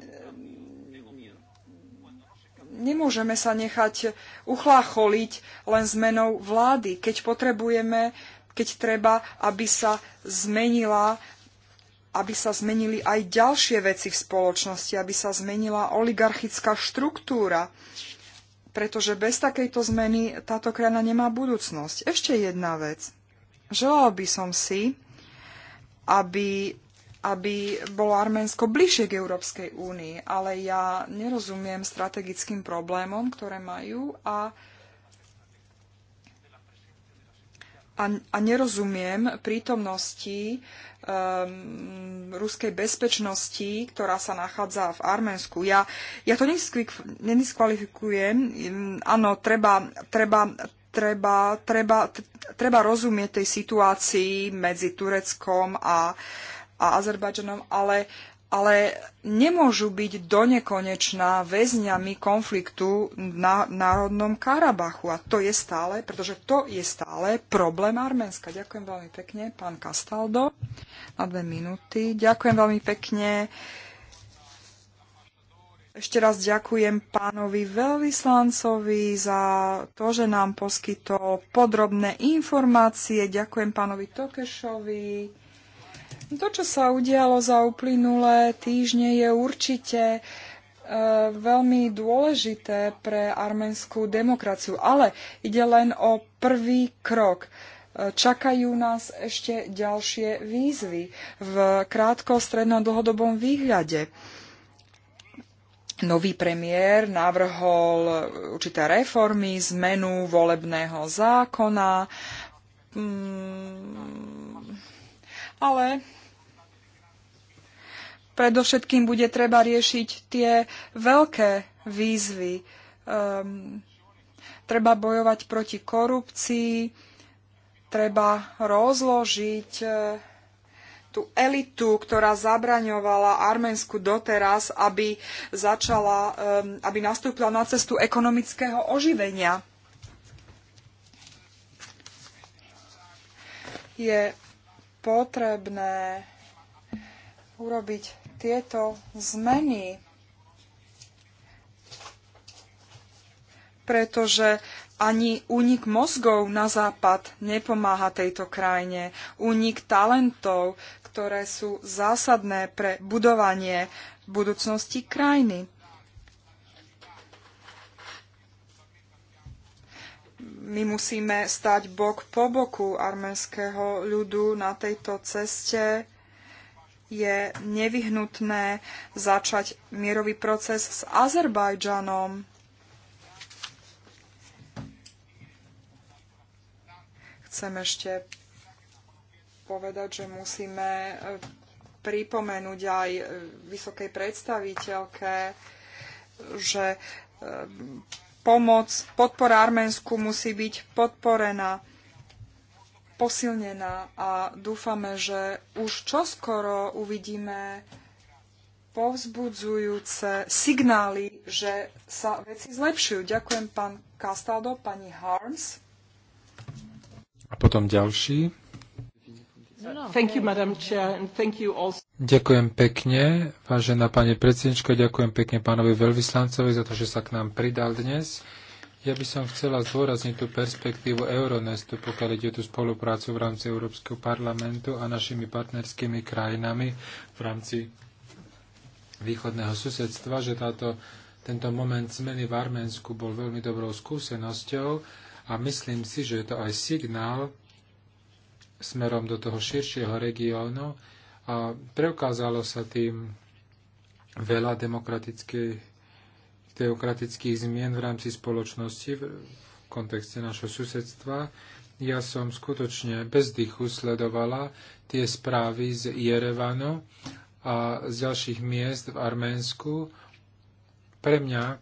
nemôžeme sa nechať uchlácholiť len zmenou vlády, keď potrebujeme, keď treba, aby sa zmenila aby sa zmenili aj ďalšie veci v spoločnosti, aby sa zmenila oligarchická štruktúra. Uh, pretože bez takejto zmeny táto krajina nemá budúcnosť. Ešte jedna vec. Želal by som si, aby, aby bolo Arménsko bližšie k Európskej únii, ale ja nerozumiem strategickým problémom, ktoré majú a a, a nerozumiem prítomnosti um, ruskej bezpečnosti, ktorá sa nachádza v Arménsku. Ja, ja to nediskvalifikujem. Áno, treba, treba, treba, treba, treba rozumieť tej situácii medzi Tureckom a, a Azerbajdžanom, ale ale nemôžu byť donekonečná väzňami konfliktu na Národnom Karabachu. A to je stále, pretože to je stále problém Arménska. Ďakujem veľmi pekne, pán Castaldo, na dve minúty. Ďakujem veľmi pekne. Ešte raz ďakujem pánovi veľvyslancovi za to, že nám poskytol podrobné informácie. Ďakujem pánovi Tokešovi to, čo sa udialo za uplynulé týždne, je určite e, veľmi dôležité pre arménskú demokraciu, ale ide len o prvý krok. E, čakajú nás ešte ďalšie výzvy v krátko, strednom, dlhodobom výhľade. Nový premiér navrhol určité reformy, zmenu volebného zákona, mm, ale predovšetkým bude treba riešiť tie veľké výzvy. Um, treba bojovať proti korupcii, treba rozložiť eh, tú elitu, ktorá zabraňovala Arménsku doteraz, aby, začala, ehm, aby nastúpila na cestu ekonomického oživenia. Je potrebné urobiť tieto zmeny, pretože ani únik mozgov na západ nepomáha tejto krajine. Únik talentov, ktoré sú zásadné pre budovanie budúcnosti krajiny. my musíme stať bok po boku arménskeho ľudu na tejto ceste. Je nevyhnutné začať mierový proces s Azerbajdžanom. Chcem ešte povedať, že musíme e, pripomenúť aj e, vysokej predstaviteľke, že e, pomoc, podpora Arménsku musí byť podporená, posilnená a dúfame, že už čoskoro uvidíme povzbudzujúce signály, že sa veci zlepšujú. Ďakujem pán Castaldo, pani Harms. A potom ďalší ďakujem pekne, vážená pani predsednička, ďakujem pekne pánovi veľvyslancovi za to, že sa k nám pridal dnes. Ja by som chcela zdôrazniť tú perspektívu Euronestu, pokiaľ ide tú spoluprácu v rámci Európskeho parlamentu a našimi partnerskými krajinami v rámci východného susedstva, že táto, tento moment zmeny v Arménsku bol veľmi dobrou skúsenosťou a myslím si, že je to aj signál, smerom do toho širšieho regiónu a preukázalo sa tým veľa demokratických zmien v rámci spoločnosti v kontexte našho susedstva. Ja som skutočne bez dýchu sledovala tie správy z Jerevanu a z ďalších miest v Arménsku. Pre mňa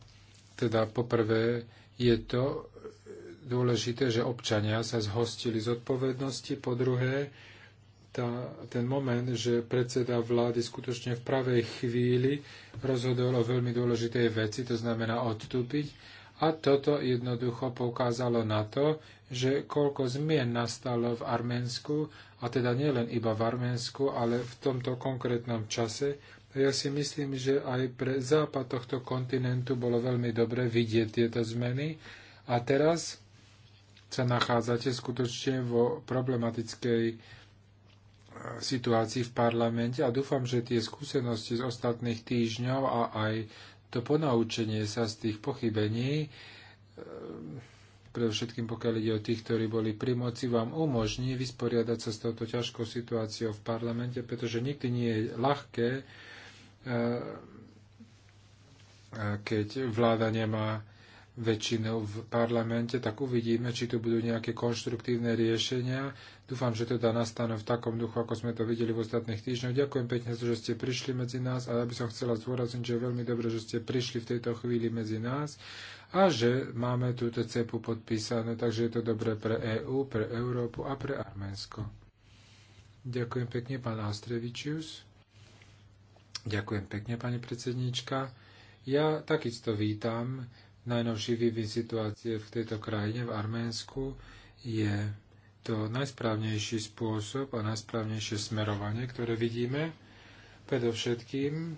teda poprvé je to dôležité, že občania sa zhostili zodpovednosti. Po druhé, tá, ten moment, že predseda vlády skutočne v pravej chvíli rozhodol o veľmi dôležitej veci, to znamená odstúpiť. A toto jednoducho poukázalo na to, že koľko zmien nastalo v Arménsku, a teda nielen iba v Arménsku, ale v tomto konkrétnom čase. Ja si myslím, že aj pre západ tohto kontinentu bolo veľmi dobre vidieť tieto zmeny. A teraz sa nachádzate skutočne vo problematickej e, situácii v parlamente a dúfam, že tie skúsenosti z ostatných týždňov a aj to ponaučenie sa z tých pochybení, e, predovšetkým pokiaľ ide o tých, ktorí boli pri moci, vám umožní vysporiadať sa s touto ťažkou situáciou v parlamente, pretože nikdy nie je ľahké, e, keď vláda nemá väčšinou v parlamente, tak uvidíme, či tu budú nejaké konštruktívne riešenia. Dúfam, že teda nastane v takom duchu, ako sme to videli v ostatných týždňoch. Ďakujem pekne, že ste prišli medzi nás a ja by som chcela zdôrazniť, že je veľmi dobre, že ste prišli v tejto chvíli medzi nás a že máme túto cepu podpísanú, takže je to dobré pre EÚ, pre Európu a pre Arménsko. Ďakujem pekne, pán Astrevičius. Ďakujem pekne, pani predsedníčka. Ja takisto vítam najnovší vývoj situácie v tejto krajine, v Arménsku, je to najsprávnejší spôsob a najsprávnejšie smerovanie, ktoré vidíme. Predovšetkým,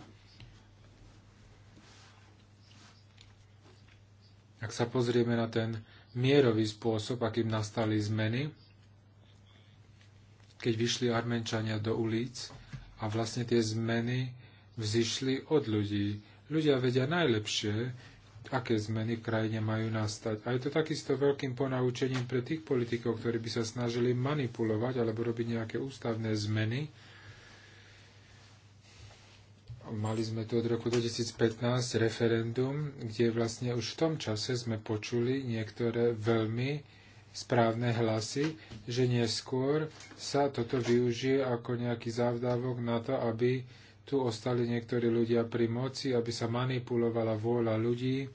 ak sa pozrieme na ten mierový spôsob, akým nastali zmeny, keď vyšli Armenčania do ulic a vlastne tie zmeny vzýšli od ľudí. Ľudia vedia najlepšie, aké zmeny v krajine majú nastať. A je to takisto veľkým ponaučením pre tých politikov, ktorí by sa snažili manipulovať alebo robiť nejaké ústavné zmeny. Mali sme tu od roku 2015 referendum, kde vlastne už v tom čase sme počuli niektoré veľmi správne hlasy, že neskôr sa toto využije ako nejaký závdavok na to, aby tu ostali niektorí ľudia pri moci, aby sa manipulovala vôľa ľudí,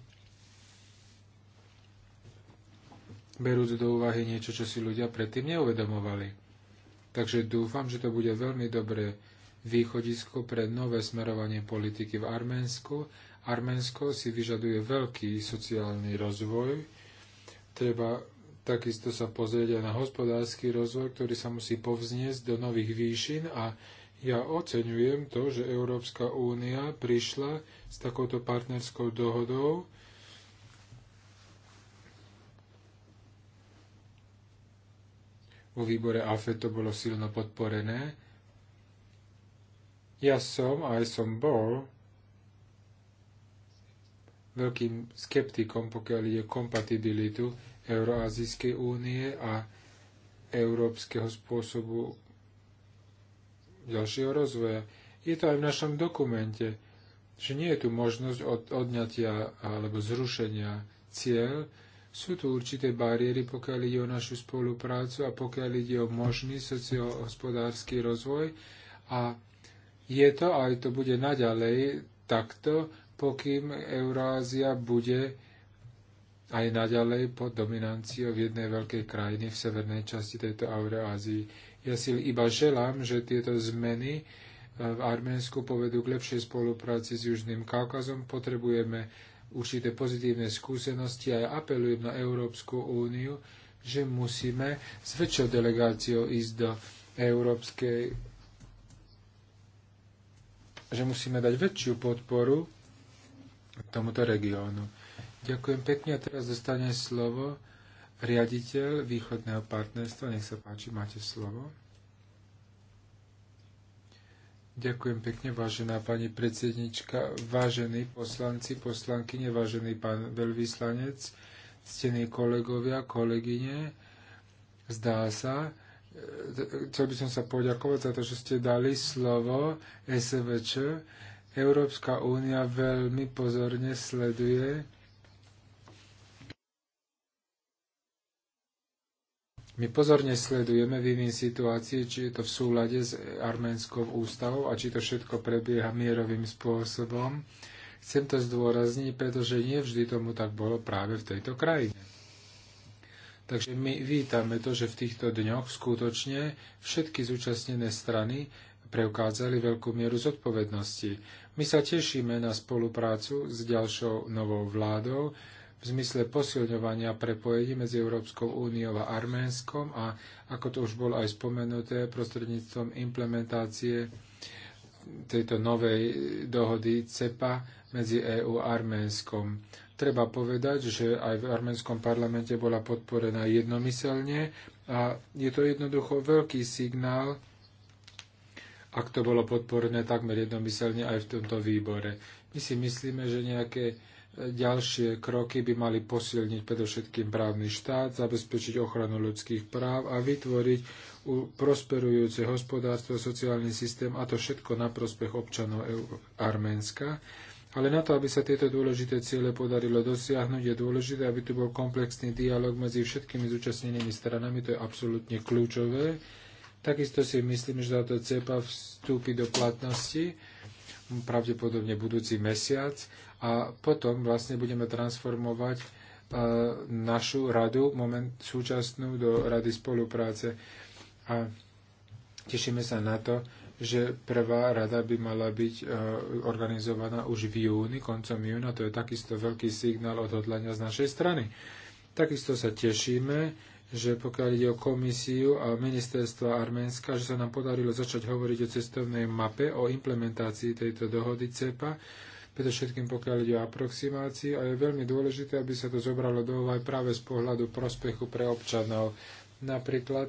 berúc do úvahy niečo, čo si ľudia predtým neuvedomovali. Takže dúfam, že to bude veľmi dobré východisko pre nové smerovanie politiky v Arménsku. Arménsko si vyžaduje veľký sociálny rozvoj. Treba takisto sa pozrieť aj na hospodársky rozvoj, ktorý sa musí povzniesť do nových výšin a ja oceňujem to, že Európska únia prišla s takouto partnerskou dohodou. Vo výbore AFE to bolo silno podporené. Ja som, a aj som bol, veľkým skeptikom, pokiaľ ide kompatibilitu Euroazijskej únie a európskeho spôsobu ďalšieho rozvoja. Je to aj v našom dokumente, že nie je tu možnosť od, odňatia alebo zrušenia cieľ. Sú tu určité bariéry, pokiaľ ide o našu spoluprácu a pokiaľ ide o možný sociohospodársky rozvoj. A je to, aj to bude naďalej takto, pokým Eurázia bude aj naďalej pod dominanciou jednej veľkej krajiny v severnej časti tejto Eurázii. Ja si iba želám, že tieto zmeny e, v Arménsku povedú k lepšej spolupráci s Južným Kaukazom. Potrebujeme určité pozitívne skúsenosti a ja apelujem na Európsku úniu, že musíme s väčšou delegáciou ísť do Európskej že musíme dať väčšiu podporu tomuto regiónu. Ďakujem pekne a teraz dostane slovo riaditeľ východného partnerstva. Nech sa páči, máte slovo. Ďakujem pekne, vážená pani predsednička, vážení poslanci, poslankyne, vážený pán veľvyslanec, ctení kolegovia, kolegyne. Zdá sa, e, chcel by som sa poďakovať za to, že ste dali slovo SVČ. Európska únia veľmi pozorne sleduje My pozorne sledujeme vývin situácie, či je to v súlade s arménskou ústavou a či to všetko prebieha mierovým spôsobom. Chcem to zdôrazniť, pretože nie vždy tomu tak bolo práve v tejto krajine. Takže my vítame to, že v týchto dňoch skutočne všetky zúčastnené strany preukázali veľkú mieru zodpovednosti. My sa tešíme na spoluprácu s ďalšou novou vládou, v zmysle posilňovania prepojení medzi Európskou úniou a Arménskom a ako to už bolo aj spomenuté, prostredníctvom implementácie tejto novej dohody CEPA medzi EÚ a Arménskom. Treba povedať, že aj v arménskom parlamente bola podporená jednomyselne a je to jednoducho veľký signál, ak to bolo podporené takmer jednomyselne aj v tomto výbore. My si myslíme, že nejaké Ďalšie kroky by mali posilniť predovšetkým právny štát, zabezpečiť ochranu ľudských práv a vytvoriť prosperujúce hospodárstvo, sociálny systém a to všetko na prospech občanov e Arménska. Ale na to, aby sa tieto dôležité ciele podarilo dosiahnuť, je dôležité, aby tu bol komplexný dialog medzi všetkými zúčastnenými stranami, to je absolútne kľúčové. Takisto si myslím, že táto cepa vstúpi do platnosti pravdepodobne budúci mesiac a potom vlastne budeme transformovať e, našu radu moment, súčasnú do rady spolupráce. A tešíme sa na to, že prvá rada by mala byť e, organizovaná už v júni, koncom júna. To je takisto veľký signál odhodlania z našej strany. Takisto sa tešíme, že pokiaľ ide o komisiu a ministerstva Arménska, že sa nám podarilo začať hovoriť o cestovnej mape, o implementácii tejto dohody CEPA predovšetkým pokiaľ ide o aproximácii a je veľmi dôležité, aby sa to zobralo do úvahy práve z pohľadu prospechu pre občanov. Napríklad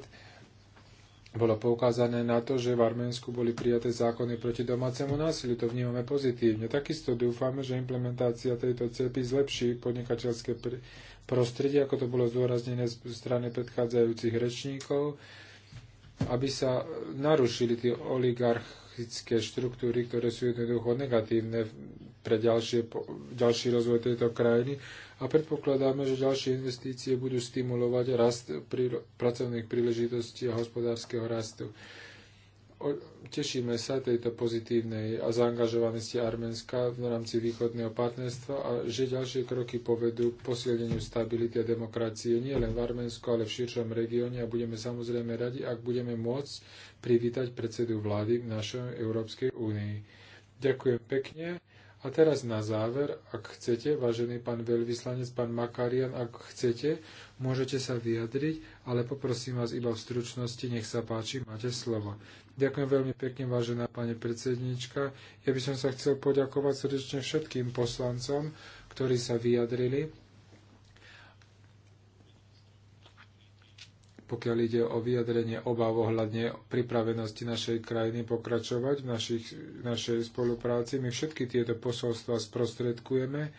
bolo poukázané na to, že v Arménsku boli prijaté zákony proti domácemu násiliu. To vnímame pozitívne. Takisto dúfame, že implementácia tejto cepy zlepší podnikateľské prostredie, ako to bolo zdôraznené z strany predchádzajúcich rečníkov, aby sa narušili tie oligarch hierarchické štruktúry, ktoré sú jednoducho negatívne pre ďalšie, ďalší rozvoj tejto krajiny a predpokladáme, že ďalšie investície budú stimulovať rast prí, pracovných príležitostí a hospodárskeho rastu tešíme sa tejto pozitívnej a zaangažovanosti Arménska v rámci východného partnerstva a že ďalšie kroky povedú k posilneniu stability a demokracie nie len v Arménsku, ale v širšom regióne a budeme samozrejme radi, ak budeme môcť privítať predsedu vlády v našej Európskej únii. Ďakujem pekne. A teraz na záver, ak chcete, vážený pán veľvyslanec, pán Makarian, ak chcete, môžete sa vyjadriť, ale poprosím vás iba v stručnosti, nech sa páči, máte slovo. Ďakujem veľmi pekne, vážená pani predsednička. Ja by som sa chcel poďakovať srdečne všetkým poslancom, ktorí sa vyjadrili. pokiaľ ide o vyjadrenie obav ohľadne pripravenosti našej krajiny pokračovať v našich, našej spolupráci. My všetky tieto posolstva sprostredkujeme,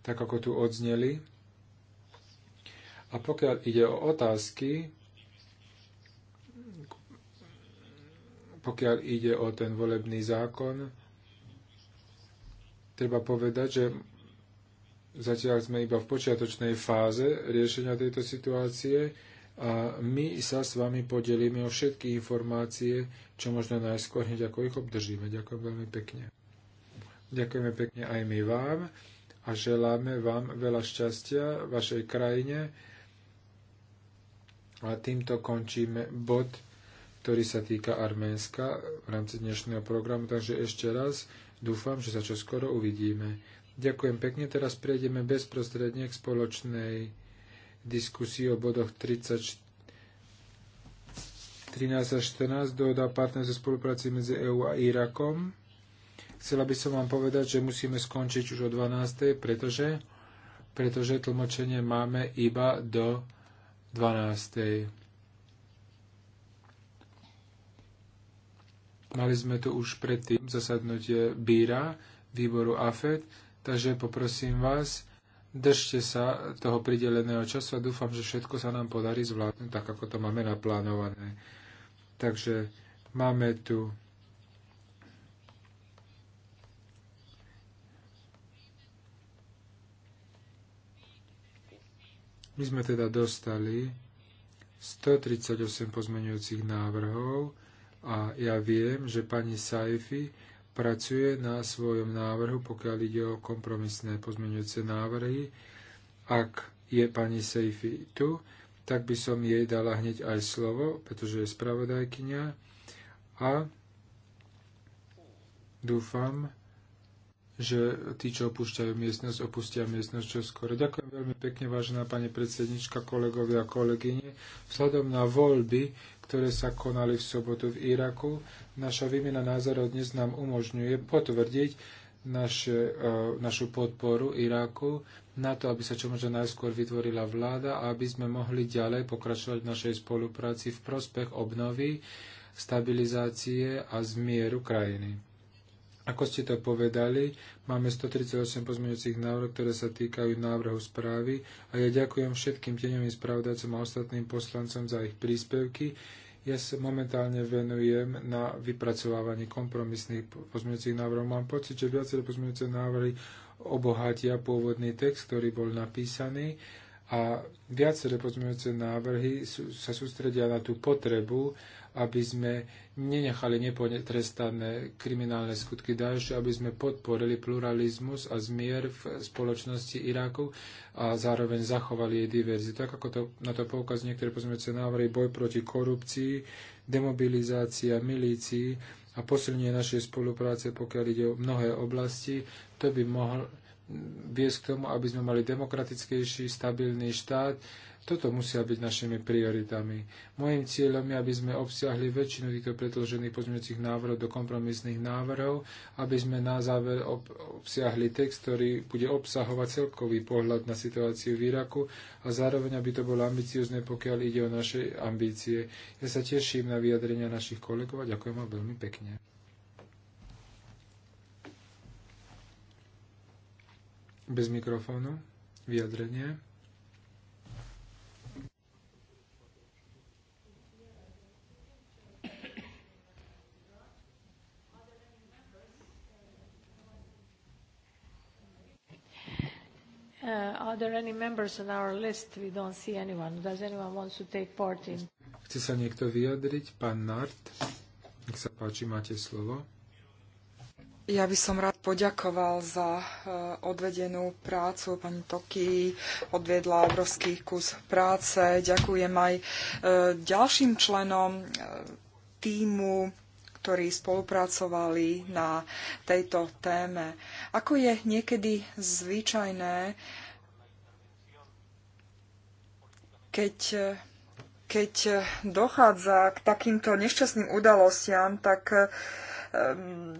tak ako tu odzneli. A pokiaľ ide o otázky, Pokiaľ ide o ten volebný zákon, treba povedať, že zatiaľ sme iba v počiatočnej fáze riešenia tejto situácie a my sa s vami podelíme o všetky informácie, čo možno najskôr hneď ako ich obdržíme. Ďakujem veľmi pekne. Ďakujeme pekne aj my vám a želáme vám veľa šťastia v vašej krajine. A týmto končíme bod ktorý sa týka Arménska v rámci dnešného programu, takže ešte raz dúfam, že sa čo skoro uvidíme. Ďakujem pekne, teraz prejdeme bezprostredne k spoločnej diskusii o bodoch 34 13 a 14 dohoda o partnerstve spolupráci medzi EÚ a Irakom. Chcela by som vám povedať, že musíme skončiť už o 12. pretože, pretože tlmočenie máme iba do 12. Mali sme tu už predtým zasadnutie Bíra, výboru AFED, takže poprosím vás, držte sa toho prideleného času a dúfam, že všetko sa nám podarí zvládnuť tak, ako to máme naplánované. Takže máme tu My sme teda dostali 138 pozmeňujúcich návrhov a ja viem, že pani Saifi pracuje na svojom návrhu, pokiaľ ide o kompromisné pozmeňujúce návrhy. Ak je pani Saifi tu, tak by som jej dala hneď aj slovo, pretože je spravodajkyňa. A dúfam, že tí, čo opúšťajú miestnosť, opustia miestnosť čo skoro. Ďakujem veľmi pekne, vážená pani predsednička, kolegovia a kolegyne. Vzhľadom na voľby, ktoré sa konali v sobotu v Iraku. Naša výmena názorov dnes nám umožňuje potvrdiť naše, e, našu podporu Iraku na to, aby sa čo možno najskôr vytvorila vláda a aby sme mohli ďalej pokračovať v našej spolupráci v prospech obnovy, stabilizácie a zmieru krajiny. Ako ste to povedali, máme 138 pozmeňujúcich návrhov, ktoré sa týkajú návrhu správy a ja ďakujem všetkým tieňovým spravodajcom a ostatným poslancom za ich príspevky. Ja sa momentálne venujem na vypracovávanie kompromisných pozmeňujúcich návrhov. Mám pocit, že viaceré pozmeňujúce návrhy obohatia pôvodný text, ktorý bol napísaný a viaceré pozmeňujúce návrhy sú, sa sústredia na tú potrebu aby sme nenechali nepotrestané kriminálne skutky ďalšie, aby sme podporili pluralizmus a zmier v spoločnosti Iraku a zároveň zachovali jej diverzitu. Tak ako to, na to poukaz niektoré pozmeňujúce návrhy, boj proti korupcii, demobilizácia milícií a posilnenie našej spolupráce, pokiaľ ide o mnohé oblasti, to by mohol viesť k tomu, aby sme mali demokratickejší, stabilný štát, toto musia byť našimi prioritami. Mojím cieľom je, aby sme obsiahli väčšinu týchto predložených pozmeňujúcich návrhov do kompromisných návrhov, aby sme na záver ob- obsiahli text, ktorý bude obsahovať celkový pohľad na situáciu v Iraku a zároveň, aby to bolo ambiciozne, pokiaľ ide o naše ambície. Ja sa teším na vyjadrenia našich kolegov a ďakujem vám veľmi pekne. Bez mikrofónu. Vyjadrenie. Uh, are there any members on our list? We don't see anyone. Does anyone want to take part in? Chce sa niekto vyjadriť? Pán Nart, nech sa páči, máte slovo. Ja by som rád poďakoval za uh, odvedenú prácu. Pani Toky odviedla obrovský kus práce. Ďakujem aj uh, ďalším členom týmu ktorí spolupracovali na tejto téme. Ako je niekedy zvyčajné, keď, keď dochádza k takýmto nešťastným udalostiam, tak um,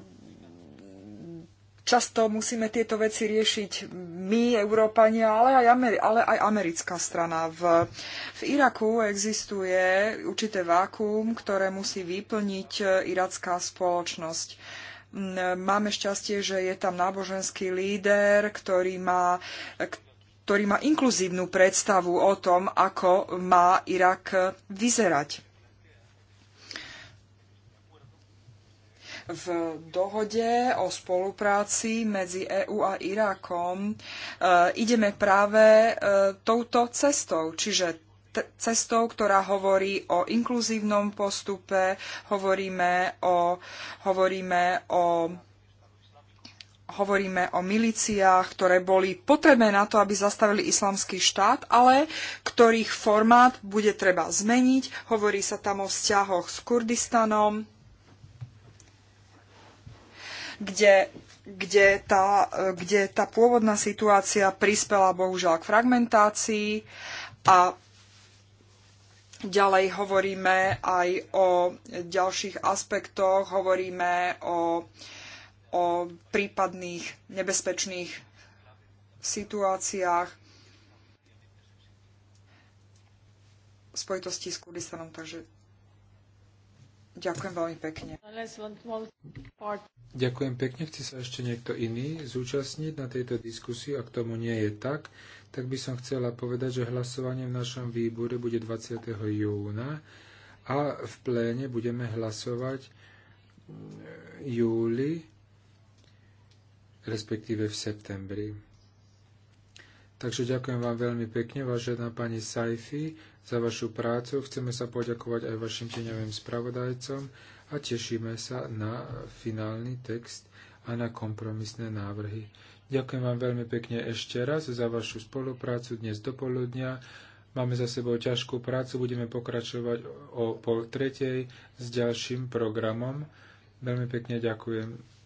Často musíme tieto veci riešiť my, Európania, ale aj, Ameri- ale aj americká strana. V, v Iraku existuje určité vákuum, ktoré musí vyplniť e, iracká spoločnosť. Mm, e, máme šťastie, že je tam náboženský líder, ktorý má, e, ktorý má inkluzívnu predstavu o tom, ako má Irak vyzerať. V dohode o spolupráci medzi EÚ a Irakom e, ideme práve e, touto cestou, čiže cestou, ktorá hovorí o inkluzívnom postupe, hovoríme o, hovoríme o hovoríme o milíciách, ktoré boli potrebné na to, aby zastavili islamský štát, ale ktorých formát bude treba zmeniť. Hovorí sa tam o vzťahoch s Kurdistanom, kde, kde, tá, kde tá pôvodná situácia prispela bohužiaľ k fragmentácii a Ďalej hovoríme aj o ďalších aspektoch, hovoríme o, o prípadných nebezpečných situáciách v spojitosti s Kurdistanom. Takže ďakujem veľmi pekne. Ďakujem pekne. Chce sa ešte niekto iný zúčastniť na tejto diskusii? Ak tomu nie je tak, tak by som chcela povedať, že hlasovanie v našom výbore bude 20. júna a v pléne budeme hlasovať mm, júli, respektíve v septembri. Takže ďakujem vám veľmi pekne, vážená pani Saifi, za vašu prácu. Chceme sa poďakovať aj vašim tieňovým spravodajcom a tešíme sa na finálny text a na kompromisné návrhy. Ďakujem vám veľmi pekne ešte raz za vašu spoluprácu dnes do poludnia. Máme za sebou ťažkú prácu, budeme pokračovať o pol tretej s ďalším programom. Veľmi pekne ďakujem.